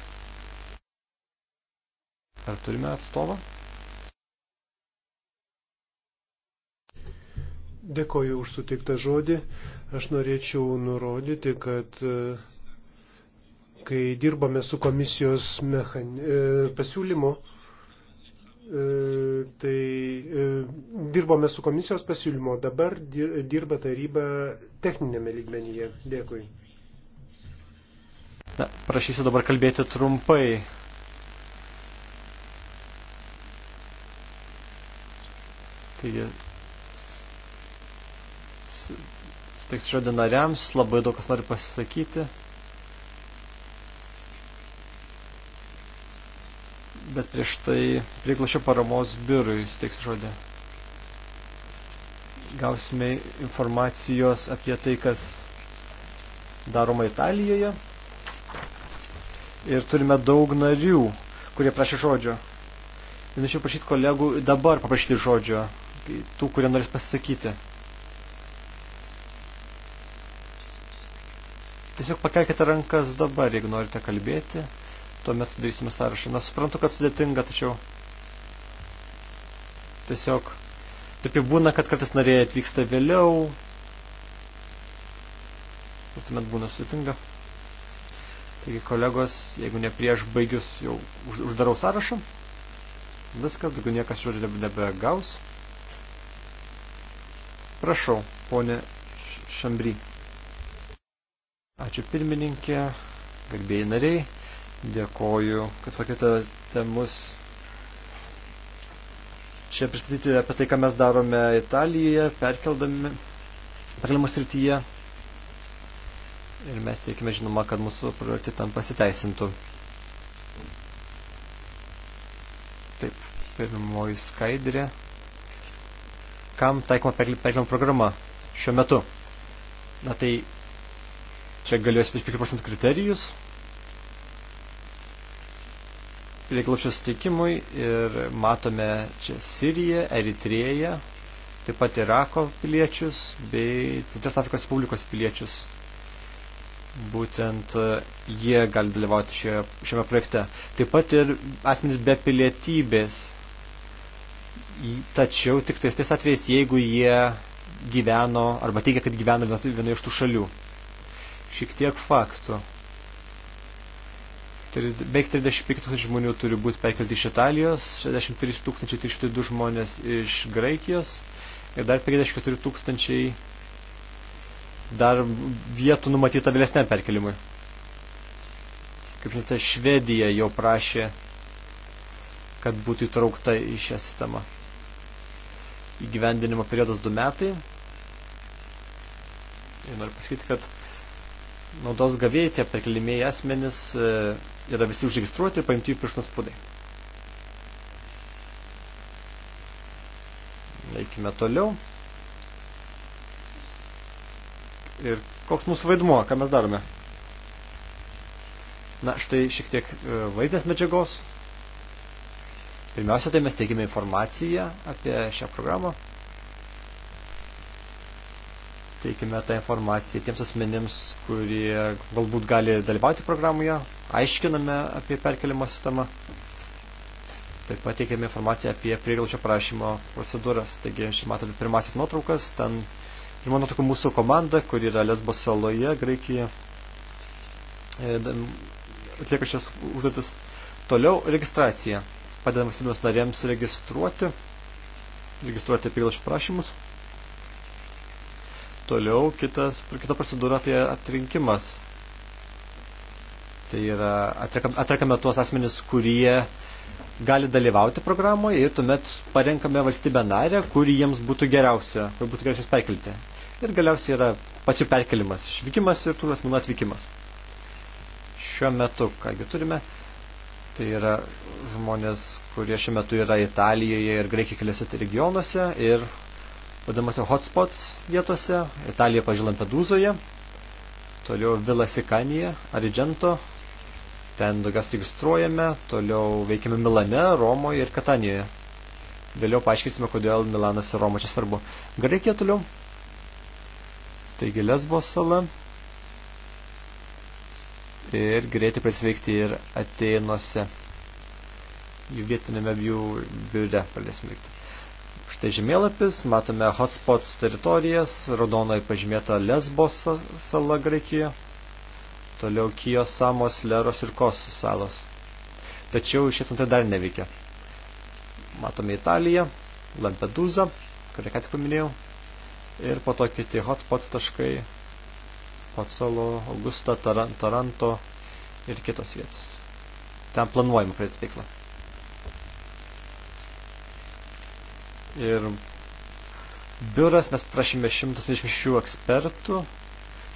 Ar turime atstovą? Dėkoju už suteiktą žodį. Aš norėčiau nurodyti, kad e, kai dirbame su komisijos mechan... E, pasiūlymu, E, tai e, dirbome su komisijos pasiūlymo, dabar dirba taryba techninėme lygmenyje. Dėkui. Na, prašysiu dabar kalbėti trumpai. Taigi, steiks žodį nariams, labai daug kas nori pasisakyti. bet prieš tai prieglašio paramos biurui steiks žodį. Gausime informacijos apie tai, kas daroma Italijoje. Ir turime daug narių, kurie prašė žodžio. Ir norėčiau prašyti kolegų dabar paprašyti žodžio, tų, kurie norės pasisakyti. Tiesiog pakelkite rankas dabar, jeigu norite kalbėti tuomet sudarysime sąrašą. Na, suprantu, kad sudėtinga, tačiau tiesiog taip jau būna, kad kartais nariai atvyksta vėliau. Ir tuomet būna sudėtinga. Taigi, kolegos, jeigu ne prieš baigius, jau uždarau sąrašą. Viskas, daugiau niekas žodžio nebegaus. Prašau, ponė Šambry. Ačiū pirmininkė, garbėjai nariai. Dėkoju, kad pakvietėte mus čia pristatyti apie tai, ką mes darome Italijoje, perkeldami perkeldamo srityje. Ir mes siekime, žinoma, kad mūsų projektai tam pasiteisintų. Taip, pirmoji skaidrė. Kam taikoma perkelimo programa šiuo metu? Na tai, čia galėjo 55 procentų kriterijus, prieglopščio sutikimui ir matome čia Siriją, Eritrėją, taip pat Irako piliečius bei Centrinės Afrikos Republikos piliečius. Būtent e, jie gali dalyvauti šioje, šiame projekte. Taip pat ir asmenys be pilietybės. Tačiau tik tais tais atvejais, jeigu jie gyveno arba teigia, kad gyveno vienoje iš tų šalių. Šiek tiek faktų beveik 35 tūkstančių žmonių turi būti perkelti iš Italijos, 63 302 žmonės iš Graikijos ir dar 54 tūkstančiai dar vietų numatyta vėlesniam perkelimui. Kaip žinote, Švedija jau prašė, kad būtų įtraukta į šią sistemą. Įgyvendinimo periodas 2 metai. Ir noriu pasakyti, kad naudos gavėjai, tie perkelimiai asmenys e, yra visi užregistruoti ir paimti į pirštus spaudai. Eikime toliau. Ir koks mūsų vaidmuo, ką mes darome? Na, štai šiek tiek e, vaizdės medžiagos. Pirmiausia, tai mes teikime informaciją apie šią programą teikime tą informaciją tiems asmenims, kurie galbūt gali dalyvauti programoje, aiškiname apie perkelimo sistemą. Taip pat teikiame informaciją apie prieglaučio prašymo procedūras. Taigi, šį matome pirmasis nuotraukas, ten ir mano tokia mūsų komanda, kuri yra Lesbo saloje, Graikija, e, atlieka šias užduotis. Toliau registracija. Padedam valstybės narėms registruoti, registruoti prieglaučio prašymus. Toliau kitas, kita procedūra tai atrinkimas. Tai yra atrekame tuos asmenis, kurie gali dalyvauti programoje ir tuomet parenkame valstybę narę, kuri jiems būtų geriausia, kur būtų geriausias perkelti. Ir galiausiai yra pačių perkelimas, išvykimas ir tų asmenų atvykimas. Šiuo metu, kągi turime, tai yra žmonės, kurie šiuo metu yra Italijoje ir Graikijoje keliose regionuose ir vadinamose hotspots vietose, Italija, pažiūrėjau, Lampedūzoje, toliau Vila Sikanija, Arigento, ten daugiausiai registruojame, toliau veikiame Milane, Romoje ir Katanijoje. Vėliau paaiškinsime, kodėl Milanas ir Roma čia svarbu. Graikija toliau. Taigi Lesbo sala. Ir greitai prasiveikti ir Ateinuose. Jų vietinėme biure pradėsime veikti. Štai žemėlapis, matome hotspots teritorijas, raudonai pažymėta Lesbos sala Graikijoje, toliau Kijos, Samos, Leros ir Kos salos. Tačiau šie centrai dar neveikia. Matome Italiją, Lampedusa, kurią ką tik paminėjau, ir po to kiti hotspots taškai, Pozzolo, Augusta, Taranto ir kitos vietos. Ten planuojama pradėti veiklą. ir biuras, mes prašėme 126 ekspertų,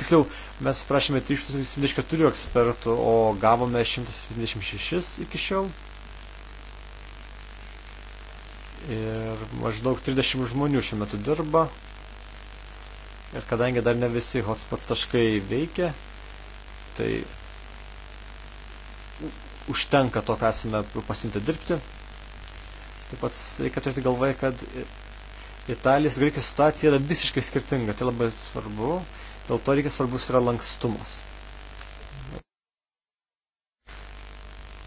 tiksliau, mes prašėme 324 ekspertų, o gavome 126 iki šiol. Ir maždaug 30 žmonių šiuo metu dirba. Ir kadangi dar ne visi hotspot taškai veikia, tai užtenka to, ką esame pasimti dirbti. Taip pat reikia turėti galvoje, kad Italijos ir Graikijos situacija yra visiškai skirtinga. Tai labai svarbu. Dėl to reikia svarbus yra lankstumas.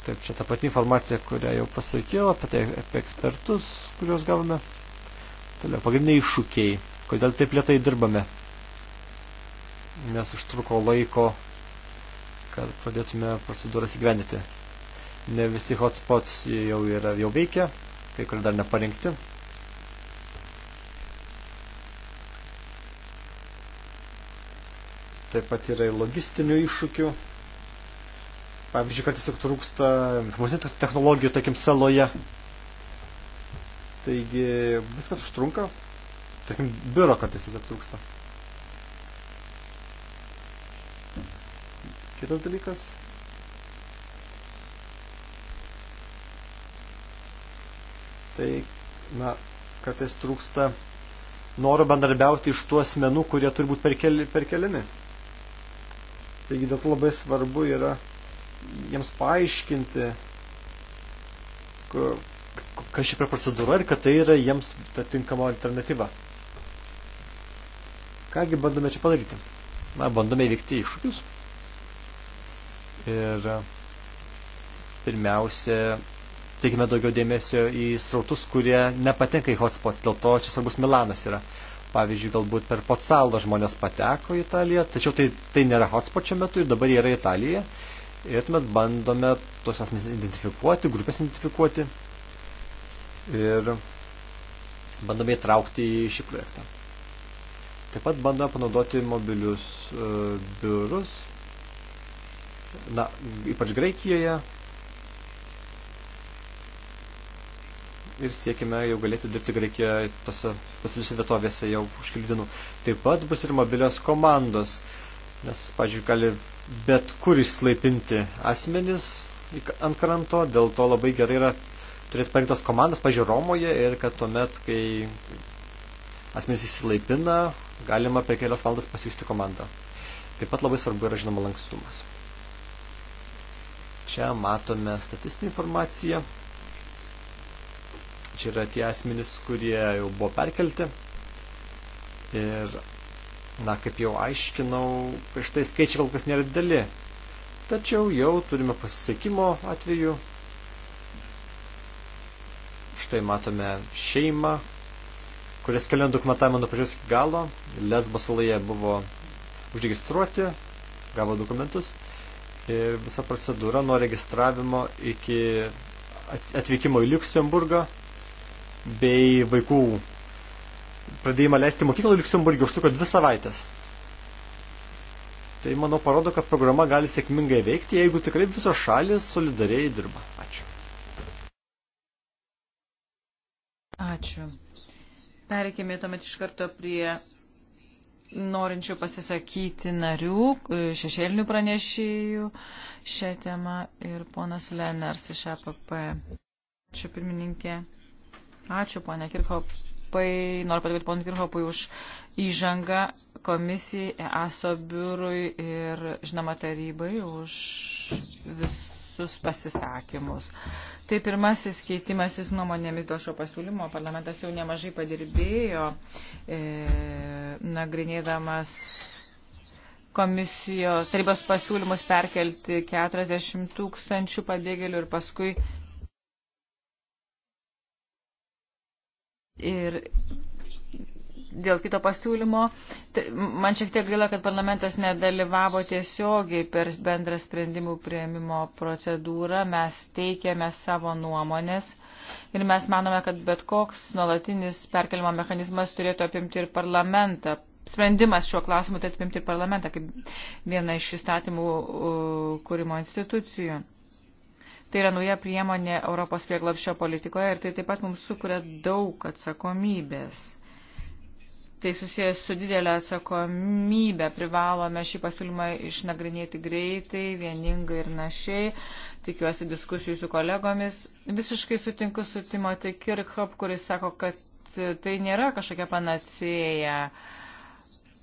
Taip, čia ta pati informacija, kurią jau pasakiau, apie, tai, apie ekspertus, kuriuos gavome. Toliau, pagrindiniai iššūkiai. Kodėl taip lietai dirbame? Nes užtruko laiko, kad pradėtume procedūras įgyvendyti. Ne visi hotspots jau, yra, jau veikia, kai kurie dar neparengti. Taip pat yra ir logistinių iššūkių. Pavyzdžiui, kartais tik trūksta informacinių technologijų, tarkim, saloje. Taigi viskas užtrunka. Tarkim, biuro kartais tiesiog trūksta. Kitas dalykas tai, na, kartais trūksta noro bendarbiauti iš tų asmenų, kurie turi būti perkeli, perkeliami. Taigi dėl to labai svarbu yra jiems paaiškinti, kas šipra procedūra ir kad tai yra jiems ta tinkama alternatyva. Kągi bandome čia padaryti? Na, bandome įveikti iššūkius. Ir pirmiausia, teikime daugiau dėmesio į srautus, kurie nepatenka į hotspots, dėl to čia svarbus Milanas yra. Pavyzdžiui, galbūt per Potsaldo žmonės pateko į Italiją, tačiau tai, tai nėra hotspot šiuo metu ir dabar jie yra Italijoje. Ir tuomet bandome tuos asmenys identifikuoti, grupės identifikuoti ir bandome įtraukti į šį projektą. Taip pat bandome panaudoti mobilius uh, biurus, na, ypač Graikijoje, ir siekime jau galėti dirbti Graikijoje tose pasilise vietovėse jau už kelių dienų. Taip pat bus ir mobilios komandos, nes, pažiūrėjau, gali bet kur išslaipinti asmenis ant kranto, dėl to labai gerai yra turėti parinktas komandas, pažiūrėjau, Romoje ir kad tuomet, kai asmenys įsilaipina, galima per kelias valandas pasiūsti komandą. Taip pat labai svarbu yra žinoma lankstumas. Čia matome statistinį informaciją, Čia yra tie asmenys, kurie jau buvo perkelti. Ir, na, kaip jau aiškinau, prieš tai skaičiai kol kas nėra dideli. Tačiau jau turime pasisekimo atveju. Štai matome šeimą, kuris keliant dokumentavimą nuo pradžios iki galo. Lesbo saloje buvo užregistruoti, gavo dokumentus ir visa procedūra nuo registravimo iki atvykimo į Luxemburgą bei vaikų pradėjimą leisti mokyklą Liuksemburgį užtruko dvi savaitės. Tai, manau, parodo, kad programa gali sėkmingai veikti, jeigu tikrai visos šalis solidariai dirba. Ačiū. Ačiū. Pereikime tuomet iš karto prie norinčių pasisakyti narių, šešėlinių pranešėjų šią temą ir ponas Lenars iš APP. Ačiū pirmininkė. Ačiū, ponė Kirchopai. Noriu padėkoti ponui Kirchopui už įžangą komisijai, EASO biurui ir, žinoma, tarybai už visus pasisakymus. Tai pirmasis keitimasis nuomonėmis dėl šio pasiūlymo. Parlamentas jau nemažai padirbėjo, e, nagrinėdamas komisijos tarybos pasiūlymus perkelti 40 tūkstančių pabėgėlių ir paskui Ir dėl kito pasiūlymo, tai man šiek tiek gaila, kad parlamentas nedalyvavo tiesiogiai per bendrą sprendimų prieimimo procedūrą. Mes teikėme savo nuomonės ir mes manome, kad bet koks nuolatinis perkelimo mechanizmas turėtų apimti ir parlamentą. Sprendimas šiuo klausimu turėtų apimti ir parlamentą kaip viena iš įstatymų uh, kūrimo institucijų. Tai yra nauja priemonė Europos prieglapščio politikoje ir tai taip pat mums sukuria daug atsakomybės. Tai susijęs su didelė atsakomybė. Privalome šį pasiūlymą išnagrinėti greitai, vieningai ir našiai. Tikiuosi diskusijų su kolegomis. Visiškai sutinku su Timothy Kirkhop, kuris sako, kad tai nėra kažkokia panacėja. Uh,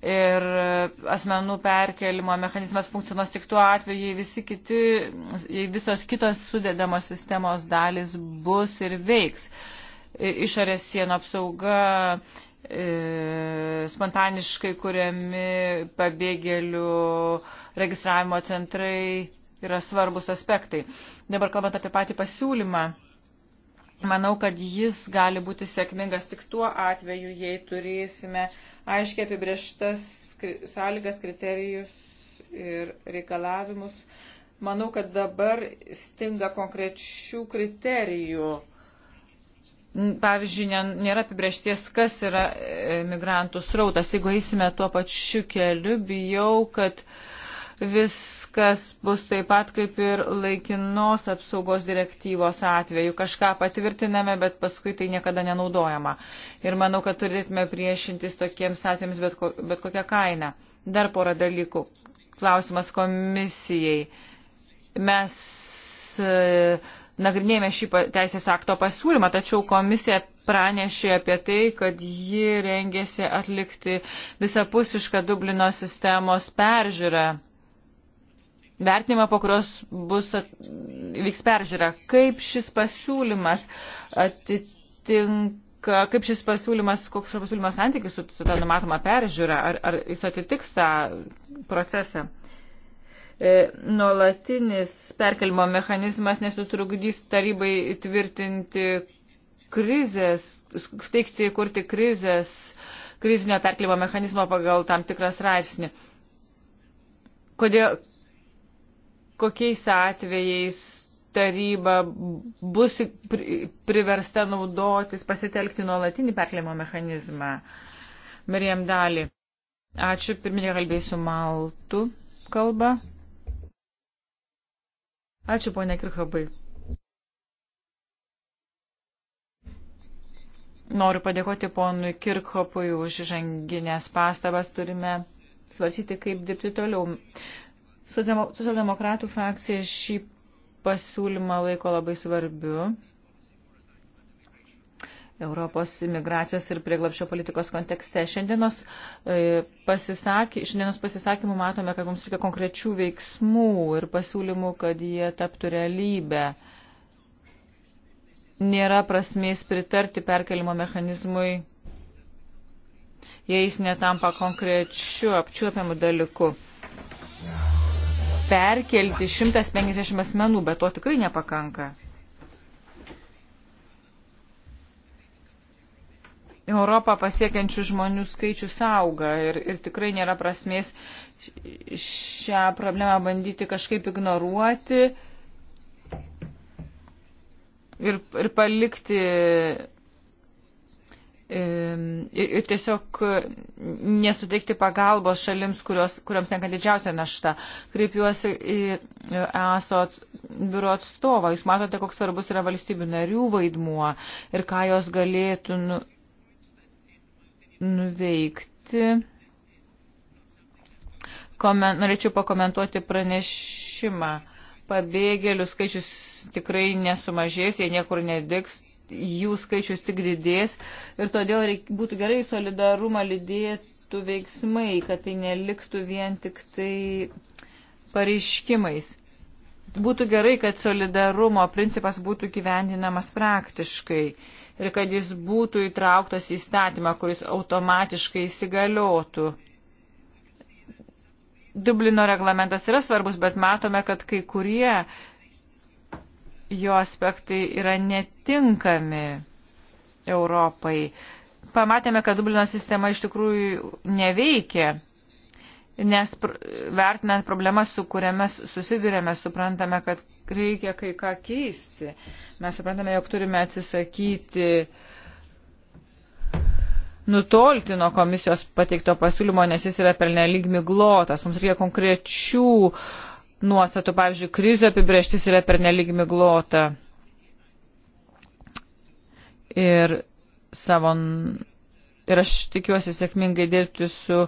ir e, asmenų perkelimo mechanizmas funkcionuos tik tuo atveju, jei, visi kiti, jei visos kitos sudėdamos sistemos dalis bus ir veiks. Išorės sienų apsauga, e, spontaniškai kuriami pabėgėlių registravimo centrai yra svarbus aspektai. Dabar kalbant apie patį pasiūlymą, Manau, kad jis gali būti sėkmingas tik tuo atveju, jei turėsime aiškiai apibrieštas sąlygas, kriterijus ir reikalavimus. Manau, kad dabar stinga konkrečių kriterijų. Pavyzdžiui, nėra apibriešties, kas yra e, migrantų srautas. Jeigu eisime tuo pačiu keliu, bijau, kad uh, viskas bus taip pat kaip ir laikinos apsaugos direktyvos atveju. Kažką patvirtiname, bet paskui tai niekada nenaudojama. Ir manau, kad turėtume priešintis tokiems atvejams bet, ko, bet kokią kainą. Dar porą dalykų. Klausimas komisijai. Mes e, nagrinėjame šį teisės akto pasiūlymą, tačiau komisija pranešė apie tai, kad ji rengėsi atlikti visapusišką Dublino sistemos peržiūrą vertinimą, po kurios bus vyks peržiūra. Kaip šis pasiūlymas atitinka, kaip šis pasiūlymas, koks šis pasiūlymas santykis su, su tą numatomą peržiūrą, ar, ar jis atitiks tą procesą? E, nuolatinis perkelimo mechanizmas nesutrukdys tarybai tvirtinti krizės, steigti, kurti krizės, krizinio perkelimo mechanizmo pagal tam tikrą straipsnį. Kodėl, kokiais atvejais taryba bus priversta naudotis, pasitelkti nuolatinį perkleimo mechanizmą. Marijam Dali. Ačiū, pirminė kalbėsiu maltų kalbą. Ačiū, ponia Kirchabai. Noriu padėkoti ponui Kirkhopui už žanginės pastabas. Turime svarsyti, kaip dirbti toliau. Socialdemokratų frakcija šį pasiūlymą laiko labai svarbiu. Europos imigracijos ir prieglapščio politikos kontekste. Šiandienos, e, pasisaky, šiandienos pasisakymų matome, kad mums reikia konkrečių veiksmų ir pasiūlymų, kad jie taptų realybę. Nėra prasmės pritarti perkelimo mechanizmui, jei jis netampa konkrečiu apčiuopiamu dalyku. Yeah perkelti 150 asmenų, bet to tikrai nepakanka. Europą pasiekiančių žmonių skaičius auga ir, ir tikrai nėra prasmės šią problemą bandyti kažkaip ignoruoti ir, ir palikti ir tiesiog nesuteikti pagalbos šalims, kurios, kuriams tenka didžiausia našta. Kreipiuosi į ESO biuro atstovą. Jūs matote, koks svarbus yra valstybių narių vaidmuo ir ką jos galėtų nu, nuveikti. Komen, norėčiau pakomentuoti pranešimą. Pabėgėlių skaičius tikrai nesumažės, jie niekur nediks jų skaičius tik didės ir todėl reik, būtų gerai solidarumą lydėtų veiksmai, kad tai neliktų vien tik tai pareiškimais. Būtų gerai, kad solidarumo principas būtų gyvendinamas praktiškai ir kad jis būtų įtrauktas į statymą, kuris automatiškai įsigaliotų. Dublino reglamentas yra svarbus, bet matome, kad kai kurie jo aspektai yra netinkami Europai. Pamatėme, kad Dublino sistema iš tikrųjų neveikia, nes pr vertinant problemas, su kuriamis susidurėme, suprantame, kad reikia kai ką keisti. Mes suprantame, jog turime atsisakyti nutolti nuo komisijos pateikto pasiūlymo, nes jis yra pernelyg miglotas. Mums reikia konkrečių uh, nuostatų, pavyzdžiui, krizio apibrieštis yra pernelyg miglota. Ir, savo, ir aš tikiuosi sėkmingai dirbti su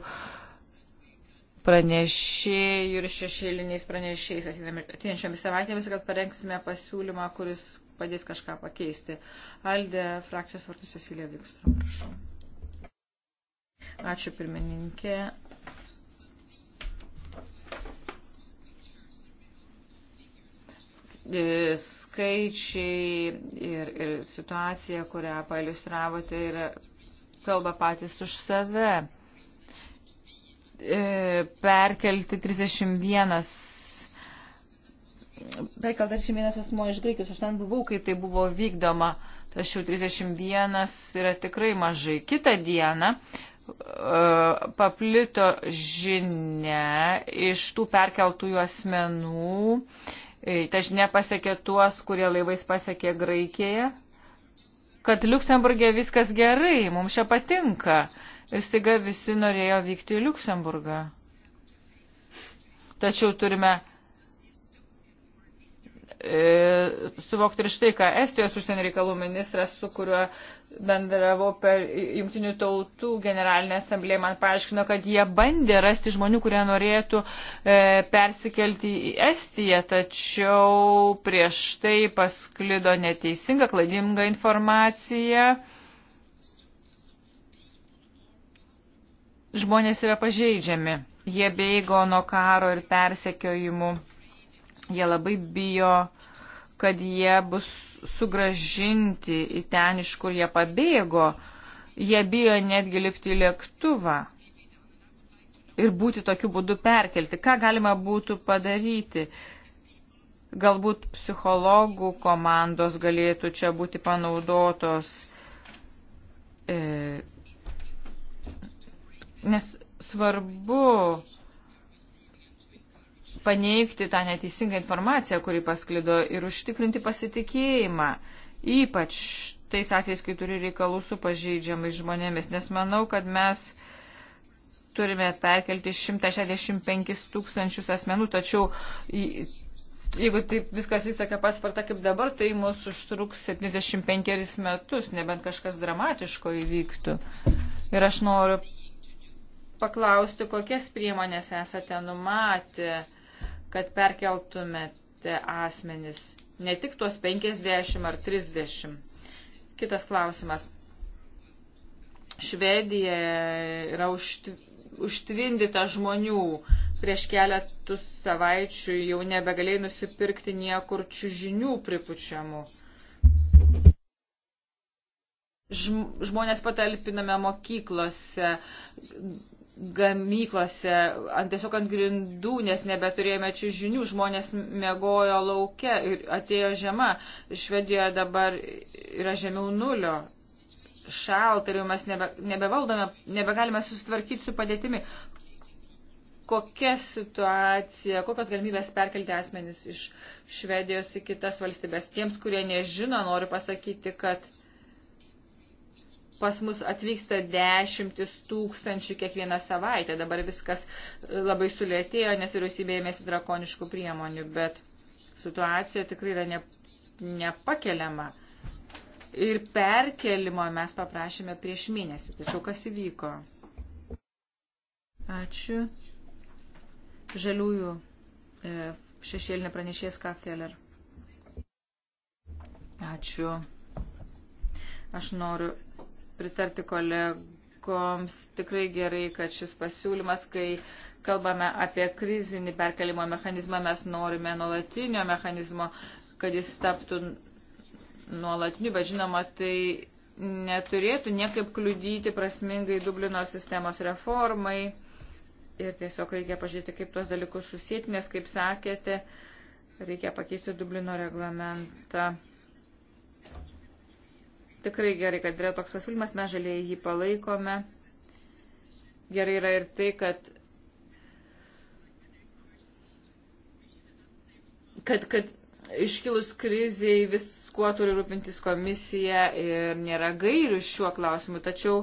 pranešėjų ir šešėliniais pranešėjais ateinančiomis savaitėmis, kad parengsime pasiūlymą, kuris padės kažką pakeisti. Aldė, frakcijos vartus Cecilija Vikstrom, prašau. Ačiū pirmininkė. E, skaičiai ir, ir situacija, kurią pailustravote, yra, kalba patys už save. E, perkelti 31. Perkelti 31 asmo iš Graikijos. Aš ten buvau, kai tai buvo vykdoma. Tačiau 31 yra tikrai mažai. Kita diena e, paplito žinia iš tų perkeltųjų asmenų, Ta žinia pasiekė tuos, kurie laivais pasiekė Graikiją, kad Luksemburgė viskas gerai, mums čia patinka. Ir staiga visi norėjo vykti į Luksemburgą. Tačiau turime E, suvokti ir štai, ką Estijos užsienio reikalų ministras, su kuriuo bendravau per Jungtinių tautų generalinę asamblėją, man paaiškino, kad jie bandė rasti žmonių, kurie norėtų e, persikelti į Estiją, tačiau prieš tai pasklido neteisinga, klaidinga informacija. Žmonės yra pažeidžiami. Jie bėgo nuo karo ir persekiojimų Jie labai bijo, kad jie bus sugražinti į ten, iš kur jie pabėgo. Jie bijo netgi lipti į lėktuvą ir būti tokiu būdu perkelti. Ką galima būtų padaryti? Galbūt psichologų komandos galėtų čia būti panaudotos, e, nes svarbu paneigti tą neteisingą informaciją, kuri pasklido ir užtikrinti pasitikėjimą, ypač tais atvejais, kai turi reikalų su pažeidžiamais žmonėmis, nes manau, kad mes turime perkelti 165 tūkstančius asmenų, tačiau jeigu taip viskas vis tokia pat sparta kaip dabar, tai mus užtruks 75 metus, nebent kažkas dramatiško įvyktų. Ir aš noriu paklausti, kokias priemonės esate numatę kad perkeltumėte asmenis ne tik tuos 50 ar 30. Kitas klausimas. Švedija yra užtvindyta žmonių. Prieš keletus savaičių jau nebegalėjai nusipirkti niekur čiužinių pripučiamų. Žmonės patalpiname mokyklose, gamyklose, ant, tiesiog ant grindų, nes nebeturėjome čiužinių, žmonės mėgojo lauke ir atėjo žiema. Švedijoje dabar yra žemiau nulio. Šalta ir jau mes nebe, nebevaldome, nebegalime susitvarkyti su padėtimi. Kokia situacija, kokios galimybės perkelti asmenis iš Švedijos į kitas valstybės? Tiems, kurie nežino, noriu pasakyti, kad pas mus atvyksta dešimtis tūkstančių kiekvieną savaitę. Dabar viskas e, labai sulėtėjo, nes vyriausybė ėmėsi drakoniškų priemonių, bet situacija tikrai yra ne, nepakeliama. Ir perkelimo mes paprašėme prieš mėnesį. Tačiau kas įvyko? Ačiū. Žaliųjų e, šešėlinė pranešėjas Kafeler. Ačiū. Aš noriu pritarti kolegoms. Tikrai gerai, kad šis pasiūlymas, kai kalbame apie krizinį perkelimo mechanizmą, mes norime nuolatinio mechanizmo, kad jis taptų nuolatiniu, bet žinoma, tai neturėtų niekaip kliudyti prasmingai Dublino sistemos reformai. Ir tiesiog reikia pažiūrėti, kaip tuos dalykus susijęti, nes, kaip sakėte, reikia pakeisti Dublino reglamentą. Tikrai gerai, kad yra toks pasiūlymas, mes žaliai jį palaikome. Gerai yra ir tai, kad kad, kad iškilus kriziai viskuo turi rūpintis komisija ir nėra gairių šiuo klausimu, tačiau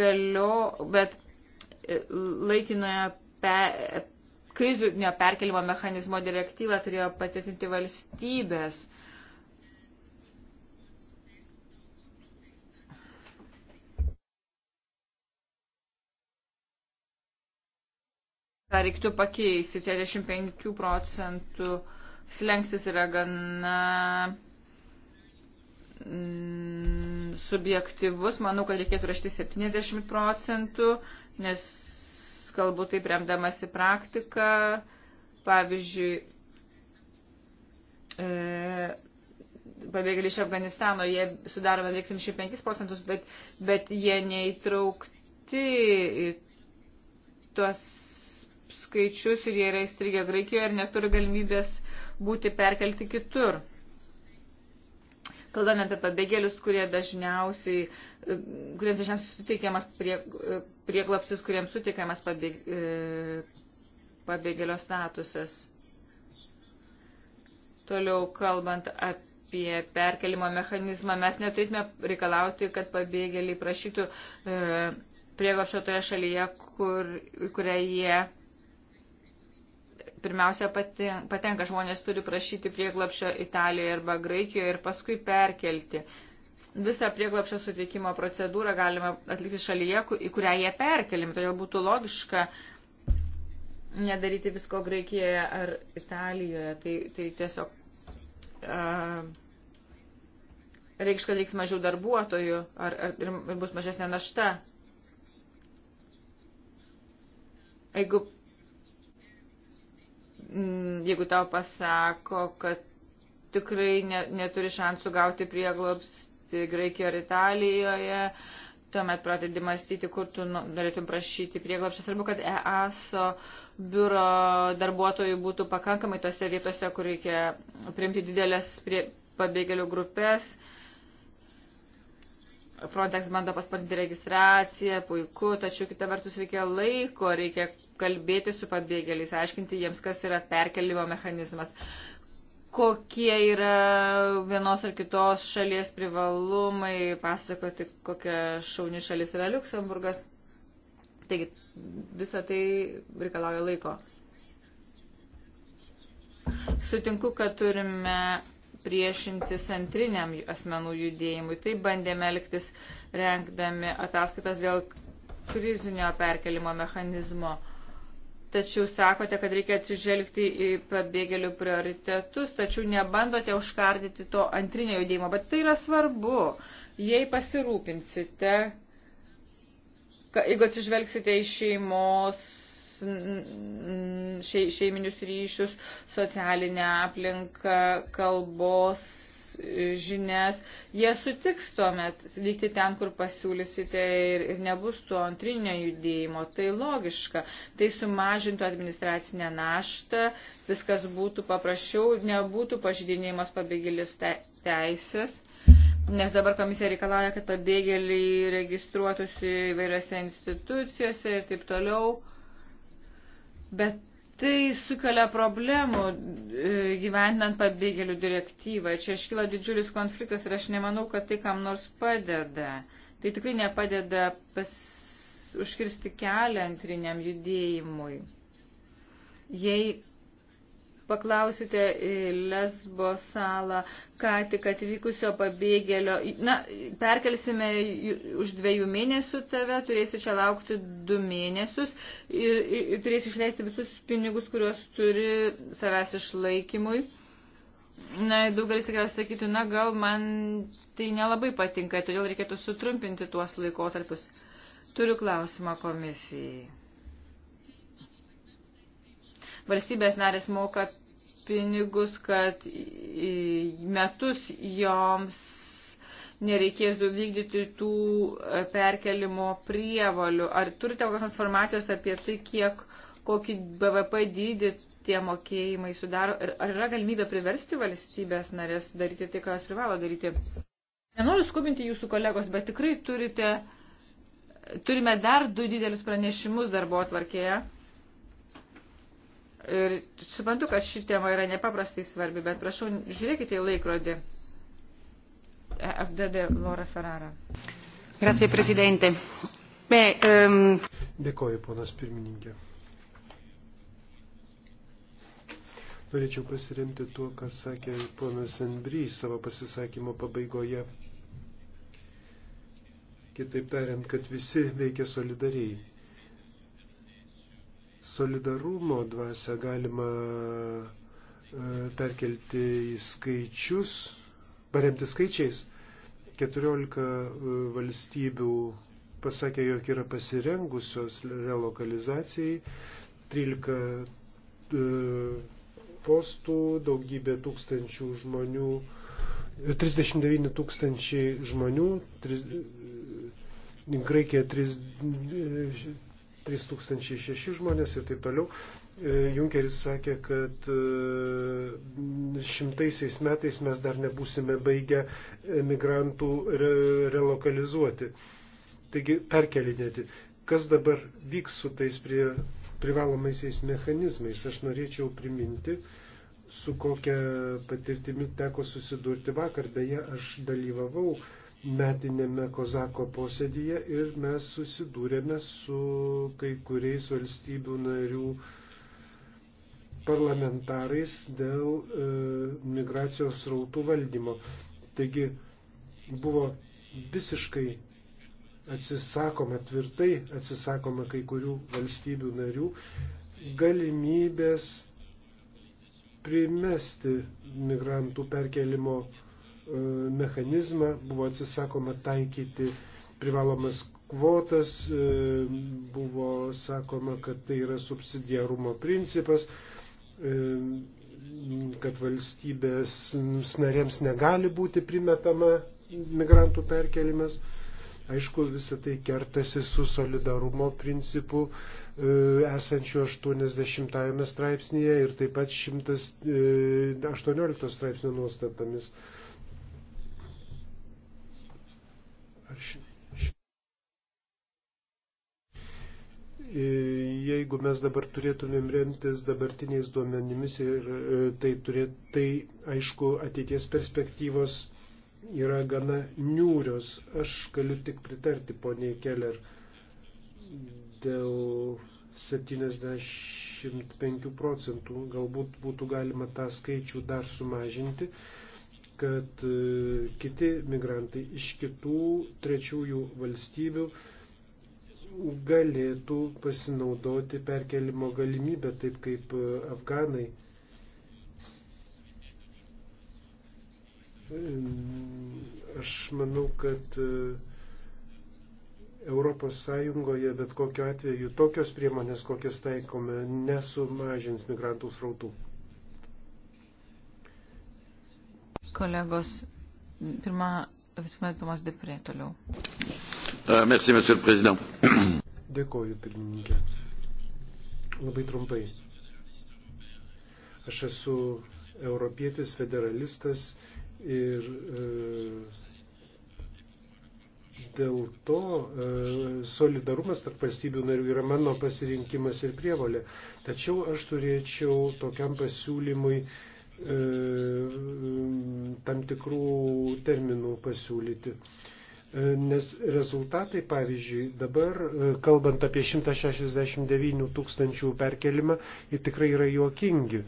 galiu, bet laikinoje pe, krizių neperkelimo mechanizmo direktyvą turėjo patvirtinti valstybės ką reiktų pakeisti. 45 procentų slengstis yra gana mm, subjektivus. Manau, kad reikėtų rašti 70 procentų, nes kalbu taip remdamasi praktiką. Pavyzdžiui, e, pabėgėliai iš Afganistano, jie sudaro beveik 75 procentus, bet, bet jie neįtraukti į tuos skaičius ir jie yra įstrigę Graikijoje ir neturi galimybės būti perkelti kitur. Kalbame apie pabėgėlius, kurie dažniausiai, e, kuriems dažniausiai suteikiamas prie, e, prieglapsis, kuriems suteikiamas pabė, e, pabėgėlio statusas. Toliau kalbant apie apie perkelimo mechanizmą, mes neturėtume reikalauti, kad pabėgėliai prašytų e, prieglapšio toje šalyje, kur, kurią jie pirmiausia patenka žmonės turi prašyti prieglapšio Italijoje arba Graikijoje ir paskui perkelti. Visą prieglapšio suteikimo procedūrą galima atlikti šalyje, į kurią jie perkelimi. Todėl būtų logiška nedaryti visko Graikijoje ar Italijoje. Tai, tai tiesiog uh, reikš, kad reiks mažiau darbuotojų ar, ar, ir bus mažesnė našta. Jeigu Mm, jeigu tau pasako, kad tikrai ne, neturi šansų gauti prieglobstį Graikijoje ar Italijoje, tuomet pradedi mąstyti, kur tu norėtum prašyti prieglobstį. Svarbu, kad EASO biuro darbuotojų būtų pakankamai tose vietose, kur reikia priimti didelės prie, pabėgėlių grupės. Uh, Frontex bando paspartinti registraciją, puiku, tačiau kita vertus reikia laiko, reikia kalbėti su pabėgėliais, aiškinti jiems, kas yra perkelimo mechanizmas, kokie yra vienos ar kitos šalies privalumai, pasakoti, kokia šauni šalis yra Luxemburgas. Taigi, visa tai reikalauja laiko. Sutinku, kad turime priešintis antriniam asmenų judėjimui. Taip bandėme elgtis renkdami ataskaitas dėl krizinio perkelimo mechanizmo. Tačiau sakote, kad reikia atsižvelgti į pabėgėlių prioritetus, tačiau nebandote užkardyti to antrinio judėjimo, bet tai yra svarbu. Jei pasirūpinsite, jeigu atsižvelgsite į šeimos šeiminius ryšius, socialinę aplinką, kalbos žinias, jie sutiks tuomet vykti ten, kur pasiūlysite ir, ir nebus to antrinio judėjimo. Tai logiška. Tai sumažintų administracinę naštą, viskas būtų paprasčiau, nebūtų pažydinėjimas pabėgėlius teisės. Nes dabar komisija reikalauja, kad pabėgėliai registruotųsi įvairiose institucijose ir taip toliau bet tai sukelia problemų e, gyvendinant pabėgėlių direktyvą. Čia iškyla didžiulis konfliktas ir aš nemanau, kad tai kam nors padeda. Tai tikrai nepadeda pas, užkirsti kelią antriniam judėjimui. Jei paklausite Lesbo salą, ką tik atvykusio pabėgėlio, na, perkelsime už dviejų mėnesių tave, turėsi čia laukti du mėnesius ir, ir, ir turėsi išleisti visus pinigus, kuriuos turi savęs išlaikymui. Na, daugelis tikriausiai sakytų, na, gal man tai nelabai patinka, todėl reikėtų sutrumpinti tuos laikotarpius. Turiu klausimą komisijai valstybės narės moka pinigus, kad metus joms nereikėtų vykdyti tų e, perkelimo prievalių. Ar turite kokios informacijos apie tai, kiek, kokį BVP dydį tie mokėjimai sudaro? Ar yra galimybė priversti valstybės narės daryti tai, ką jos privalo daryti? Nenoriu skubinti jūsų kolegos, bet tikrai turite, turime dar du didelius pranešimus darbo atvarkėje. Ir suprantu, kad ši tema yra nepaprastai svarbi, bet prašau, žiūrėkite į laikrodį. E FDD Laura Ferrara. Grazie, prezidente. Be, um... Ehm, Dėkoju, ponas pirmininkė. Norėčiau pasiremti tuo, ką sakė ponas Enbry savo pasisakymo pabaigoje. Kitaip tariant, kad visi veikia solidariai Solidarumo dvasę galima e, perkelti į skaičius, paremti skaičiais. 14 e, valstybių pasakė, jog yra pasirengusios relokalizacijai, 13 e, postų, daugybė tūkstančių žmonių, 39 tūkstančiai žmonių, 3, Graikija 3, 3006 žmonės ir taip toliau. E, Junkeris sakė, kad e, šimtaisiais metais mes dar nebūsime baigę emigrantų re relokalizuoti. Taigi perkelinėti. Kas dabar vyks su tais prie privalomaisiais mechanizmais? Aš norėčiau priminti, su kokia patirtimi teko susidurti vakar. Beje, aš dalyvavau uh, metinėme Kozako posėdyje ir mes susidūrėme su kai kuriais valstybių narių parlamentarais dėl e, migracijos rautų valdymo. Taigi buvo visiškai atsisakoma, tvirtai atsisakoma kai kurių valstybių narių galimybės primesti migrantų perkelimo E, mechanizmą, buvo atsisakoma taikyti privalomas kvotas, e, buvo sakoma, kad tai yra subsidiarumo principas, e, kad valstybės narėms negali būti primetama migrantų perkelimas. Aišku, visą tai kertasi su solidarumo principu esančiu 80 straipsnėje ir taip pat 118 straipsnio nuostatomis. E, jeigu mes dabar turėtumėm remtis dabartiniais duomenimis ir e, tai, turėt, tai aišku ateities perspektyvos yra gana niūrios. Aš galiu tik pritarti poniai Keller dėl 75 procentų. Galbūt būtų galima tą skaičių dar sumažinti, kad e, kiti migrantai iš kitų trečiųjų valstybių galėtų pasinaudoti perkelimo galimybę, taip kaip e, afganai. E, aš manau, kad Europos Sąjungoje bet kokiu atveju tokios priemonės, kokias taikome, nesumažins migrantų srautų. Kolegos, pirma, pirma, pirmas deprė toliau. Uh, merci, monsieur le président. Dėkoju, pirmininkė. Labai trumpai. Aš esu europietis, federalistas ir e, dėl to e, solidarumas tarp valstybių narių yra mano pasirinkimas ir prievalė. Tačiau aš turėčiau tokiam pasiūlymui e, E, tam tikrų terminų pasiūlyti. E, nes rezultatai, pavyzdžiui, dabar, e, kalbant apie 169 tūkstančių perkelimą, jie tikrai yra juokingi.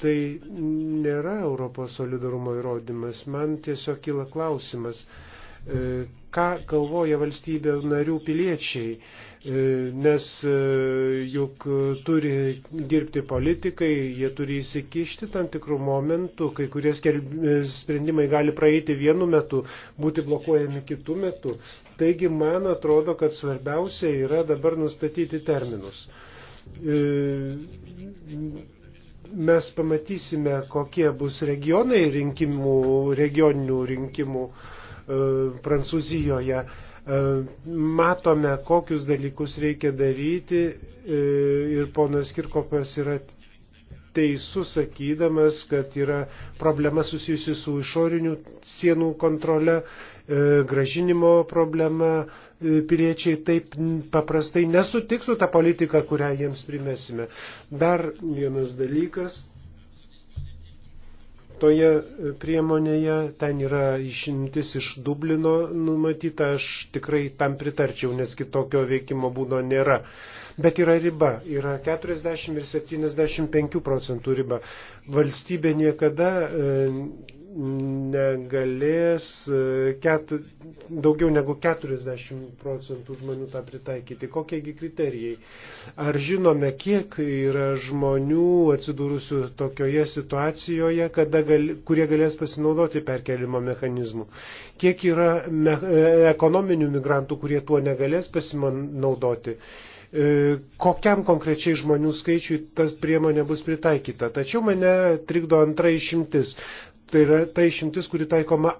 Tai nėra Europos solidarumo įrodymas. Man tiesiog kyla klausimas, ką galvoja valstybė narių piliečiai E, nes e, juk turi dirbti politikai, jie turi įsikišti tam tikrų momentų, kai kurie e, sprendimai gali praeiti vienu metu, būti blokuojami kitų metų. Taigi, man atrodo, kad svarbiausia yra dabar nustatyti terminus mes pamatysime, kokie bus regionai rinkimų, regioninių rinkimų e, Prancūzijoje. E, matome, kokius dalykus reikia daryti e, ir ponas Kirkopas yra teisus sakydamas, kad yra problema susijusi su išorinių sienų kontrole, e, gražinimo problema, piliečiai taip paprastai nesutiks su tą politiką, kurią jiems primesime. Dar vienas dalykas toje priemonėje, ten yra išimtis iš Dublino numatyta, aš tikrai tam pritarčiau, nes kitokio veikimo būdo nėra. Bet yra riba, yra 40 ir 75 procentų riba. Valstybė niekada e, negalės e, ketur, daugiau negu 40 procentų žmonių tą pritaikyti. Kokiegi kriterijai? Ar žinome, kiek yra žmonių atsidūrusių tokioje situacijoje, gal, kurie galės pasinaudoti perkelimo mechanizmu? Kiek yra me, e, ekonominių migrantų, kurie tuo negalės pasinaudoti? E, kokiam konkrečiai žmonių skaičiui tas priemonė bus pritaikyta. Tačiau mane trikdo antra išimtis. Tai yra ta išimtis, kuri taikoma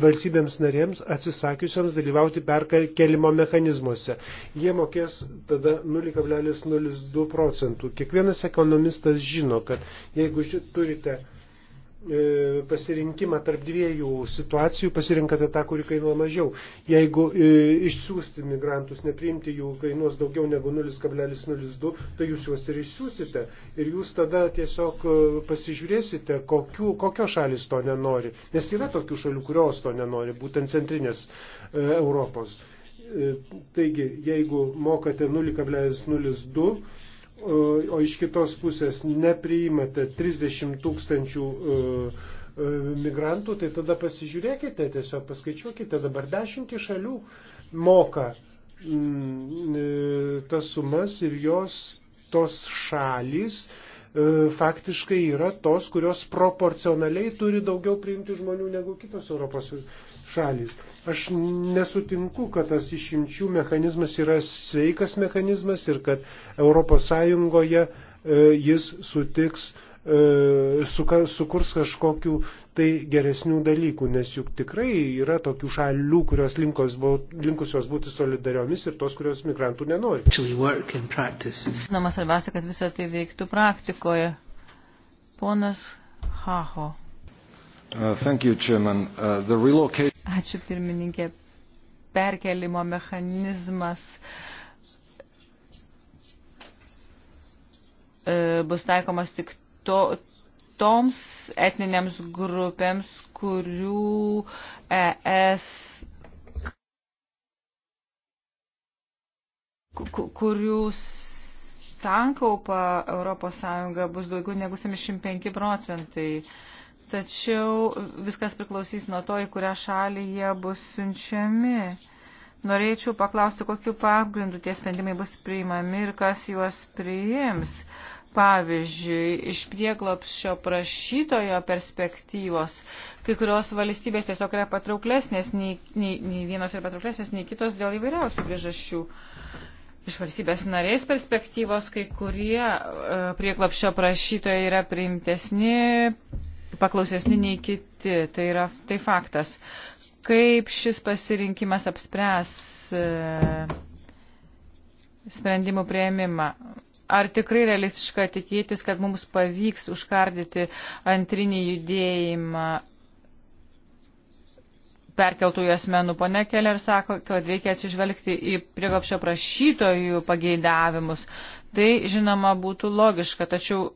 valstybėms narėms atsisakiusiams dalyvauti perkelimo mechanizmuose. Jie mokės tada 0,02 procentų. Kiekvienas ekonomistas žino, kad jeigu turite E, pasirinkimą tarp dviejų situacijų, pasirinkate tą, kuri kainuoja mažiau. Jeigu e, išsiųsti migrantus, nepriimti jų kainuos daugiau negu 0,02, tai jūs juos ir išsiųsite. Ir jūs tada tiesiog e, pasižiūrėsite, kokiu, kokio šalis to nenori. Nes yra tokių šalių, kurios to nenori, būtent centrinės Europos. Taigi, jeigu mokate 0,02, o iš kitos pusės nepriimate 30 tūkstančių e, e, migrantų, tai tada pasižiūrėkite, tiesiog paskaičiuokite, dabar dešimtį šalių moka mm, e, tas sumas ir jos tos šalys faktiškai yra tos, kurios proporcionaliai turi daugiau priimti žmonių negu kitos Europos šalys. Aš nesutinku, kad tas išimčių mechanizmas yra sveikas mechanizmas ir kad ES e, jis sutiks, e, sukurs kažkokių tai geresnių dalykų, nes juk tikrai yra tokių šalių, kurios linkos, linkusios būti solidariomis ir tos, kurios migrantų nenori. Žinoma, svarbiausia, kad visą tai veiktų praktikoje. Ponas Haho. Uh, you, uh, relocate... Ačiū pirmininkė. Perkelimo mechanizmas uh, bus taikomas tik to, toms etninėms grupėms, kurių e, ES kurių sankaupa ES bus daugiau negu 75 procentai. Uh, tačiau viskas priklausys nuo to, į kurią šalį jie bus siunčiami. Norėčiau paklausti, kokiu pagrindu tie sprendimai bus priimami ir kas juos priims. Pavyzdžiui, iš prieglopščio prašytojo perspektyvos, kai kurios valstybės tiesiog yra patrauklesnės, nei, nei, nei vienos yra patrauklesnės, nei kitos dėl įvairiausių priežasčių. Iš valstybės narės perspektyvos, kai kurie e, prieglopščio prašytojai yra priimtesni, paklausesni nei kiti. Tai yra tai faktas. Kaip šis pasirinkimas apspręs e, sprendimų prieimimą? Ar tikrai realistiška tikėtis, kad mums pavyks užkardyti antrinį judėjimą perkeltųjų asmenų. Pone Keller sako, kad reikia atsižvelgti į priegopšio prašytojų pageidavimus. Tai, žinoma, būtų logiška, tačiau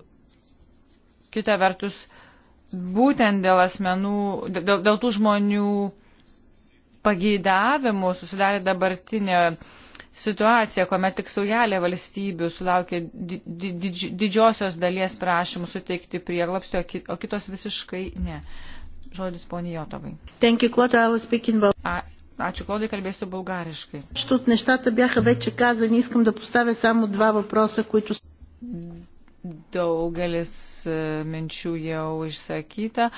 kita vertus būtent dėl asmenų, dėl, dėl tų žmonių pageidavimų susidarė dabartinė situacija, kuomet tik saujelė valstybių sulaukė didž, didžiosios dalies prašymų suteikti prieglapstį, o kitos visiškai ne. Žodis ponijotovai. Ačiū, Klodai, kalbėsiu bulgariškai. От нещата бяха вече казани, искам да поставя само два въпроса, които... Daugelis e, minčių jau išsakyta,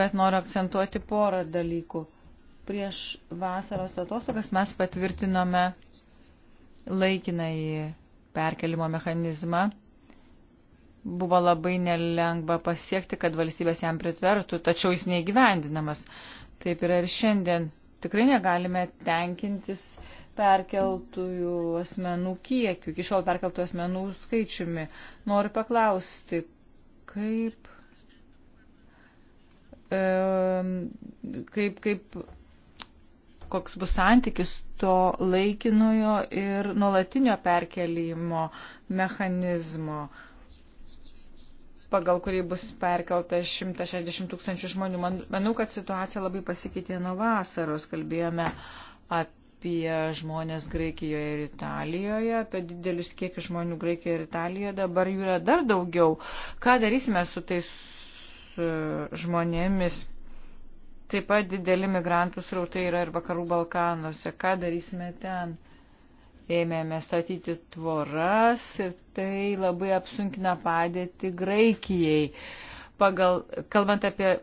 bet noriu akcentuoti porą dalykų. Prieš vasaros atostogas mes patvirtinome laikinai perkelimo mechanizmą. Buvo labai nelengva pasiekti, kad valstybės jam pritartų, tačiau jis neįgyvendinamas. Taip yra ir šiandien. Tikrai negalime tenkintis uh, perkeltųjų asmenų kiekiu, iki šiol perkeltųjų asmenų skaičiumi. Noriu paklausti, kaip, e, kaip, kaip, koks bus santykis to laikinojo ir nuolatinio perkelimo mechanizmo, pagal kurį bus perkelta 160 tūkstančių žmonių. Man, manau, kad situacija labai pasikeitė nuo vasaros. Kalbėjome apie apie žmonės Graikijoje ir Italijoje, apie didelius kiekius žmonių Graikijoje ir Italijoje, dabar jų yra dar daugiau. Ką darysime su tais žmonėmis? Taip pat dideli migrantų srautai yra ir vakarų Balkanuose. Ką darysime ten? Ėmėme statyti tvoras ir tai labai apsunkina padėti Graikijai. Uh, pagal, kalbant apie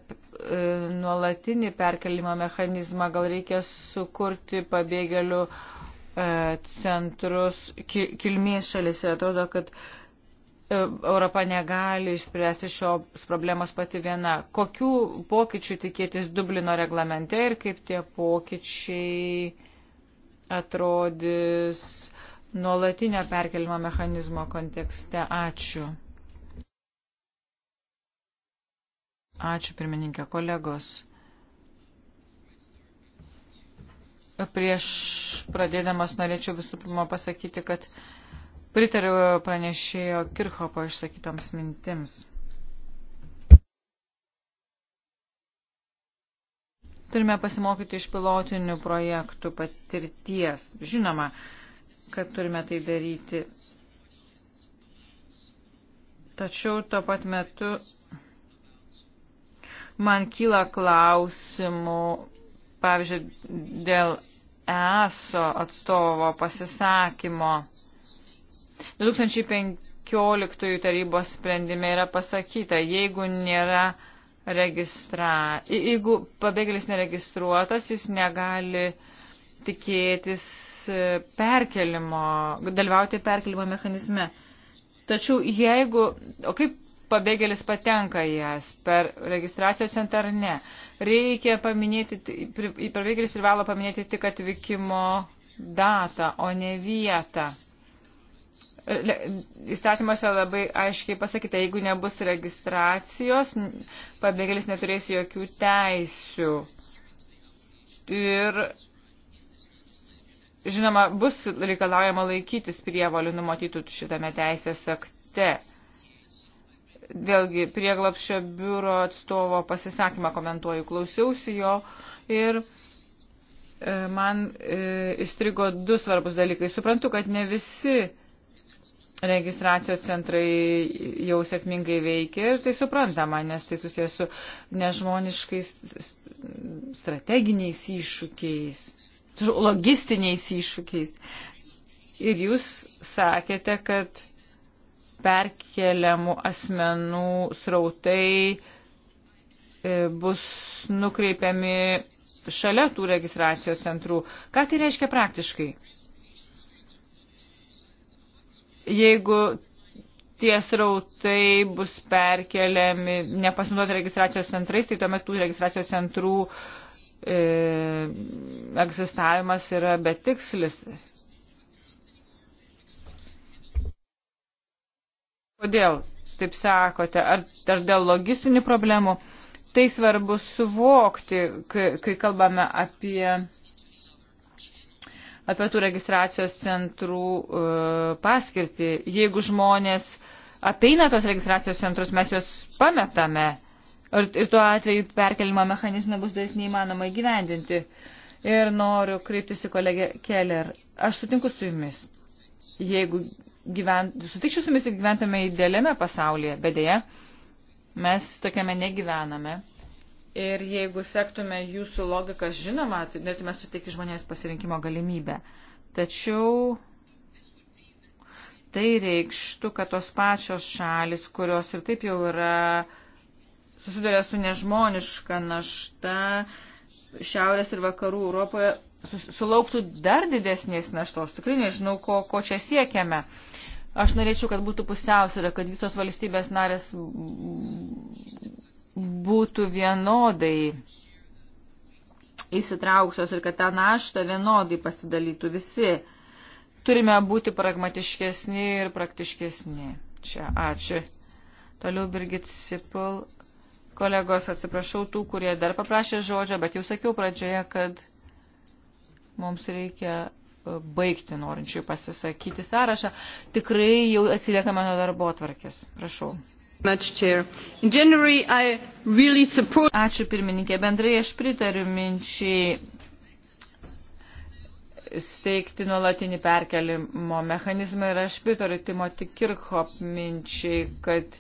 e, nuolatinį perkelimo mechanizmą, gal reikia sukurti pabėgėlių e, centrus kilmės šalise. Atrodo, kad e, Europa negali išspręsti šios problemos pati viena. Kokių pokyčių tikėtis Dublino reglamente ir kaip tie pokyčiai atrodys nuolatinio perkelimo mechanizmo kontekste? Ačiū. Ačiū, pirmininkė, kolegos. Prieš pradėdamas norėčiau visų pirma pasakyti, kad pritariu pranešėjo Kirchopo išsakytoms mintims. Turime pasimokyti iš pilotinių projektų patirties. Žinoma, kad turime tai daryti. Tačiau tuo pat metu Man kyla klausimų, pavyzdžiui, dėl ESO atstovo pasisakymo. 2015 tarybos sprendime yra pasakyta, jeigu nėra registra, jeigu pabėgėlis neregistruotas, jis negali tikėtis e, perkelimo, dalyvauti perkelimo mechanizme. Tačiau jeigu, o kaip pabėgėlis patenka į jas per registracijos centrą ar ne. Reikia paminėti, pabėgėlis privalo paminėti tik atvykimo datą, o ne vietą. Įstatymuose labai aiškiai pasakyta, jeigu nebus registracijos, pabėgėlis neturės jokių teisių. Ir žinoma, bus reikalaujama laikytis prievalių numatytų šitame teisės akte vėlgi prieglapščio biuro atstovo pasisakymą komentuoju, klausiausi jo ir e, man e, įstrigo du svarbus dalykai. Suprantu, kad ne visi registracijos centrai jau sėkmingai veikia ir tai suprantama, nes tai susijęs su nežmoniškais strateginiais iššūkiais, logistiniais iššūkiais. Ir jūs sakėte, kad perkeliamų asmenų srautai e, bus nukreipiami šalia tų registracijos centrų. Ką tai reiškia praktiškai? Jeigu tie srautai bus perkeliami nepasinaudoti registracijos centrais, tai tuomet tų registracijos centrų e, egzistavimas yra betikslis. Kodėl taip sakote? Ar, ar dėl logistinių problemų? Tai svarbu suvokti, kai, kai kalbame apie, apie tų registracijos centrų uh, paskirtį. Jeigu žmonės apeina tos registracijos centrus, mes juos pametame. Ir, ir tuo atveju perkelimo mechanizmą bus beveik neįmanoma įgyvendinti. Ir noriu kreiptis į kolegę Keller. Aš sutinku su jumis. Jeigu gyvent, sutikčiau su jumis, gyventume idealiame pasaulyje, bet dėja, mes tokiame negyvename. Ir jeigu sektume jūsų logiką, žinoma, turėtume tai suteikti žmonėms pasirinkimo galimybę. Tačiau tai reikštų, kad tos pačios šalis, kurios ir taip jau yra susiduria su nežmoniška našta, Šiaurės ir vakarų Europoje sulauktų dar didesnės naštos. Tikrai nežinau, ko, ko čia siekiame. Aš norėčiau, kad būtų pusiausvėra, kad visos valstybės narės būtų vienodai įsitrauksios ir kad tą naštą vienodai pasidalytų visi. Turime būti pragmatiškesni ir praktiškesni. Čia, ačiū. Toliau Birgit Sipul. Kolegos, atsiprašau tų, kurie dar paprašė žodžio, bet jau sakiau pradžioje, kad Mums reikia e, baigti norinčių pasisakyti sąrašą. Tikrai jau atsilieka mano darbo atvarkės. Prašau. Ačiū pirmininkė. Bendrai aš pritariu minčiai steigti nuolatinį perkelimo mechanizmą ir aš pritariu Timoti Kirchhoff minčiai, kad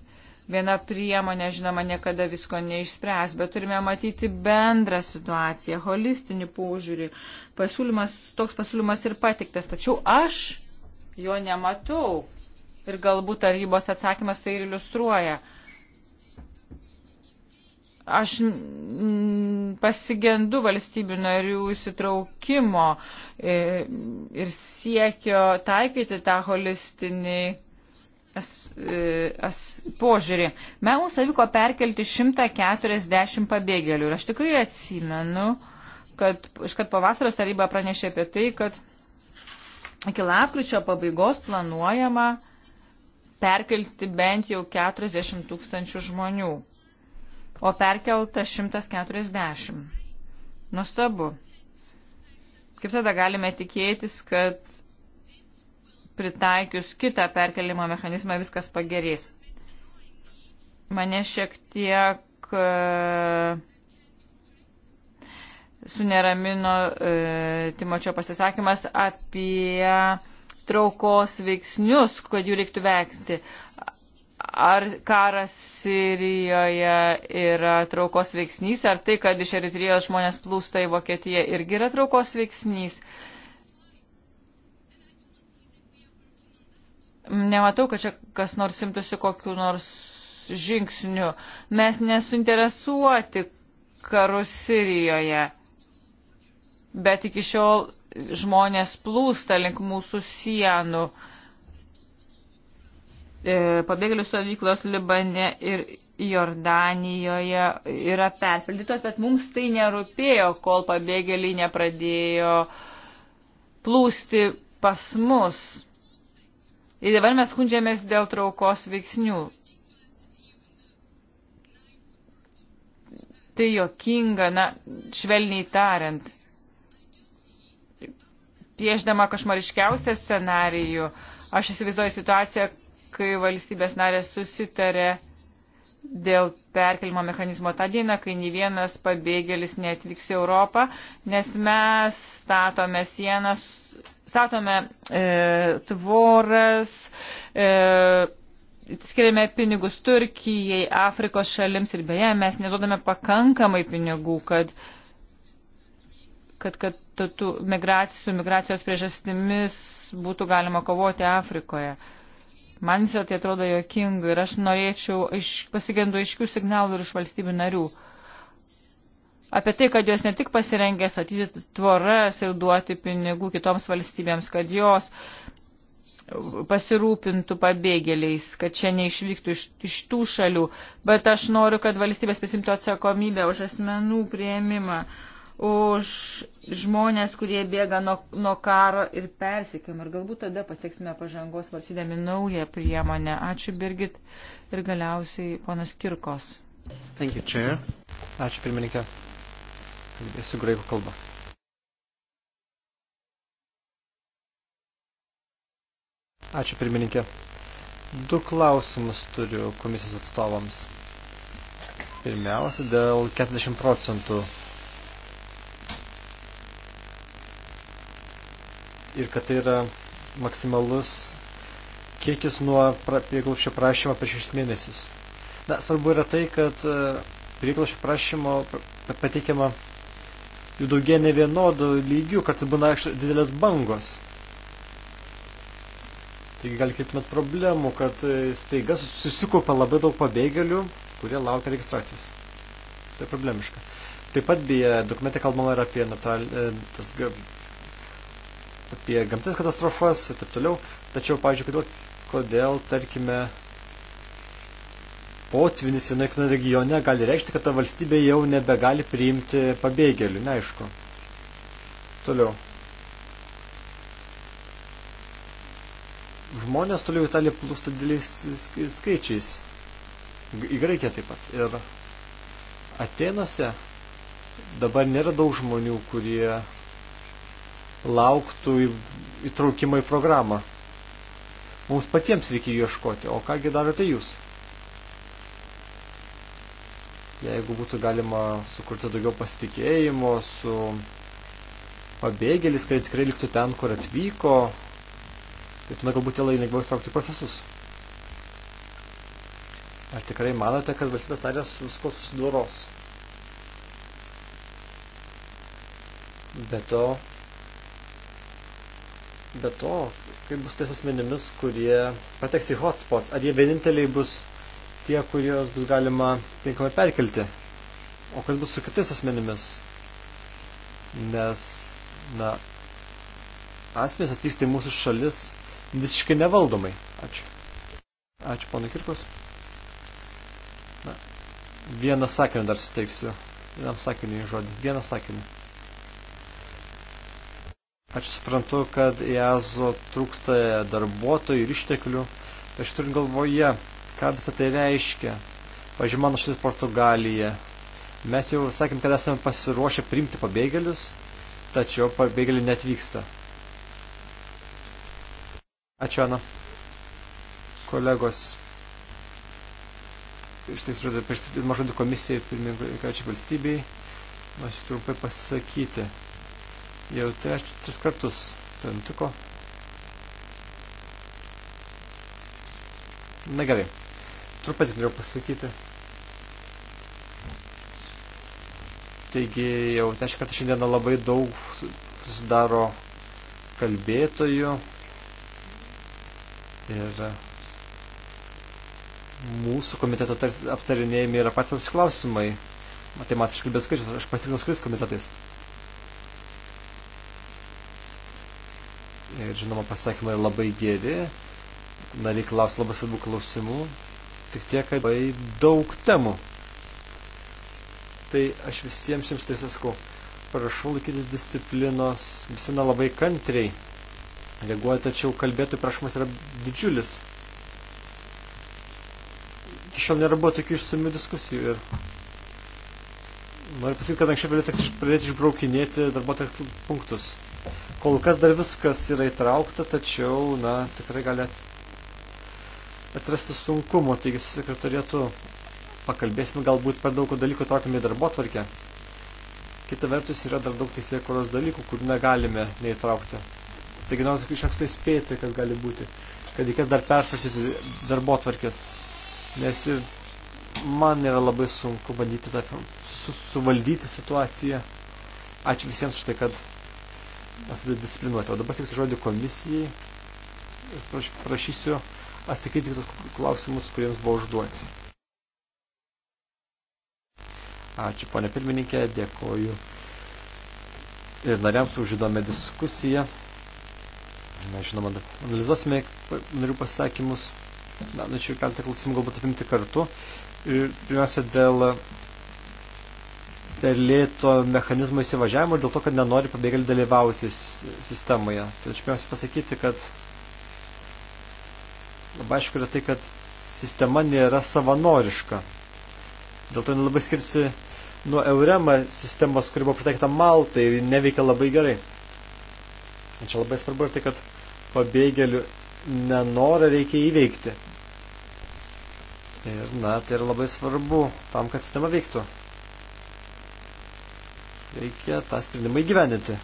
Viena priemonė, žinoma, niekada visko neišspręs, bet turime matyti bendrą situaciją, holistinį požiūrį. Pasiūlymas, toks pasiūlymas ir patiktas, tačiau aš jo nematau. Ir galbūt tarybos atsakymas tai ir iliustruoja aš pasigendu valstybių narių įsitraukimo e, ir siekio taikyti tą holistinį as, as, e, požiūrį. Mums savyko perkelti 140 pabėgėlių. Ir aš tikrai atsimenu, kad, kad pavasaros taryba pranešė apie tai, kad iki lapkričio pabaigos planuojama perkelti bent jau 40 tūkstančių žmonių, o perkelta 140. Nustabu. Kaip tada galime tikėtis, kad pritaikius kitą perkelimo mechanizmą viskas pagerės. Mane šiek tiek e, suneramino e, Timočio pasisakymas apie traukos veiksnius, kad jų reiktų vengti. Ar karas Sirijoje yra traukos veiksnys, ar tai, kad iš Eritrijos žmonės plūsta į Vokietiją, irgi yra traukos veiksnys. Uh, nematau, kad čia kas nors simtųsi kokiu nors žingsniu. Mes nesuinteresuoti karu Sirijoje, bet iki šiol žmonės plūsta link mūsų sienų. E, pabėgėlių stovyklos Libane ir Jordanijoje yra perpildytos, bet mums tai nerūpėjo, kol pabėgėliai nepradėjo plūsti pas mus. Ir dabar mes skundžiamės dėl traukos veiksnių. Tai jokinga, na, švelniai tariant. Pieždama kažmariškiausią scenarijų, aš įsivaizduoju situaciją, kai valstybės narės susitarė dėl perkelimo mechanizmo tą dieną, kai nei vienas pabėgėlis neatvyks į Europą, nes mes statome sienas statome e, tvoras, e, skiriame pinigus Turkijai, Afrikos šalims ir beje, mes neduodame pakankamai pinigų, kad kad, kad tų migracijų, migracijos priežastimis būtų galima kovoti Afrikoje. Man visą tai atrodo jokinga ir aš norėčiau, iš, pasigendu aiškių signalų ir iš valstybių narių. Uh, apie tai, kad jos ne tik pasirengė statyti tvoras ir duoti pinigų kitoms valstybėms, kad jos pasirūpintų pabėgėliais, kad čia neišvyktų iš, iš tų šalių, bet aš noriu, kad valstybės pasimtų atsakomybę už asmenų prieimimą, už žmonės, kurie bėga nuo, nuo karo ir persikėjimą. Ir galbūt tada pasieksime pažangos valstydami naują priemonę. Ačiū, Birgit. Ir galiausiai ponas Kirkos. Thank you, Chair. Ačiū, pirmininkė. Kalbėsiu graikų kalbą. Ačiū pirmininkė. Du klausimus turiu komisijos atstovams. Pirmiausia, dėl 40 procentų. Ir kad tai yra maksimalus kiekis nuo prieglupščio prašymo per šešis mėnesius. Na, svarbu yra tai, kad e, prieglupščio prašymo pateikiama jų daugie ne vienodų lygių, kartais būna didelės bangos. Taigi gali kiltumėt problemų, kad e, staiga susikupia labai daug pabėgėlių, kurie laukia registracijos. Tai problemiška. Taip pat beje, dokumente kalbama ir apie, natal, e, tas, apie gamtinės katastrofas ir taip toliau. Tačiau, pavyzdžiui, kodėl, kodėl tarkime, potvinis vienokime regione gali reikšti, kad ta valstybė jau nebegali priimti pabėgėlių, neaišku. Toliau. Žmonės toliau Italija plūsta dėliais skaičiais. Į Graikiją taip pat. Ir Atenose dabar nėra daug žmonių, kurie lauktų įtraukimo į programą. Mums patiems reikia ieškoti, o kągi darote jūs? jeigu būtų galima sukurti daugiau pasitikėjimo su pabėgėlis, kad tikrai liktų ten, kur atvyko, tai tuomet galbūt jie lengviau įstraukti procesus. Ar tikrai manote, kad valstybės narės visko susidoros? Be to, be to, kaip bus tais asmenimis, kurie pateks į hotspots, ar jie vieninteliai bus tie, kuriuos bus galima tinkamai perkelti. O kas bus su kitais asmenimis? Nes, na, asmenys atvyksta į mūsų šalis visiškai nevaldomai. Ačiū. Ačiū, ponai Kirkos. Na, vieną sakinį dar suteiksiu. Vienam sakiniui žodį. Vieną sakinį. Aš suprantu, kad EASO trūksta darbuotojų ir išteklių. Aš turiu galvoje, Ką visą tai reiškia? Pavyzdžiui, mano šalis Portugalija. Mes jau sakėm, kad esame pasiruošę priimti pabėgėlius, tačiau pabėgėliai netvyksta. Ačiū, Ana. Kolegos, iš tai žodžiu, prieš tai mažodį komisijai, pirmininkaičiai valstybei, aš trumpai pasakyti. Jau treč, tris kartus tai nutiko. Na gerai truputį norėjau pasakyti. Taigi jau reiškia, kad šiandieną labai daug susidaro kalbėtojų ir mūsų komiteto aptarinėjami yra patys klausimai. Matematiškai bet skaičius, aš pasitikrinau skaičius komitetais. Ir žinoma, pasakymai labai geri, nariai klaus labai svarbių klausimų. Tik tiek, kad labai daug temų. Tai aš visiems jums tai sakau, prašau laikytis disciplinos, visina labai kantriai. Reaguoja, tačiau kalbėtojų prašymas yra didžiulis. Iki šiol nėra buvo tokių išsamių diskusijų ir Noriu pasakyti, kad anksčiau vėliau teks pradėti išbraukinėti darbo punktus. Kol kas dar viskas yra įtraukta, tačiau, na, tikrai gali atrasti sunkumų, taigi su sekretorietu pakalbėsime galbūt per daug dalykų traukime į darbo tvarkę. Kita vertus yra dar daug teisėkuros dalykų, kurių negalime neįtraukti. Taigi noriu iš anksto įspėti, kad gali būti, kad reikės dar persvarsyti darbo tvarkės, nes ir man yra labai sunku bandyti tą, su, suvaldyti situaciją. Ačiū visiems už tai, kad esate disciplinuoti. O dabar tik žodį komisijai ir prašysiu atsakyti klausimus, kuriems buvo užduoti. Ačiū, ponė pirmininkė, dėkoju ir nariams už įdomią diskusiją. Mes, žinoma, analizuosime narių pasakymus. Na, norėčiau keletą klausimų galbūt apimti kartu. Ir pirmiausia, dėl per lėto mechanizmo įsivažiavimo ir dėl to, kad nenori pabėgėlių dalyvauti sistemoje. Tai aš pirmiausia pasakyti, kad labai aišku yra tai, kad sistema nėra savanoriška. Dėl to labai skirsi nuo Eurema sistemos, kuri buvo pritaikyta Maltai ir neveikia labai gerai. Ir tai čia labai svarbu ir tai, kad pabėgėlių nenorą reikia įveikti. Ir, na, tai yra labai svarbu tam, kad sistema veiktų. Reikia tą sprendimą įgyvendinti.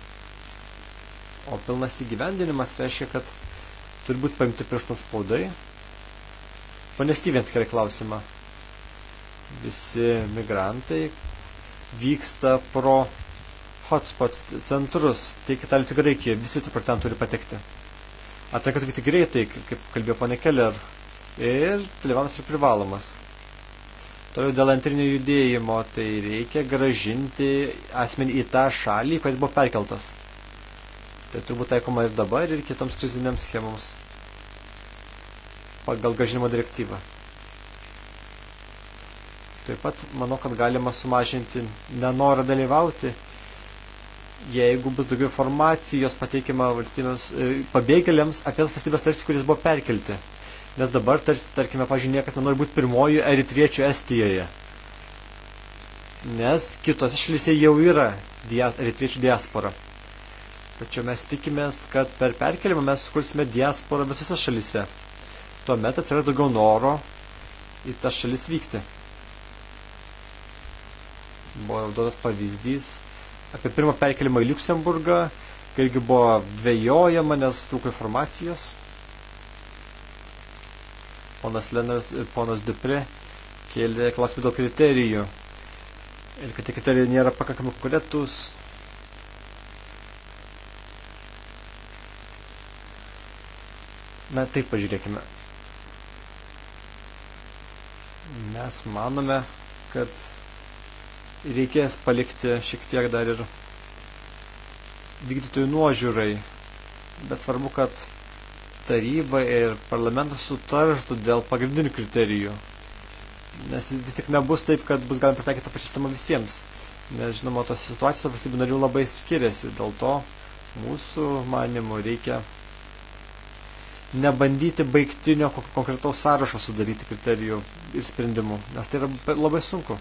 O pilnas įgyvendinimas reiškia, kad turi būti paimti prieš spaudai. Pane Stevens kelia klausimą. Visi migrantai vyksta pro hotspots centrus, tai kitą tik Graikijoje, visi taip ten turi patekti. Atekat tik greitai, kaip kalbėjo pane Keller, ir dalyvavimas yra privalomas. Toliau dėl antrinio judėjimo, tai reikia gražinti asmenį į tą šalį, kad buvo perkeltas. Tai turbūt taikoma ir dabar, ir kitoms kriziniams schemoms pagal gažinimo direktyvą. Taip pat manau, kad galima sumažinti nenorą dalyvauti, jeigu bus daugiau informacijos pateikima valstybėms e, pabėgėliams apie tas valstybės tarsi, kuris buvo perkelti. Nes dabar, tarsi, tarkime, pažiūrėjau, niekas nenori būti pirmoju eritriečiu Estijoje. Nes kitose šalyse jau yra dias, eritriečių diaspora. Tačiau mes tikimės, kad per perkelimą mes sukursime diasporą visose šalise. Tuomet atsiras daugiau noro į tas šalis vykti. Buvo naudotas pavyzdys apie pirmą perkelimą į Luxemburgą, kai irgi buvo dvejojama, nes trūko informacijos. Ponas Lenas ir ponas Dupre kėlė klausimą dėl kriterijų. Ir kad tie kriterijai nėra pakankamai konkretus, Na taip pažiūrėkime. Mes manome, kad reikės palikti šiek tiek dar ir vykdytojų nuožiūrai. Bet svarbu, kad taryba ir parlamentas sutartų dėl pagrindinių kriterijų. Nes vis tik nebus taip, kad bus galima pritaikyti tą pačią sistemą visiems. Nes žinoma, tos situacijos valstybių narių labai skiriasi. Dėl to mūsų manimų reikia nebandyti baigtinio konkretaus sąrašo sudaryti kriterijų ir sprendimų, nes tai yra labai sunku.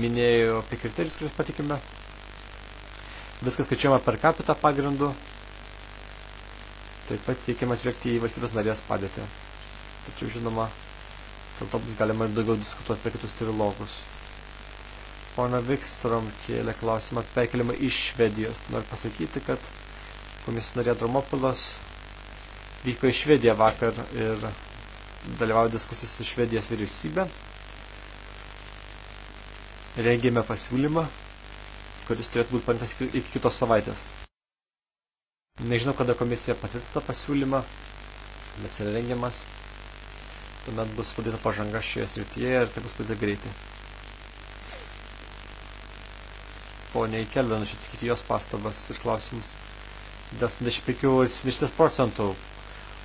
Minėjau apie kriterijus, kuriuos patikime. Viskas skaičiuojama per kapitą pagrindu. Taip pat siekiama žvelgti į valstybės narės padėtį. Tačiau žinoma, dėl to bus galima ir daugiau diskutuoti apie kitus trilogus. Pona Vikstrom kėlė klausimą perkelimą iš Švedijos. Noriu pasakyti, kad komisijos narė Dromopulos vyko į Švediją vakar ir dalyvavo diskusijos su Švedijos vyriausybė. Rengėme pasiūlymą, kuris turėtų būti parintas iki kitos savaitės. Nežinau, kada komisija patvirtins tą pasiūlymą, bet yra rengiamas. Tuomet bus padaryta pažanga šioje srityje ir tai bus padaryta greitai. Pone Ikelda, aš atsakyti jos pastabas ir klausimus. 25-20 procentų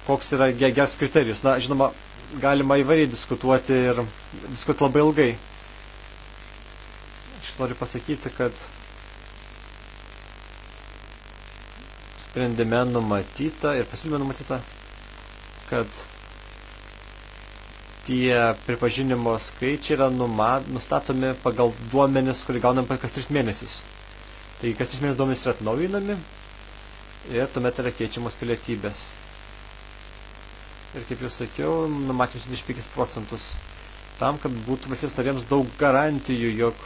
koks yra geras kriterijus. Na, žinoma, galima įvairiai diskutuoti ir diskutuoti labai ilgai. Aš noriu pasakyti, kad sprendime numatyta ir pasiūlyme numatyta, kad tie pripažinimo skaičiai yra numa, nustatomi pagal duomenis, kurį gaunam kas 3 mėnesius. Taigi kas 3 mėnesius duomenys yra atnaujinami ir tuomet yra keičiamos pilietybės ir kaip jau sakiau, numatėm 75 procentus tam, kad būtų visiems narėms daug garantijų, jog,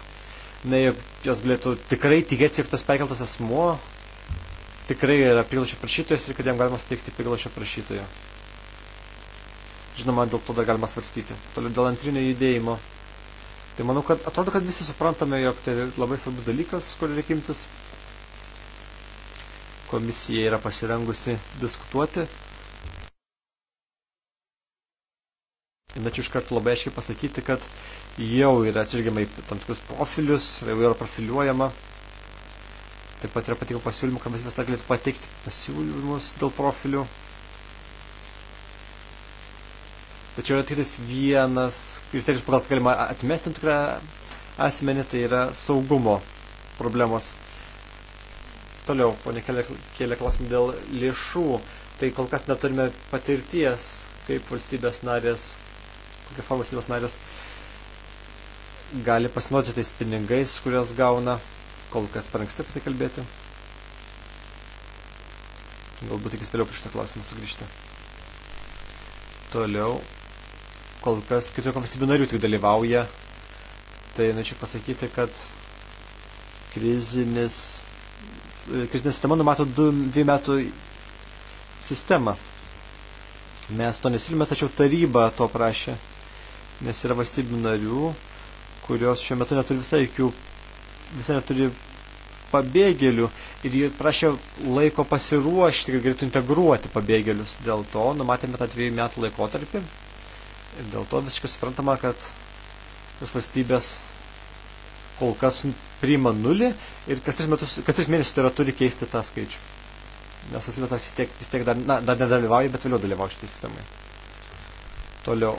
ne, jog jos galėtų tikrai tikėti, jog tas perkeltas asmuo tikrai yra priglašio prašytojas ir kad jam galima steigti priglašio prašytojo. Žinoma, dėl to dar galima svarstyti. Toliau dėl antrinio judėjimo. Tai manau, kad atrodo, kad visi suprantame, jog tai labai svarbus dalykas, kur reikia imtis. Komisija yra pasirengusi diskutuoti Norėčiau iš karto labai aiškiai pasakyti, kad jau yra atsirgiamai tam tikrus profilius, jau yra profiliuojama. Taip pat yra patikų pasiūlymų, kad valstybės galėtų pateikti pasiūlymus dėl profilių. Tačiau yra tikras vienas kriterijus, pagal galima atmesti tam tikrą asmenį, tai yra saugumo problemos. Toliau, ponė kėlė klausimą dėl lėšų. Tai kol kas neturime patirties, kaip valstybės narės kokia forma valstybės narės gali pasinaudoti tais pinigais, kurias gauna, kol kas per anksti apie tai kalbėti. Galbūt reikės vėliau prie šitą klausimą sugrįžti. Toliau, kol kas 14 valstybių narių tik dalyvauja, tai norėčiau pasakyti, kad krizinis, krizinė sistema numato 2 metų sistemą. Mes to nesiūlyme, tačiau taryba to prašė nes yra valstybių narių, kurios šiuo metu neturi visai jokių, visai neturi pabėgėlių ir jie prašė laiko pasiruošti, kad galėtų integruoti pabėgėlius. Dėl to numatėme tą dviejų metų laikotarpį ir dėl to visiškai suprantama, kad tas valstybės kol kas priima nulį ir kas tris, metus, kas tris mėnesius tai yra turi keisti tą skaičių. Nes valstybės vis tiek, vis tiek dar, na, dar nedalyvauja, bet vėliau dalyvauja šitą sistemą. Toliau.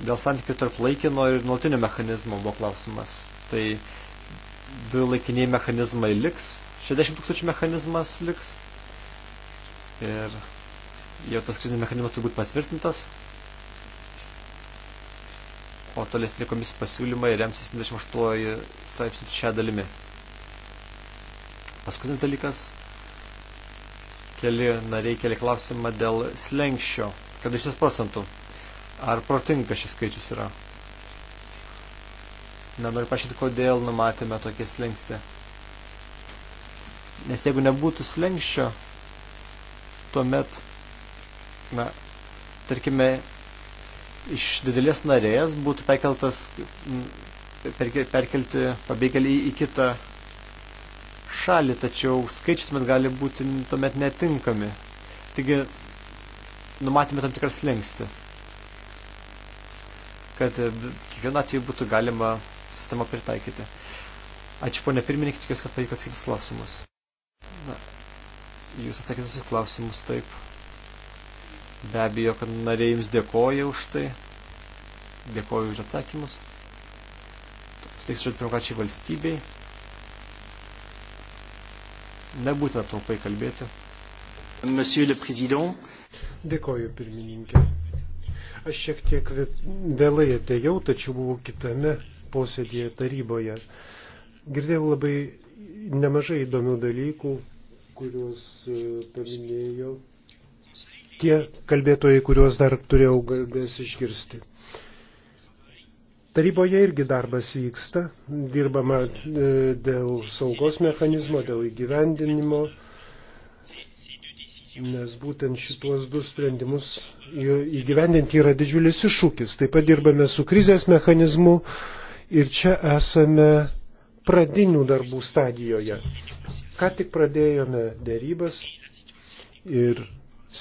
Dėl santykių tarp laikino ir nuotinio mechanizmo buvo klausimas. Tai du laikiniai mechanizmai liks, 60 tūkstančių mechanizmas liks ir jau tas krizinis mechanizmas turi būti patvirtintas. O tolesni komisijos pasiūlymai remsis 78 straipsnių šią dalimi. Paskutinis dalykas. Keli nariai keli klausimą dėl slengščio, kad iš procentų. Ar protingas šis skaičius yra? Nenoriu pašyti, kodėl numatėme tokį slengstį. Nes jeigu nebūtų slengščio, tuomet, na, tarkime, iš didelės narės būtų perkeltas, perkelti pabėgėlį į kitą šalį, tačiau skaičiai tuomet gali būti tuomet netinkami. Taigi, numatėme tam tikras slengstį kad e, kiekvieną atveju būtų galima sistemą pritaikyti. Ačiū ponė pirmininkė, tikiuosi, kad pavyko atsakytis klausimus. Na, jūs atsakytis į klausimus taip. Be abejo, kad nariai jums dėkoja už tai. Dėkoju už atsakymus. Suteiksiu žodį pirmkačiai valstybei. Nebūtina trumpai kalbėti. Monsieur le Président. Dėkoju pirmininkė. Aš šiek tiek vėlai atėjau, tačiau buvau kitame posėdėje taryboje. Girdėjau labai nemažai įdomių dalykų, kuriuos e, paminėjo tie kalbėtojai, kuriuos dar turėjau garbės išgirsti. Taryboje irgi darbas vyksta, dirbama e, dėl saugos mechanizmo, dėl įgyvendinimo, nes būtent šituos du sprendimus įgyvendinti yra didžiulis iššūkis. Taip pat dirbame su krizės mechanizmu ir čia esame pradinių darbų stadijoje. Ką tik pradėjome dėrybas ir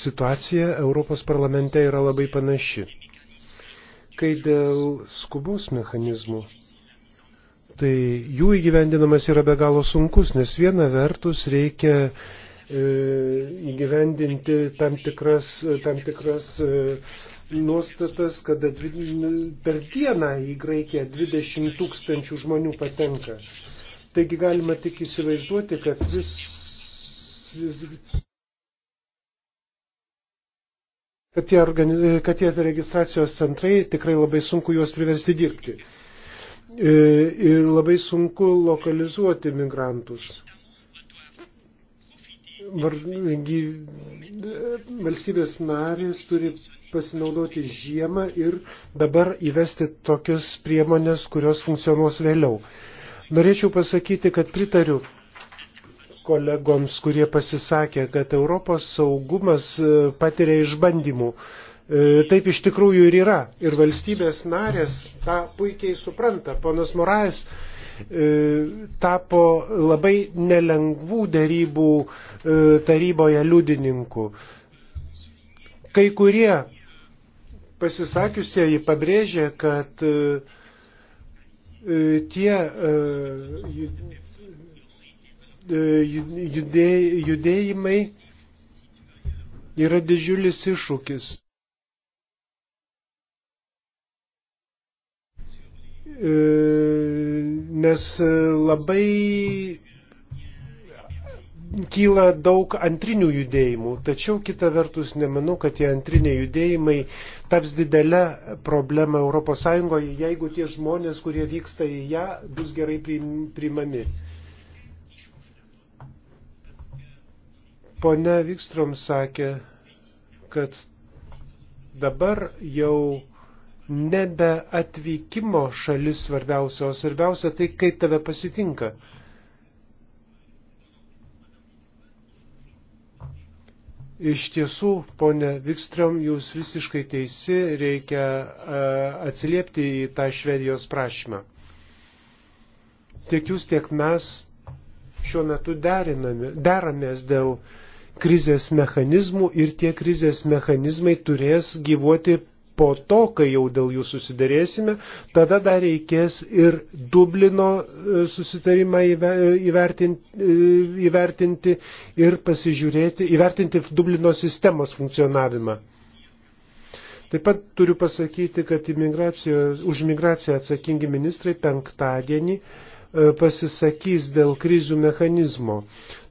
situacija Europos parlamente yra labai panaši. Kai dėl skubos mechanizmų, tai jų įgyvendinamas yra be galo sunkus, nes viena vertus reikia E, įgyvendinti tam tikras, tam tikras e, nuostatas, kada per dieną į Graikiją 20 tūkstančių žmonių patenka. Taigi galima tik įsivaizduoti, kad vis, vis kad tie, organiz... kad tie registracijos centrai tikrai labai sunku juos priversti dirbti. E, ir labai sunku lokalizuoti migrantus var, gy, valstybės narės turi pasinaudoti žiemą ir dabar įvesti tokias priemonės, kurios funkcionuos vėliau. Norėčiau pasakyti, kad pritariu kolegoms, kurie pasisakė, kad Europos saugumas e, patiria išbandymų. E, taip iš tikrųjų ir yra. Ir valstybės narės tą puikiai supranta. Ponas Morais E, tapo labai nelengvų dėrybų e, taryboje liudininku. Kai kurie pasisakiusieji pabrėžė, kad e, tie judėjimai yra didžiulis iššūkis. E, nes labai kyla daug antrinių judėjimų, tačiau kita vertus nemanau, kad tie antriniai judėjimai taps didelę problemą ES, jeigu tie žmonės, kurie vyksta į ją, bus gerai priimami. Pone Vikstrom sakė, kad dabar jau nebe atvykimo šalis svarbiausia, o svarbiausia tai, kaip tave pasitinka. Iš tiesų, ponė Vikstrom, jūs visiškai teisi, reikia e, atsiliepti į tą Švedijos prašymą. Tiek jūs, tiek mes šiuo metu deramės dėl krizės mechanizmų ir tie krizės mechanizmai turės gyvuoti po to, kai jau dėl jų susidėrėsime, tada dar reikės ir Dublino e, susitarimą įvertinti, e, įvertinti ir pasižiūrėti, įvertinti Dublino sistemos funkcionavimą. Taip pat turiu pasakyti, kad už migraciją atsakingi ministrai penktadienį e, pasisakys dėl krizių mechanizmo.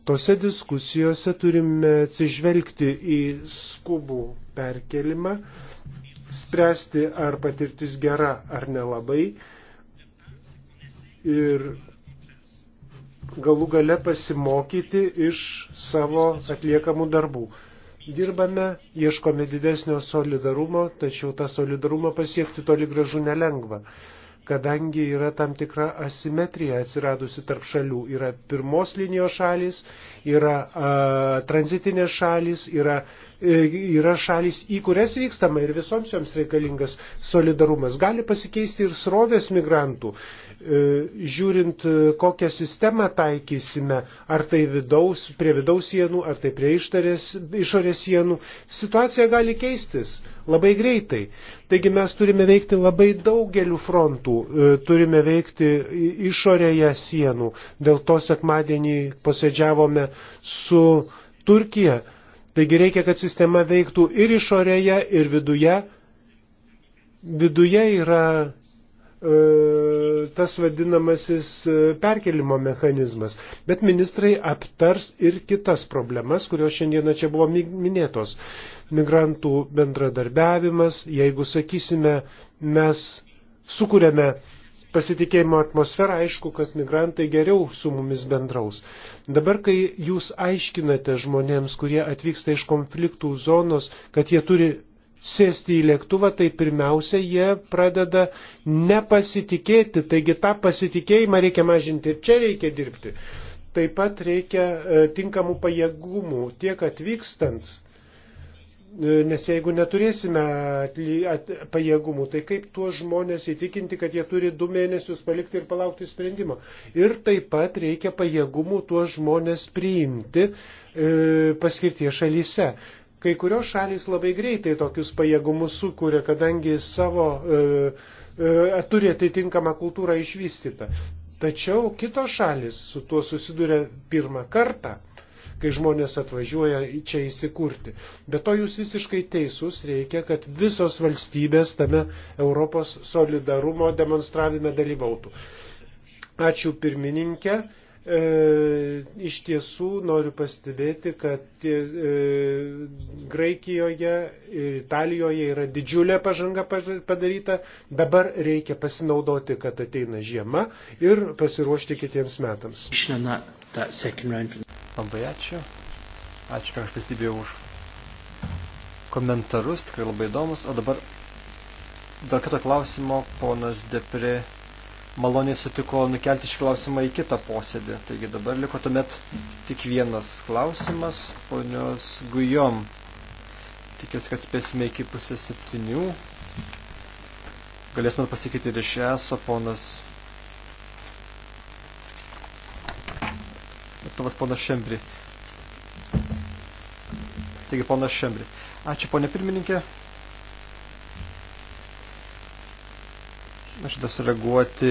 Tose diskusijose turime atsižvelgti į skubų perkelimą, spręsti, ar patirtis gera ar nelabai. Ir galų gale pasimokyti iš savo atliekamų darbų. Dirbame, ieškome didesnio solidarumo, tačiau tą solidarumą pasiekti toli gražu nelengva kadangi yra tam tikra asimetrija atsiradusi tarp šalių. Yra pirmos linijos šalis, yra a, tranzitinės šalis, yra, e, yra šalis, į kurias vykstama ir visoms joms reikalingas solidarumas. Gali pasikeisti ir srovės migrantų. E, E, žiūrint, e, kokią sistemą taikysime, ar tai vidaus, prie vidaus sienų, ar tai prie ištarės, išorės sienų, situacija gali keistis labai greitai. Taigi mes turime veikti labai daugeliu frontų, e, turime veikti išorėje sienų. Dėl to sekmadienį posėdžiavome su Turkija. Taigi reikia, kad sistema veiktų ir išorėje, ir viduje. Viduje yra E, tas vadinamasis e, perkelimo mechanizmas. Bet ministrai aptars ir kitas problemas, kurios šiandieną čia buvo minėtos. Migrantų bendradarbiavimas, jeigu sakysime, mes sukūrėme pasitikėjimo atmosferą, aišku, kad migrantai geriau su mumis bendraus. Dabar, kai jūs aiškinate žmonėms, kurie atvyksta iš konfliktų zonos, kad jie turi sėsti į lėktuvą, tai pirmiausia, jie pradeda nepasitikėti. Taigi tą pasitikėjimą reikia mažinti ir čia reikia dirbti. Taip pat reikia e, tinkamų pajėgumų tiek atvykstant, e, nes jeigu neturėsime pajėgumų, tai kaip tuos žmonės įtikinti, kad jie turi du mėnesius palikti ir palaukti sprendimo. Ir taip pat reikia pajėgumų tuos žmonės priimti e, paskirtie šalyse. Kai kurios šalys labai greitai tokius pajėgumus sukūrė, kadangi savo e, e, e, turi atitinkamą kultūrą išvystytą. Tačiau kitos šalis su tuo susiduria pirmą kartą, kai žmonės atvažiuoja čia įsikurti. Bet to jūs visiškai teisus, reikia, kad visos valstybės tame Europos solidarumo demonstravime dalyvautų. Ačiū pirmininkė. E, iš tiesų noriu pastebėti, kad e, Graikijoje ir Italijoje yra didžiulė pažanga padaryta, dabar reikia pasinaudoti, kad ateina žiema ir pasiruošti kitiems metams. Labai ačiū. Ačiū, kad aš pastebėjau už komentarus, tikrai labai įdomus. O dabar dar kito klausimo, ponas Depri maloniai sutiko nukelti šį klausimą į kitą posėdį. Taigi dabar liko tuomet tik vienas klausimas, ponios Gujom. Tikiuosi, kad spėsime iki pusės septynių. Galėsime pasakyti ir iš eso, ponas. Atstovas ponas Šembri. Taigi, ponas Šembri. Ačiū, ponė pirmininkė. Aš dar sureaguoti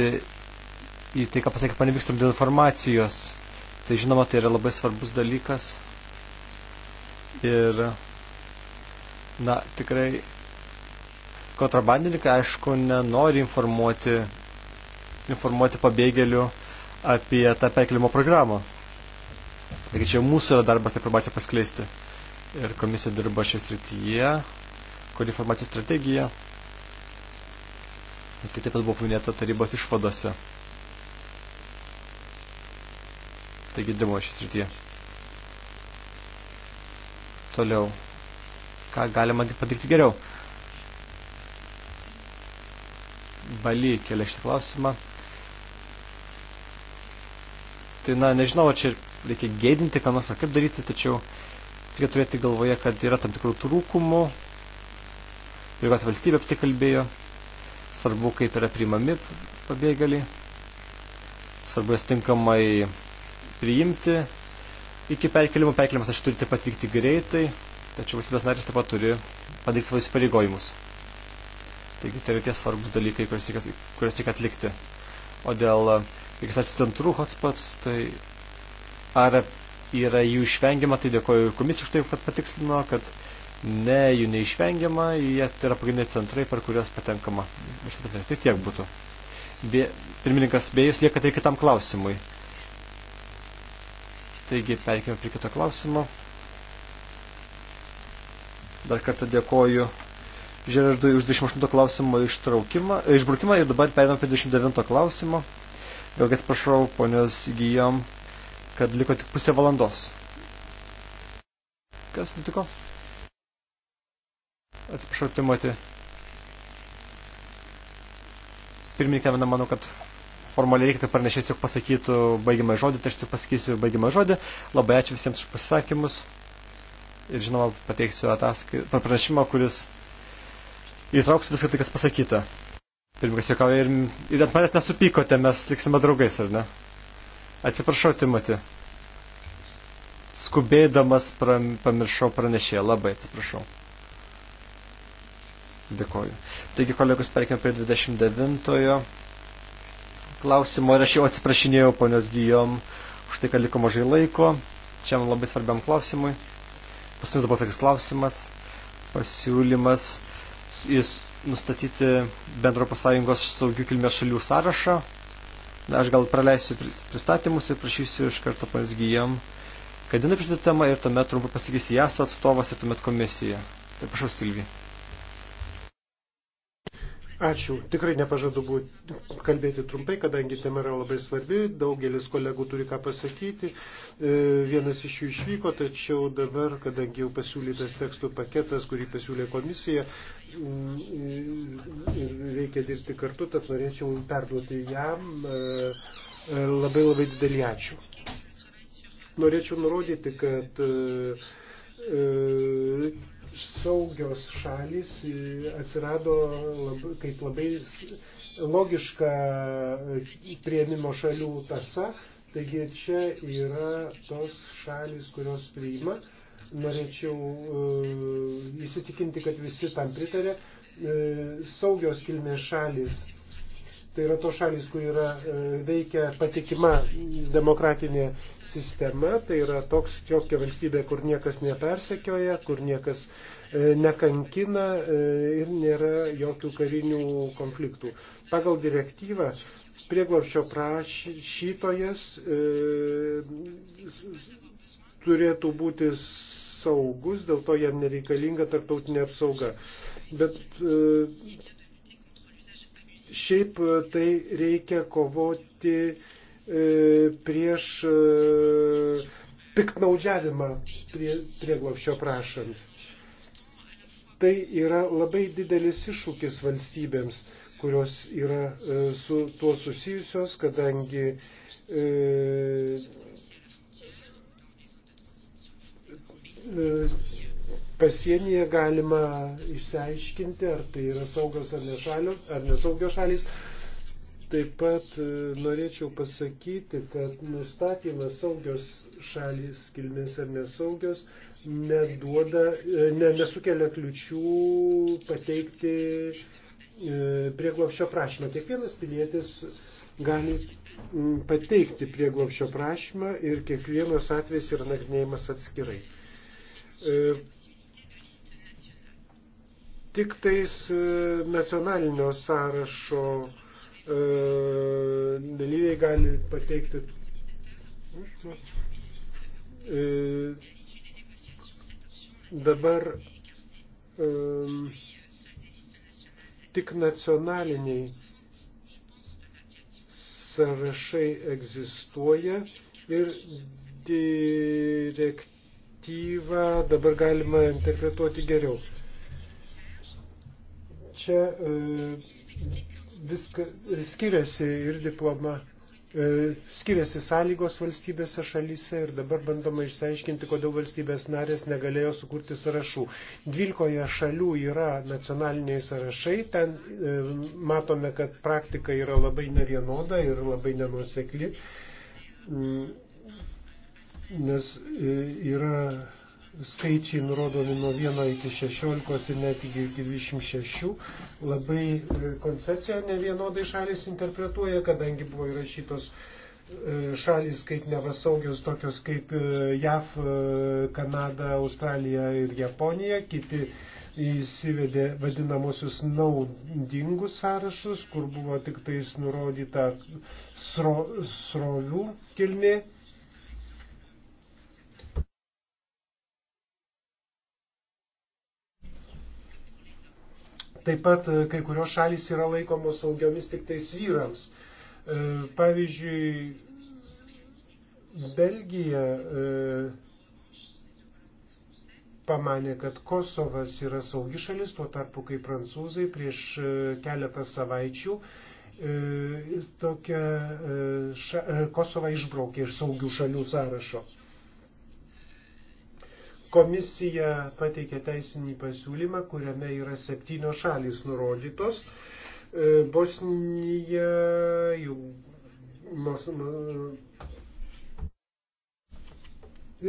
į tai, ką pasakė panė Vikstram dėl informacijos. Tai žinoma, tai yra labai svarbus dalykas. Ir, na, tikrai kontrabandininkai, aišku, nenori informuoti, informuoti pabėgėlių apie tą perkelimo programą. Taigi čia mūsų yra darbas tą informaciją paskleisti. Ir komisija dirba šioje srityje, kur informacijos strategija. Ir tai taip pat buvo paminėta tarybos išvadose. Taigi dirbama šis rytyje. Toliau. Ką galima padaryti geriau? Bali kelia šį klausimą. Tai, na, nežinau, čia reikia gėdinti, ką nors ar kaip daryti, tačiau reikia turėti galvoje, kad yra tam tikrų trūkumų, ir kad valstybė pati kalbėjo, svarbu, kaip yra primami pabėgėliai, svarbu jas tinkamai priimti. Iki perkelimo perkelimas aš turi taip pat vykti greitai, tačiau valstybės narės taip pat turi padaryti savo įsipareigojimus. Taigi tai yra tie svarbus dalykai, kuriuos reikia atlikti. O dėl registracijos centrų hotspots, tai ar yra jų išvengiama, tai dėkoju komisijai už tai, kad patikslino, kad ne, jų neišvengiama, jie tai yra pagrindiniai centrai, per kuriuos patenkama. Tai tiek būtų. Be, pirmininkas Bėjus lieka tai kitam klausimui. Taigi, perkime prie kito klausimo. Dar kartą dėkoju Žerardui už 28 klausimo išbraukimą ir dabar perėmame prie 29 klausimo. Vėlgi atsiprašau, ponios Gijom, kad liko tik pusę valandos. Kas nutiko? Atsiprašau, Timoti. Pirmininkė, manau, kad formaliai reikėtų pranešės, jog pasakytų baigimą žodį, tai aš tik pasakysiu baigimą žodį. Labai ačiū visiems už pasisakymus. Ir žinoma, pateiksiu ataskai, pranešimą, kuris įtrauks viską tai, kas pasakyta. Pirmininkas juokauja ir, ir ant manęs nesupykote, mes liksime draugais, ar ne? Atsiprašau, Timoti. Skubėdamas pra, pamiršau pranešėją, labai atsiprašau. Dėkoju. Taigi, kolegos, perkime prie 29 klausimo ir aš jau atsiprašinėjau ponios Gijom už tai, kad liko mažai laiko. Čia man labai svarbiam klausimui. Paskutinis dabar toks klausimas, pasiūlymas, jis nustatyti bendro pasąjungos saugių kilmės šalių sąrašą. Na, aš gal praleisiu pristatymus ir prašysiu iš karto ponios Gijom, kad jinai pristatė temą ir tuomet trumpai pasakys JASO atstovas ir tuomet komisija. Tai prašau, Silvija. Ačiū. Tikrai nepažadu būti, kalbėti trumpai, kadangi tema yra labai svarbi, daugelis kolegų turi ką pasakyti. E, vienas iš jų išvyko, tačiau dabar, kadangi jau pasiūlytas tekstų paketas, kurį pasiūlė komisija, mm, e, reikia dirbti kartu, tad norėčiau perduoti jam e, labai labai didelį ačiū. Norėčiau nurodyti, kad saugios šalis e, atsirado labai, kaip labai logiška e, prieimimo šalių tasa. Taigi čia yra tos šalis, kurios priima. Norėčiau e, įsitikinti, kad visi tam pritarė. Saugios kilmės šalis Tai yra to šalis, kur yra e, veikia patikima demokratinė sistema, tai yra toks jokia valstybė, kur niekas nepersekioja, kur niekas e, nekankina e, ir nėra jokių karinių konfliktų. Pagal direktyvą prieglapščio prašytojas turėtų būti saugus, dėl to jam nereikalinga tarptautinė apsauga. Bet Šiaip e, tai reikia kovoti e, prieš e, piktnaudžiavimą prie, prieglopščio prašant. Tai yra labai didelis iššūkis valstybėms, kurios yra e, su tuo susijusios, kadangi e, e, pasienyje galima išsiaiškinti, ar tai yra saugios ar, nešalios, ar nesaugios šalys. Taip pat e, norėčiau pasakyti, kad nustatymas saugios šalys kilmės ar nesaugios neduoda, e, ne, nesukelia kliučių pateikti e, prieglopščio prašymą. Kiekvienas pilietis gali pateikti prieglopščio prašymą ir kiekvienas atvejs yra nagrinėjimas atskirai tik tais e, nacionalinio sąrašo e, dalyviai gali pateikti e, dabar tik nacionaliniai sąrašai egzistuoja ir direktyvą dabar galima interpretuoti geriau čia e, viskas skiriasi ir diploma, e, skiriasi sąlygos valstybėse šalyse ir dabar bandoma išsiaiškinti, kodėl valstybės narės negalėjo sukurti sąrašų. Dvylkoje šalių yra nacionaliniai sąrašai, ten e, matome, kad praktika yra labai nevienoda ir labai nenusekli, nes yra skaičiai nurodomi nuo 1 iki 16 ir net iki 26. Labai e, koncepcija ne vienodai šalis interpretuoja, kadangi buvo įrašytos e, šalis kaip nevasaugios, tokios kaip e, JAV, Kanada, Australija ir Japonija, kiti įsivedė vadinamosius naudingus sąrašus, kur buvo tik tais nurodyta sro, srovių kilmė Taip pat e, kai kurios šalys yra laikomos saugiomis tik tais vyrams. E, pavyzdžiui, Belgija e, pamanė, kad Kosovas yra saugi šalis, tuo tarpu kaip prancūzai prieš keletą savaičių tokia ša, Kosovą išbraukė iš saugių šalių sąrašo. Komisija pateikė teisinį pasiūlymą, kuriame yra septynios šalys nurodytos. E, Bosnija, jų, nu,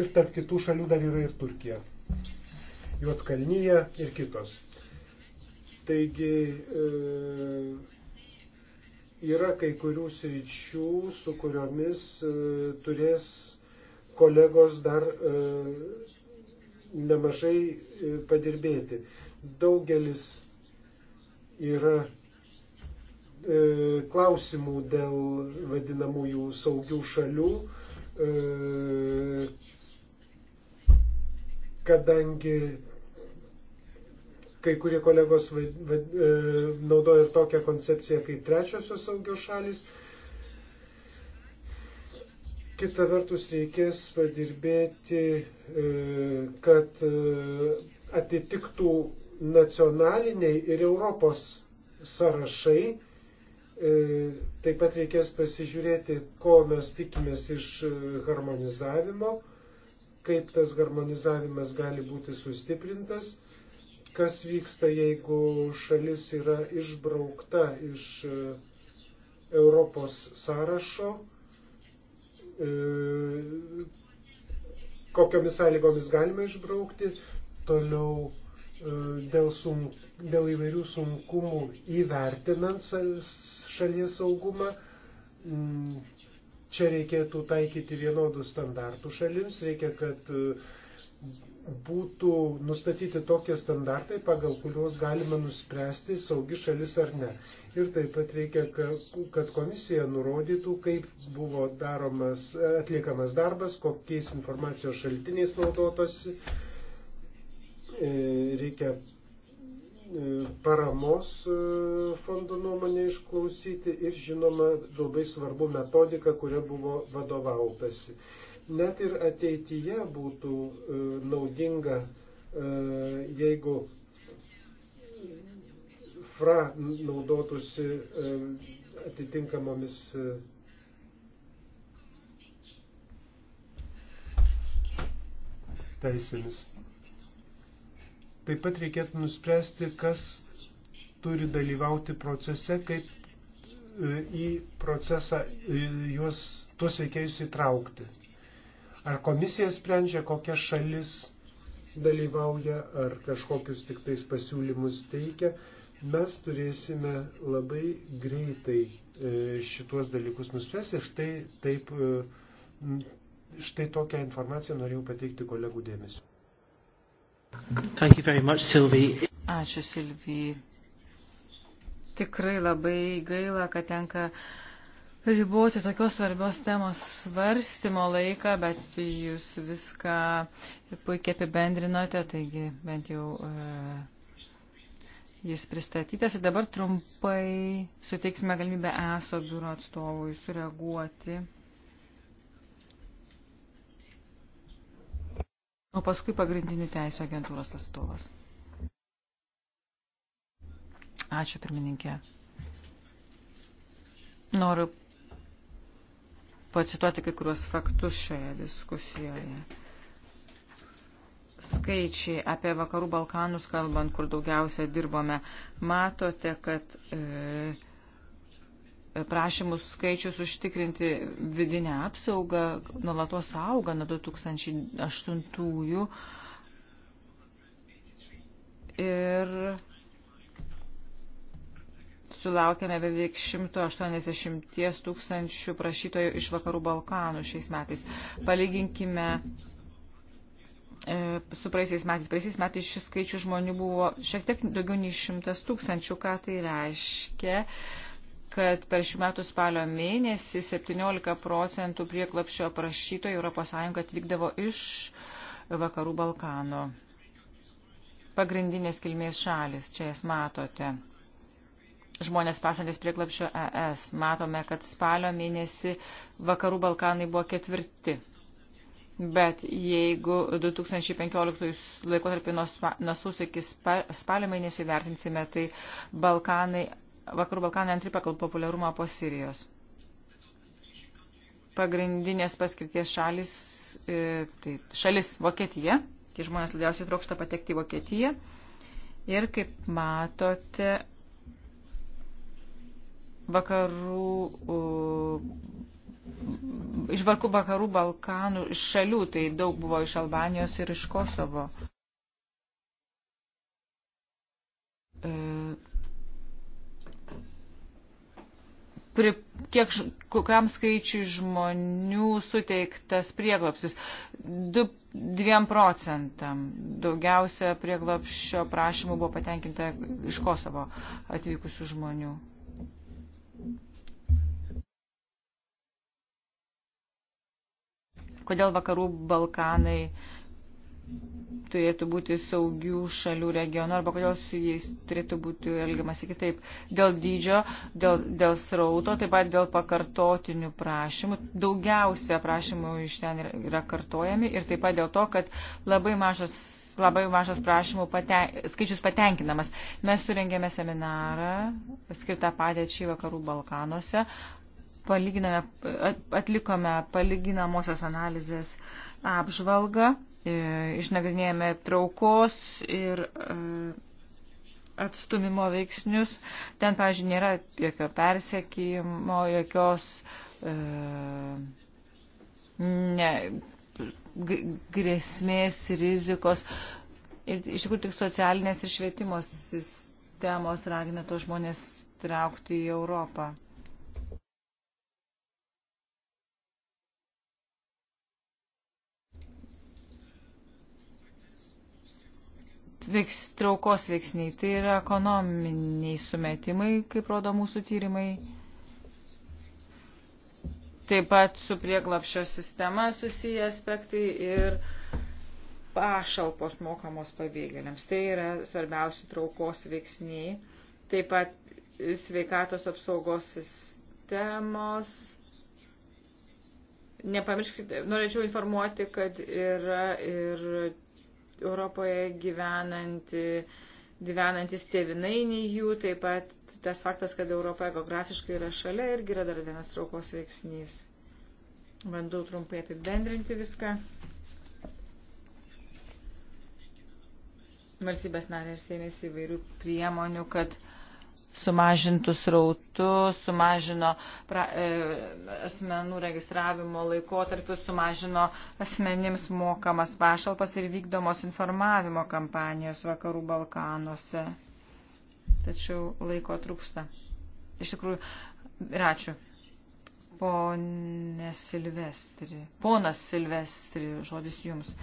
ir tarp kitų šalių dar yra ir Turkija, Juotkalnyje ir kitos. Taigi e, yra kai kurių sričių, su kuriomis e, turės kolegos dar nemažai e, padirbėti. Daugelis yra e, klausimų dėl vadinamųjų saugių šalių, e, kadangi kai kurie kolegos naudoja tokią koncepciją kaip trečiosios saugios šalis, Kita vertus reikės padirbėti, e, kad e, atitiktų nacionaliniai ir Europos sąrašai. E, taip pat reikės pasižiūrėti, ko mes tikimės iš harmonizavimo, kaip tas harmonizavimas gali būti sustiprintas, kas vyksta, jeigu šalis yra išbraukta iš Europos sąrašo E, kokiomis sąlygomis galima išbraukti, toliau e, dėl, sun, dėl įvairių sunkumų įvertinant šalies saugumą. Čia reikėtų taikyti vienodus standartų šalims, reikia, kad būtų nustatyti tokie standartai, pagal kuriuos galime nuspręsti saugi šalis ar ne. Ir taip pat reikia, kad komisija nurodytų, kaip buvo daromas, atliekamas darbas, kokiais informacijos šaltiniais naudotosi. E, reikia e, paramos e, fondo nuomonę išklausyti ir žinoma labai svarbu metodika, kuria buvo vadovautasi net ir ateityje būtų e, naudinga, e, jeigu fra naudotųsi e, atitinkamomis teisėmis. Taip pat reikėtų nuspręsti, kas turi dalyvauti procese, kaip į procesą juos tuos veikėjus įtraukti. Ar komisija sprendžia, kokia šalis dalyvauja, ar kažkokius tik tais pasiūlymus teikia, mes turėsime labai greitai e, šituos dalykus nuspręsti. Štai, taip, e, štai tokią informaciją norėjau pateikti kolegų dėmesiu. Much, Sylvie. Ačiū, Silvija. Tikrai labai gaila, kad tenka uh, riboti tokios svarbios temos svarstymo laiką, bet jūs viską puikiai apibendrinote, taigi bent jau e, jis pristatytas. Ir dabar trumpai suteiksime galimybę ESO biuro atstovui sureaguoti. O paskui pagrindinių teisų agentūros atstovas. Ačiū pirmininkė. Noriu pacituoti kai kuriuos faktus šioje diskusijoje. Skaičiai apie Vakarų Balkanus kalbant, kur daugiausia dirbome, matote, kad e, prašymų skaičius užtikrinti vidinę apsaugą nuolatos auga nuo 2008 ir sulaukėme beveik 180 tūkstančių prašytojų iš vakarų Balkanų šiais metais. Palyginkime e, su praeisiais metais. Praeisiais metais šis skaičius žmonių buvo šiek tiek daugiau nei šimtas tūkstančių, ką tai reiškia kad per šių metų spalio mėnesį 17 procentų prieklapšio prašytojų ES atvykdavo iš vakarų Balkano. Pagrindinės kilmės šalis, čia jas matote žmonės prašantis prieglapščio ES. Matome, kad spalio mėnesį vakarų Balkanai buvo ketvirti. Bet jeigu 2015 laikotarpį nuo sausio iki spalio mėnesio vertinsime, tai Balkanai, vakarų Balkanai antri pagal populiarumą po Sirijos. Pagrindinės paskirties šalis, e, tai šalis Vokietija, kai žmonės labiausiai trokšta patekti į Vokietiją. Ir kaip matote, vakarų, iš vakarų Balkanų šalių, tai daug buvo iš Albanijos ir iš Kosovo. E, pri, kiek, kokiam skaičiui žmonių suteiktas prieglopsis. 2 procentam daugiausia prieglopščio prašymų buvo patenkinta iš Kosovo atvykusių žmonių. Kodėl vakarų Balkanai uh, turėtų būti saugių šalių regionų arba kodėl su jais turėtų būti elgiamasi kitaip. Dėl dydžio, dėl, dėl srauto, taip pat dėl pakartotinių prašymų. Daugiausia prašymų iš ten yra kartojami ir taip pat dėl to, kad labai mažas labai mažas prašymų paten, skaičius patenkinamas. Mes surengėme seminarą skirtą padėčiai vakarų Balkanuose, palyginame, atlikome palyginamosios analizės apžvalgą E, išnagrinėjame traukos ir e, atstumimo veiksnius. Ten, pavyzdžiui, nėra jokio persekimo, jokios e, ne, grėsmės, rizikos. Ir iš tikrųjų tik socialinės ir švietimo sistemos ragina tos žmonės traukti į Europą. veiks, traukos veiksniai, tai yra ekonominiai sumetimai, kaip rodo mūsų tyrimai. Taip pat su prieglapšio sistema susiję aspektai ir pašalpos mokamos pabėgėliams. Tai yra svarbiausi traukos veiksniai. Taip pat sveikatos apsaugos sistemos nepamirškite, norėčiau informuoti, kad yra ir Europoje gyvenanti, gyvenantis tevinainiai jų, taip pat tas faktas, kad Europa geografiškai yra šalia irgi yra dar vienas traukos veiksnys. Bandau trumpai apibendrinti viską. Valstybės narės ėmėsi įvairių priemonių, kad sumažintų srautų, sumažino pra, e, asmenų registravimo laikotarpius, sumažino asmenims mokamas pašalpas ir vykdomos informavimo kampanijos vakarų Balkanuose. Tačiau laiko trūksta. Iš tikrųjų, ir ačiū. Pone Silvestri. Ponas Silvestri, žodis jums.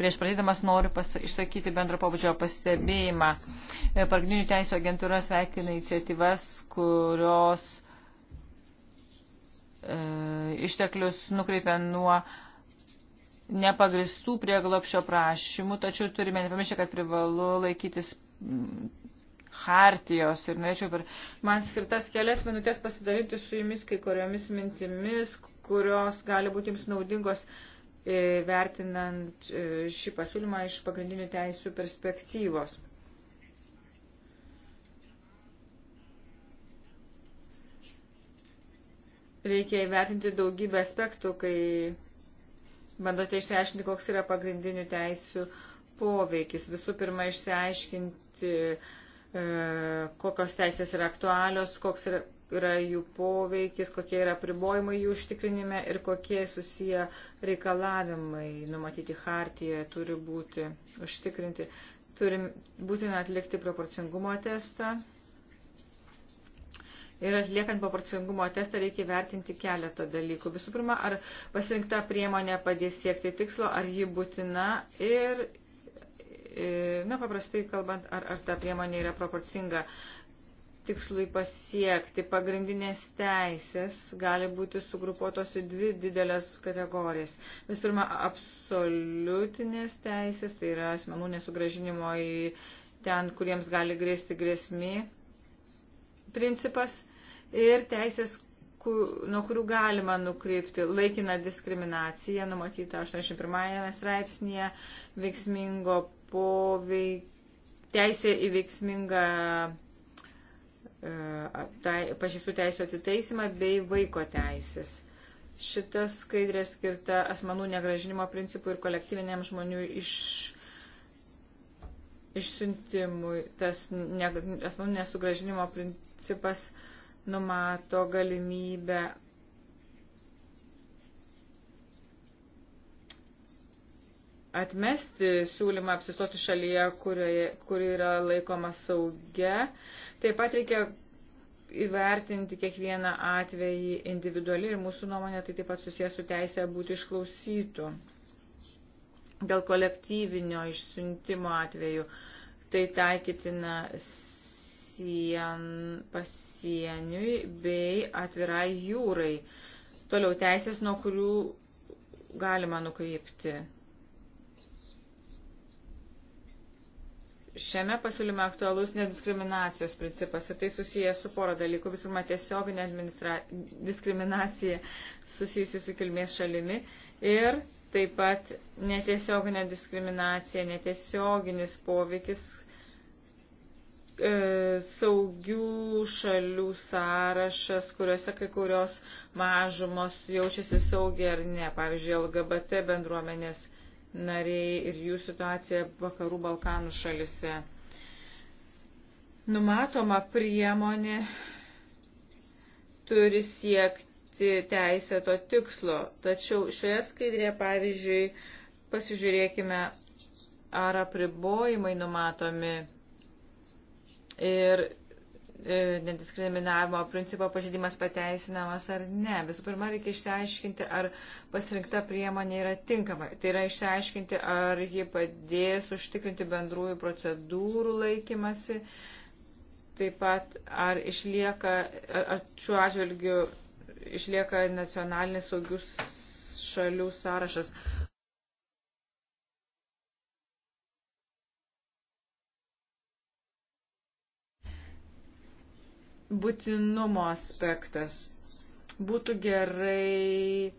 prieš pradėdamas noriu pas, išsakyti bendro pabudžio pastebėjimą. E, Pagrindinių teisų agentūra sveikina iniciatyvas, kurios e, išteklius nukreipia nuo nepagristų prieglopšio prašymų, tačiau turime nepamiršti, kad privalu laikytis hartijos ir norėčiau per man skirtas kelias minutės pasidalinti su jumis kai kuriomis mintimis, kurios gali būti jums naudingos. E, E, vertinant e, šį pasiūlymą iš pagrindinių teisų perspektyvos. Reikia įvertinti daugybę aspektų, kai bandote išsiaiškinti, koks yra pagrindinių teisų poveikis. Visų pirma, išsiaiškinti, e, kokios teisės yra aktualios, koks yra, yra jų poveikis, kokie yra pribojimai jų užtikrinime ir kokie susiję reikalavimai numatyti hartijoje turi būti užtikrinti. Turim būtina atlikti proporcingumo testą. Ir atliekant proporcingumo testą reikia vertinti keletą dalykų. Visų pirma, ar pasirinkta priemonė padės siekti tikslo, ar ji būtina ir, e, na, paprastai kalbant, ar, ar ta priemonė yra proporcinga. Uh, tikslui pasiekti pagrindinės teisės gali būti sugrupuotos į dvi didelės kategorijas. Vis pirma, absoliutinės teisės, tai yra asmenų nesugražinimo į ten, kuriems gali grėsti grėsmė principas ir teisės, nuo kurių galima nukreipti laikiną diskriminaciją, numatytą 81 straipsnėje, veiksmingo poveikio, teisė į veiksmingą E, tai, pažįstų teisų atitaisymą bei vaiko teisės. Šita skaidrė skirta asmenų negražinimo principui ir kolektyviniam žmonių iš, išsiuntimui. Tas ne, asmenų nesugražinimo principas numato galimybę atmesti siūlymą apsistoti šalyje, kurioje, kuri yra laikoma saugia Taip pat reikia įvertinti kiekvieną atvejį individualiai ir mūsų nuomonė tai taip pat susijęs su teisė būti išklausytų. Dėl kolektyvinio išsiuntimo atveju tai taikytina sien, pasieniui bei atvirai jūrai. Toliau teisės, nuo kurių galima nukreipti šiame pasiūlyme aktualus nediskriminacijos principas ir tai susijęs su poro dalykų. Visų pirma, tiesioginė diskriminacija susijusi su kilmės šalimi ir taip pat netiesioginė diskriminacija, netiesioginis poveikis e, saugių šalių sąrašas, kuriuose kai kurios mažumos jaučiasi saugiai ar ne, pavyzdžiui, LGBT bendruomenės nariai ir jų situacija vakarų Balkanų šalise. Numatoma priemonė turi siekti teisėto tikslo, tačiau šioje skaidrėje, pavyzdžiui, pasižiūrėkime, ar apribojimai numatomi ir E, nediskriminavimo principo pažydimas pateisinamas ar ne. Visų pirma, reikia išsiaiškinti, ar pasirinkta priemonė yra tinkama. Tai yra išsiaiškinti, ar ji padės užtikrinti bendrųjų procedūrų laikymasi, taip pat ar išlieka, ar šiuo atžvilgiu išlieka nacionalinis saugius šalių sąrašas. būtinumo aspektas. Būtų gerai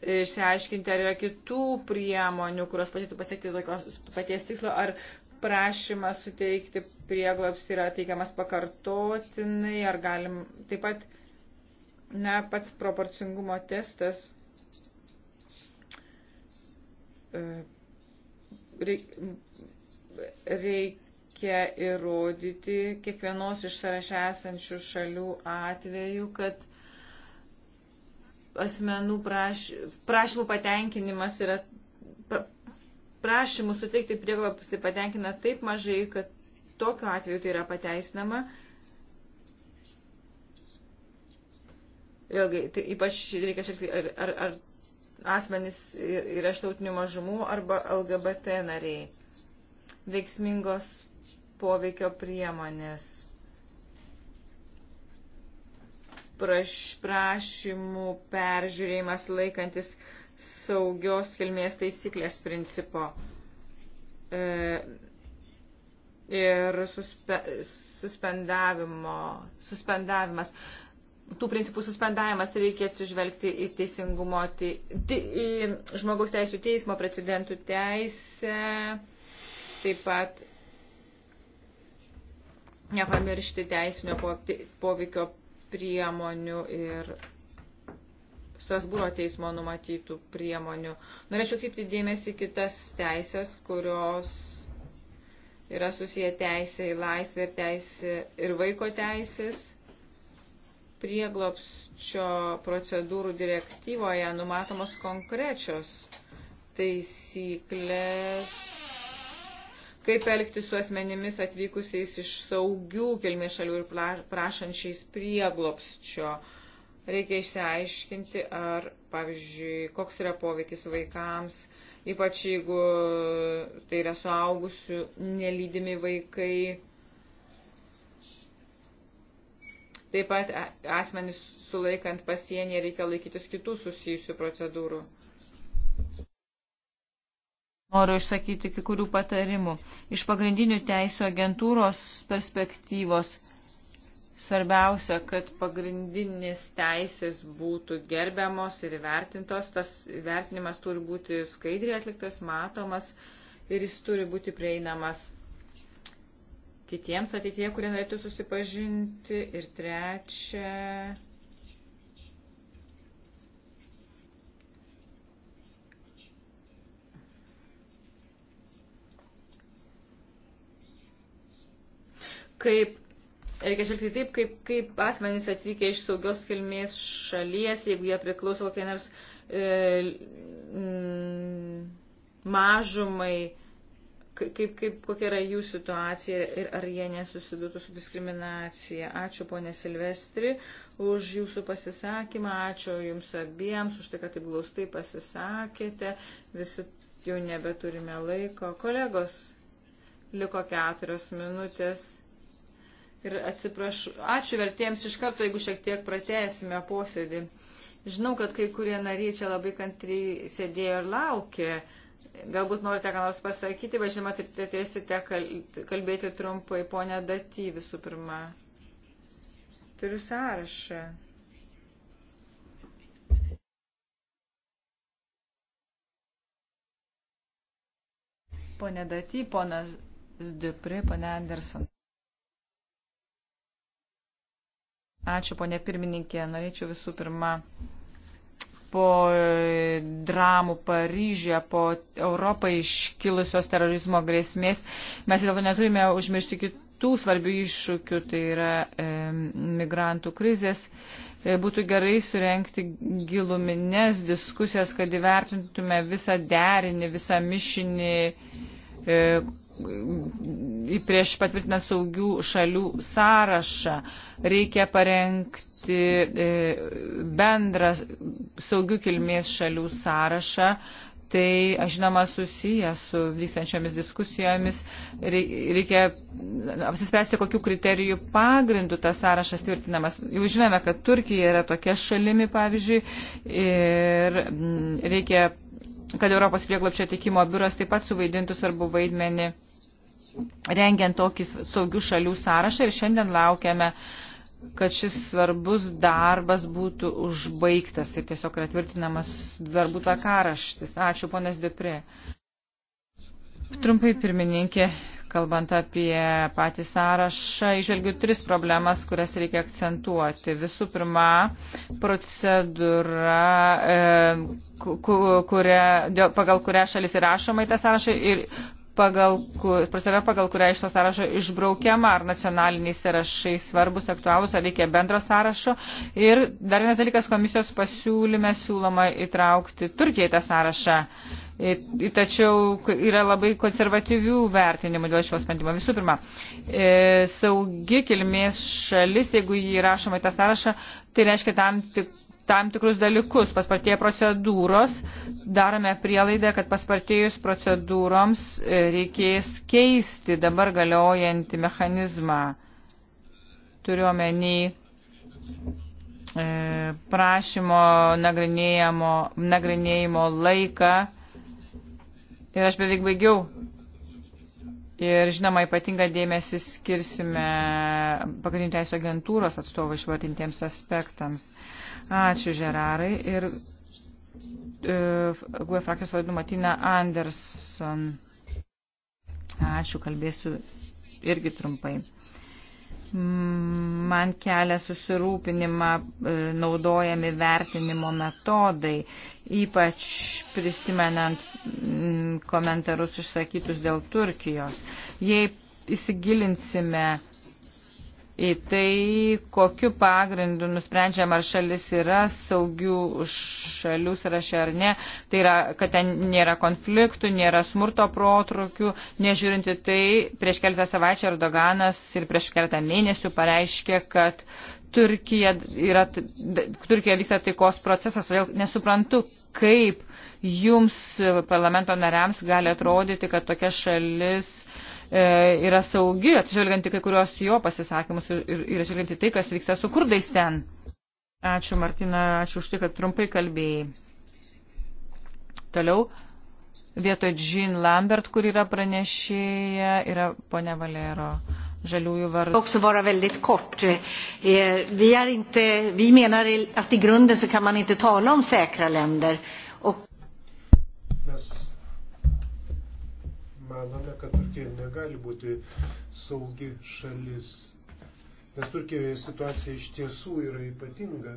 išsiaiškinti, ar yra kitų priemonių, kurios padėtų pasiekti tokios paties tikslo, ar prašymas suteikti prieglobstį yra teikiamas pakartotinai, ar galim taip pat, na, pats proporcingumo testas. E, reik, reik, reikia įrodyti kiekvienos iš sąrašę esančių šalių atveju, kad asmenų praš, prašymų patenkinimas yra prašymų suteikti prieglobstį patenkina taip mažai, kad tokiu atveju tai yra pateisinama. Vėlgi, tai ypač reikia šiek tiek, ar, ar, ar asmenys yra štautinių mažumų arba LGBT nariai. Veiksmingos poveikio priemonės. Praš, prašymų peržiūrėjimas laikantis saugios kilmės taisyklės principo. E, ir suspe, suspendavimo, suspendavimas. Tų principų suspendavimas reikia atsižvelgti į teisingumo, į, į žmogaus teisų teismo precedentų teisę, taip pat nepamiršti teisinio poveikio priemonių ir Strasbūro teismo numatytų priemonių. Norėčiau atkreipti dėmesį kitas teisės, kurios yra susiję teisė į laisvę ir teisė ir vaiko teisės. Prieglopščio procedūrų direktyvoje numatomos konkrečios taisyklės kaip elgtis su asmenimis atvykusiais iš saugių kilmės šalių ir prašančiais prieglopsčio. Reikia išsiaiškinti, ar, pavyzdžiui, koks yra poveikis vaikams, ypač jeigu tai yra suaugusių nelydimi vaikai. Taip pat asmenys sulaikant pasienyje reikia laikytis kitų susijusių procedūrų. Noriu išsakyti kai kurių patarimų. Iš pagrindinių teisų agentūros perspektyvos svarbiausia, kad pagrindinės teisės būtų gerbiamos ir įvertintos. Tas vertinimas turi būti skaidriai atliktas, matomas ir jis turi būti prieinamas kitiems ateitie, kurie norėtų susipažinti. Ir trečia kaip reikia žvelgti taip, kaip, kaip asmenys atvykę iš saugios kilmės šalies, jeigu jie priklauso kokiai nors e, m, mm, mažumai, kaip, kaip, kokia yra jų situacija ir ar jie nesusidurtų su diskriminacija. Ačiū ponė Silvestri už jūsų pasisakymą, ačiū jums abiems už tai, kad taip glaustai pasisakėte. Visi jau nebeturime laiko. Kolegos, liko keturios minutės Ir atsiprašau, ačiū vertėjams iš karto, jeigu šiek tiek pratęsime posėdį. Žinau, kad kai kurie nariai čia labai kantriai sėdėjo ir laukė. Galbūt norite ką nors pasakyti, bet žinoma, taip tiesite kalbėti trumpai, ponia Daty visų pirma. Turiu sąrašą. Pone Daty, ponas Zdupri, pone Anderson. Ačiū, ponė pirmininkė. Norėčiau visų pirma po e, dramų Paryžėje, po Europai iškilusios terorizmo grėsmės. Mes dėl to neturime užmiršti kitų svarbių iššūkių, tai yra e, migrantų krizės. E, būtų gerai surenkti gilumines diskusijas, kad įvertintume visą derinį, visą mišinį E, prieš patvirtinant saugių šalių sąrašą reikia parengti e, bendrą saugių kilmės šalių sąrašą. Tai, aš žinoma, susiję su vykstančiomis diskusijomis. Reikia apsispręsti, kokiu kriterijų pagrindu tas sąrašas tvirtinamas. Jau žinome, kad Turkija yra tokia šalimi, pavyzdžiui, ir reikia kad Europos prieglapščio teikimo biuras taip pat suvaidintų svarbu vaidmenį rengiant tokį saugių šalių sąrašą ir šiandien laukiame, kad šis svarbus darbas būtų užbaigtas ir tiesiog yra tvirtinamas darbų takaraštis. Ačiū, ponas Dupri. Trumpai pirmininkė, kalbant apie patį sąrašą, išvelgiu tris problemas, kurias reikia akcentuoti. Visų pirma, procedūra, e, kuria, pagal kurią šalis įrašoma į tą sąrašą ir pagal, procedūra, pagal kurią iš to sąrašo išbraukiama, ar nacionaliniai sąrašai svarbus, aktualūs, ar reikia bendro sąrašo. Ir dar vienas dalykas, komisijos pasiūlyme siūloma įtraukti Turkiją į tą sąrašą. Tačiau yra labai konservatyvių vertinimų dėl šios sprendimo. Visų pirma, e, saugi kilmės šalis, jeigu jį rašoma į tą sąrašą, tai reiškia tam tik tam tikrus dalykus, paspartėja procedūros, darome prielaidą, kad paspartėjus procedūroms e, reikės keisti dabar galiojantį mechanizmą. Turiuomenį e, prašymo nagrinėjimo, nagrinėjimo laiką Ir aš beveik baigiau. Ir žinoma, ypatingą dėmesį skirsime pagrindinių teisų agentūros atstovų išvardintiems aspektams. Ačiū, Žerarai. Ir GUE e frakcijos vardu Matina Anderson. Ačiū, kalbėsiu irgi trumpai man kelia susirūpinimą e, naudojami vertinimo metodai, ypač prisimenant komentarus išsakytus dėl Turkijos. Jei įsigilinsime į tai, kokiu pagrindu nusprendžiama, ar šalis yra saugių šalių sąraše ar ne. Tai yra, kad ten nėra konfliktų, nėra smurto protrukių. Nežiūrinti tai, prieš keletą savaičių Erdoganas ir prieš keletą mėnesių pareiškė, kad Turkija, yra, Turkija vyksta taikos procesas, todėl nesuprantu, kaip jums parlamento nariams gali atrodyti, kad tokia šalis E, yra saugi, atsižvelgiant į kai kurios jo pasisakymus ir, ir atsižvelgiant į tai, kas vyksta su kurdais ten. Ačiū, Martina, ačiū už tai, kad trumpai kalbėjai. Toliau, vietoj Jean Lambert, kur yra pranešėja, yra ponia Valero. Žaliųjų vardų. Också vara väldigt kort. Eh, vi, är inte, vi menar att i grunden så kan man inte tala om säkra länder. Och... Mes manome, kad negali būti saugi šalis. Nes Turkijoje situacija iš tiesų yra ypatinga.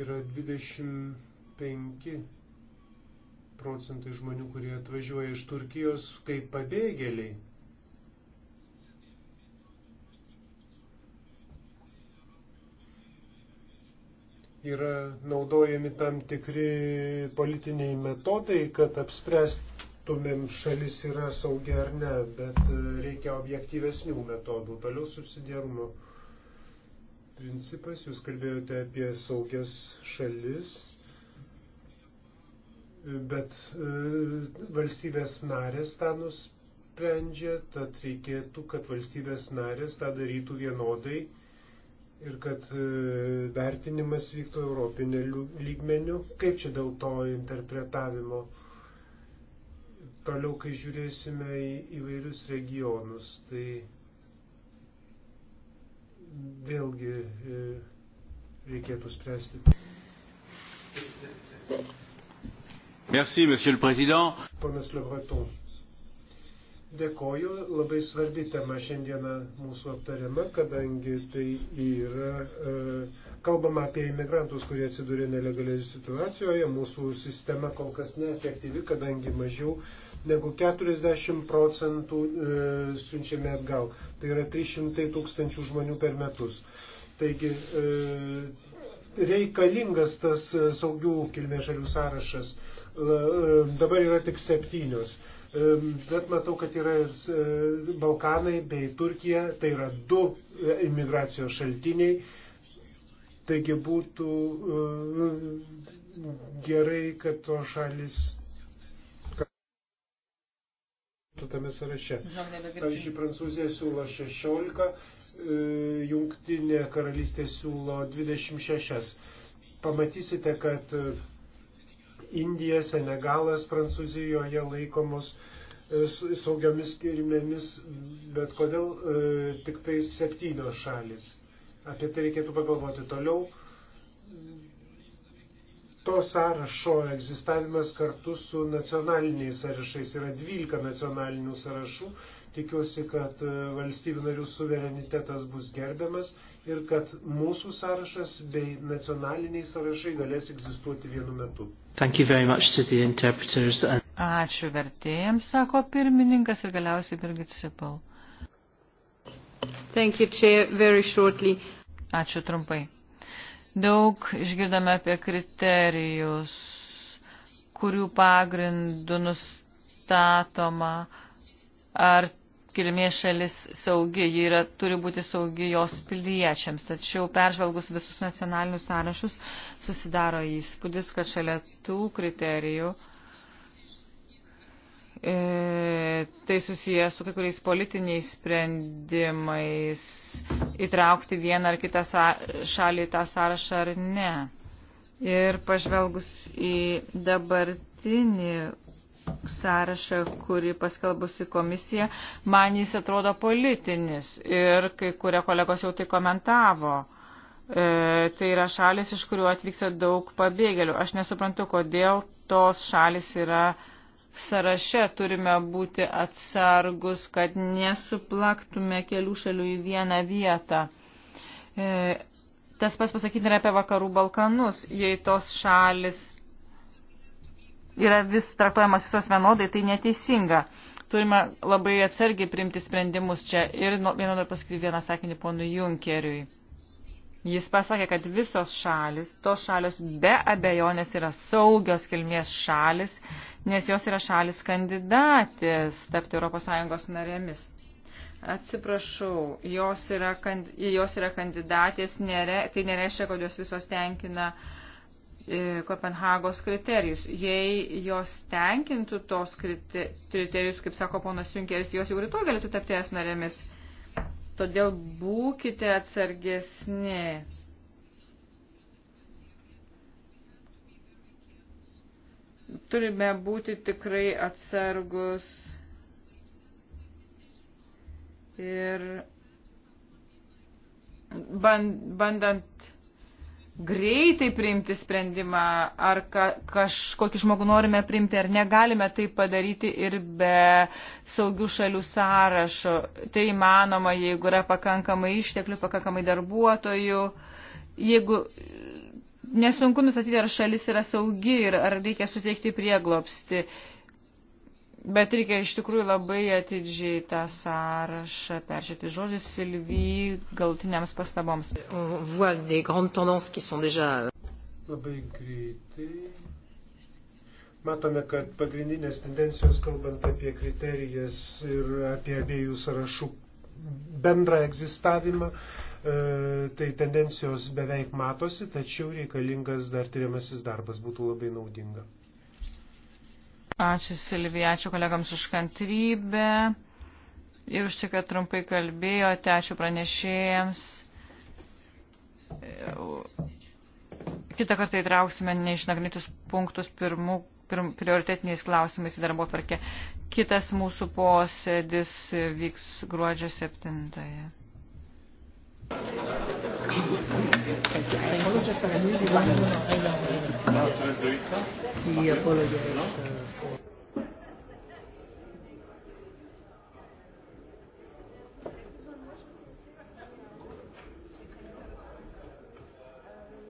Yra 25 procentai žmonių, kurie atvažiuoja iš Turkijos kaip pabėgėliai. Yra naudojami tam tikri politiniai metodai, kad apspręsti nustatytumėm šalis yra saugia ar ne, bet e, reikia objektyvesnių metodų. Toliau subsidiarumo principas, jūs kalbėjote apie saugias šalis, bet e, valstybės narės tą nusprendžia, tad reikėtų, kad valstybės narės tą darytų vienodai ir kad e, vertinimas vyktų europinė lygmenių. Kaip čia dėl to interpretavimo? Toliau, kai žiūrėsime į įvairius regionus, tai vėlgi e, reikėtų spręsti. Merci, Monsieur le Président. Ponas Le Breton. Dėkoju, labai svarbi tema šiandieną mūsų aptariama, kadangi tai yra, e, kalbama apie imigrantus, kurie atsidūrė nelegalėje situacijoje, mūsų sistema kol kas neefektyvi, kadangi mažiau e, negu 40 procentų e, siunčiame atgal. Tai yra 300 tūkstančių žmonių per metus. Taigi e, reikalingas tas e, saugių kilmės šalių sąrašas. E, dabar yra tik septynios. E, bet matau, kad yra ir e, Balkanai bei Turkija, tai yra du imigracijos šaltiniai. Taigi būtų gerai, kad to šalis tame sąraše. Pavyzdžiui, Prancūzija siūlo 16, e, Jungtinė karalystė siūlo 26. Pamatysite, kad e, Indija, Senegalas Prancūzijoje laikomos e, saugiomis kirmėmis, bet kodėl tik tai septynios šalis. Apie tai reikėtų pagalvoti toliau to sąrašo egzistavimas kartu su nacionaliniais sąrašais. Yra 12 nacionalinių sąrašų. Tikiuosi, kad e, valstybių narių suverenitetas bus gerbiamas ir kad mūsų sąrašas bei nacionaliniai sąrašai galės egzistuoti vienu metu. And... Ačiū vertėjams, sako pirmininkas ir galiausiai Birgit Sipal. Ačiū trumpai. Daug išgirdome apie kriterijus, kurių pagrindų nustatoma, ar kilmės šalis saugi, ji yra, turi būti saugi jos piliečiams. Tačiau peržvelgus visus nacionalinius sąrašus susidaro įspūdis, kad šalia tų kriterijų uh, E, tai susijęs su kai kuriais politiniais sprendimais įtraukti vieną ar kitą šalį į tą sąrašą ar ne. Ir pažvelgus į dabartinį sąrašą, kurį paskelbusi komisija, man jis atrodo politinis ir kai kurie kolegos jau tai komentavo. E, tai yra šalis, iš kurių atvyksta daug pabėgėlių. Aš nesuprantu, kodėl tos šalis yra e, sąraše turime būti atsargus, kad nesuplaktume kelių šalių į vieną vietą. E, tas pas pasakyti yra apie vakarų Balkanus. Jei tos šalis yra vis traktuojamas visos vienodai, tai neteisinga. Turime labai atsargiai priimti sprendimus čia. Ir nu, vienu noriu pasakyti vieną sakinį ponui Junkeriui. Jis pasakė, kad visos šalis, tos šalis be abejonės yra saugios kilmės šalis, nes jos yra šalis kandidatės tapti ES narėmis. Atsiprašau, jos yra, jos yra kandidatės, nere, tai nereiškia, kad jos visos tenkina e, Kopenhagos kriterijus. Jei jos tenkintų tos kriterijus, kaip sako ponas Junkeris, jos jau rytoj galėtų tapti es narėmis. Todėl būkite atsargesni. Turime būti tikrai atsargus ir bandant greitai priimti sprendimą, ar ka, kažkokį žmogų norime priimti, ar negalime tai padaryti ir be saugių šalių sąrašo. Tai įmanoma, jeigu yra pakankamai išteklių, pakankamai darbuotojų, jeigu nesunku nustatyti, ar šalis yra saugi ir ar reikia suteikti prieglopsti. Bet reikia iš tikrųjų labai atidžiai tą sąrašą peržiūrėti. Žodžius Silvy galtiniams pastaboms. Euh, labai greitai. Matome, kad pagrindinės tendencijos, kalbant apie kriterijas ir apie abiejų sąrašų bendrą egzistavimą, e, tai tendencijos beveik matosi, tačiau reikalingas dar tyriamasis darbas būtų labai naudinga. Ačiū Silvija, ačiū kolegams už kantrybę ir už tai, kad trumpai kalbėjote, ačiū pranešėjams. Kitą kartą įtrauksime neišnagrinėtus punktus pirmų, pirm, prioritetiniais klausimais į darbo tvarkę. Kitas mūsų posėdis vyks gruodžio 7. -ąją. Thank you. Thank you. One, no, no, I know, I know. Yes. He apologized uh, for.